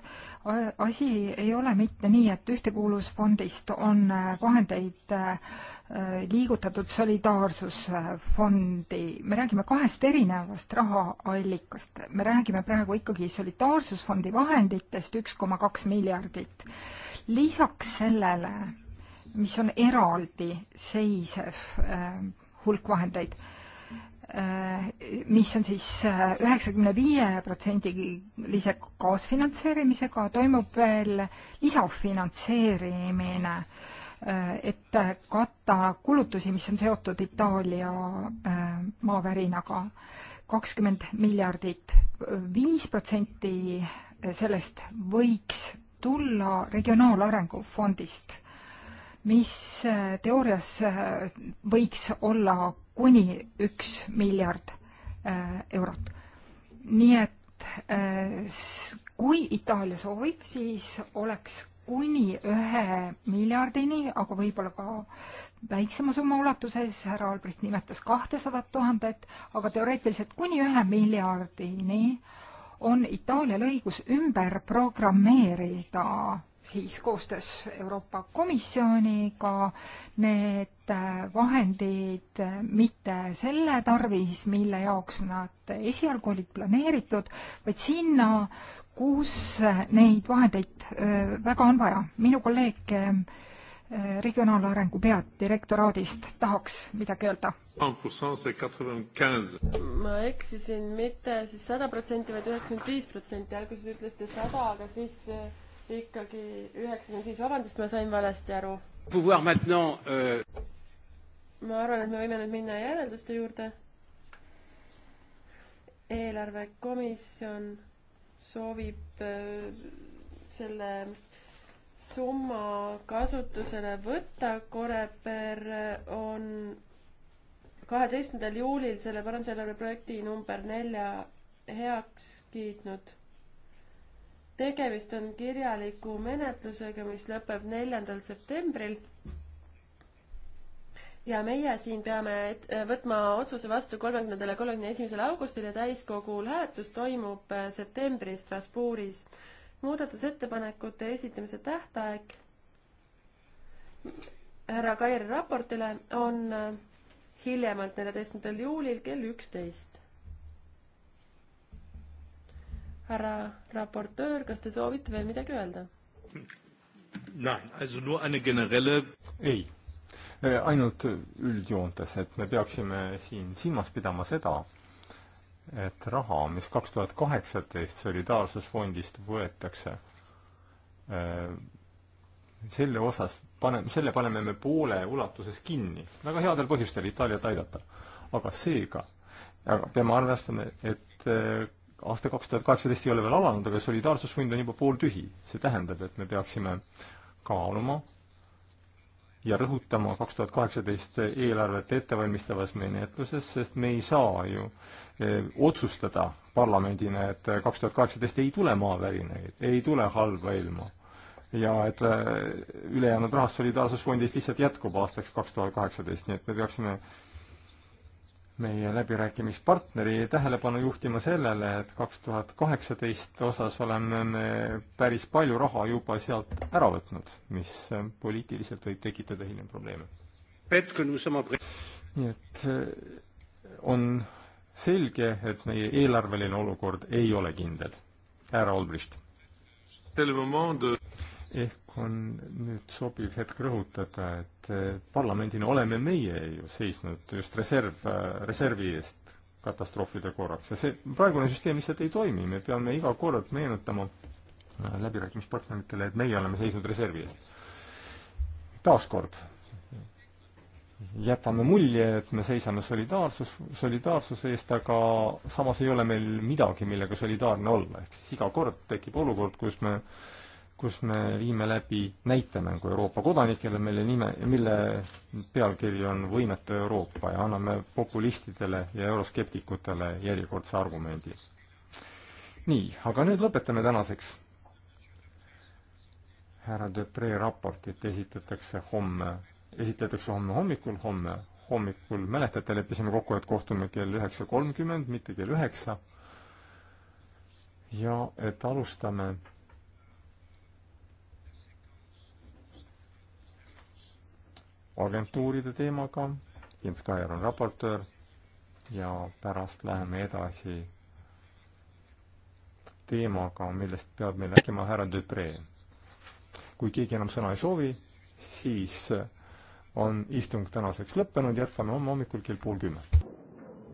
asi ei ole mitte nii, et Ühtekuuluvusfondist on äh, vahendeid äh, liigutatud Solidaarsusfondi. me räägime kahest erinevast rahaallikast. me räägime praegu ikkagi Solidaarsusfondi vahenditest üks koma kaks miljardit. lisaks sellele, mis on eraldiseisev hulk vahendeid mis on siis äh, üheksakümne viie protsendilise kaasfinantseerimisega, toimub veel lisafinantseerimine, äh, et katta kulutusi, mis on seotud Itaalia äh, maavärinaga. kakskümmend miljardit, viis protsenti sellest võiks tulla Regionaalarengu fondist, mis teoorias võiks olla kuni üks miljard äh, eurot. nii et äh, kui Itaalia soovib, siis oleks kuni ühe miljardini, aga võib-olla ka väiksema summa ulatuses, härra Albrecht nimetas kahtesadat tuhandet, aga teoreetiliselt kuni ühe miljardini on Itaalial õigus ümber programmeerida siis koostöös Euroopa Komisjoniga need vahendid mitte selle tarvis, mille jaoks nad esialgu olid planeeritud, vaid sinna, kus neid vahendeid väga on vaja. minu kolleeg regionaalarengu peadirektoraadist tahaks midagi öelda. ma eksisin mitte siis sada protsenti, vaid üheksakümmend viis protsenti, alguses ütlesite sada, aga siis ikkagi üheksakümmend viis, vabandust, ma sain valesti aru. Pouvoir maintenant euh ma arvan, et me võime nüüd minna järelduste juurde. eelarvekomisjon soovib äh, selle summa kasutusele võtta, Koreper äh, on kaheteistkümnendal juulil selle parandusjärelevalve projekti number nelja heaks kiitnud. tegemist on kirjaliku menetlusega, mis lõpeb neljandal septembril ja meie siin peame äh, võtma otsuse vastu kolmekümnendal ja kolmekümne esimesel augustil ja täiskogul hääletus toimub äh, septembris Strasbourgis. muudatusettepanekute esitamise tähtaeg härra Kairi raportile on äh, hiljemalt neljateistkümnendal juulil kell üksteist. härra raportöör, kas te soovite veel midagi öelda? ei Äh, ainult üldjoontes, et me peaksime siin silmas pidama seda, et raha, mis kaks tuhat kaheksateist Solidaarsusfondist võetakse, äh, selle osas paneme, selle paneme me poole ulatuses kinni. väga headel põhjustel Itaaliat aidata. aga seega, aga peame arvestama, et äh, aasta kaks tuhat kaheksateist ei ole veel alanud, aga solidaarsusfond on juba pooltühi. see tähendab, et me peaksime kaaluma ja rõhutama kaks tuhat kaheksateist eelarvet ettevalmistavas menetluses, sest me ei saa ju eh, otsustada parlamendina, et kaks tuhat kaheksateist ei tule maavärinaid, ei tule halba ilma. ja et eh, ülejäänud rahast Solidaarsusfondist lihtsalt jätkub aastaks kaks tuhat kaheksateist, nii et me peaksime meie läbirääkimispartneri tähelepanu juhtima sellele, et kaks tuhat kaheksateist osas oleme me päris palju raha juba sealt ära võtnud, mis poliitiliselt võib tekitada hiljem probleeme. nii et eh, on selge, et meie eelarveline olukord ei ole kindel. härra Olbrist ehk on nüüd sobiv hetk rõhutada, et eh, parlamendina oleme meie ju seisnud just reserv, eh, reservi eest katastroofide korraks ja see praegune süsteem lihtsalt ei toimi, me peame iga kord meenutama eh, läbirääkimispartneritele, et meie oleme seisnud reservi eest. taaskord jätame mulje, et me seisame solidaarsus, solidaarsuse eest, aga samas ei ole meil midagi, millega solidaarne olla, ehk siis iga kord tekib olukord, kus me äh, kus me viime läbi näitemängu Euroopa kodanikele, mille nime, mille pealkiri on Võimetu Euroopa ja anname populistidele ja euroskeptikutele järjekordse argumendi. nii, aga nüüd lõpetame tänaseks. härra Depre raportit esitatakse homme, esitletakse homme hommikul, homme hommikul, mäletate, leppisime kokku, et kohtume kell üheksa kolmkümmend, mitte kell üheksa. ja et alustame agentuuride teemaga, Jens Kaier on raportöör ja pärast läheme edasi teemaga, millest peab meil rääkima härra Dupree. kui keegi enam sõna ei soovi, siis on istung tänaseks lõppenud, jätkame homme hommikul kell pool kümme.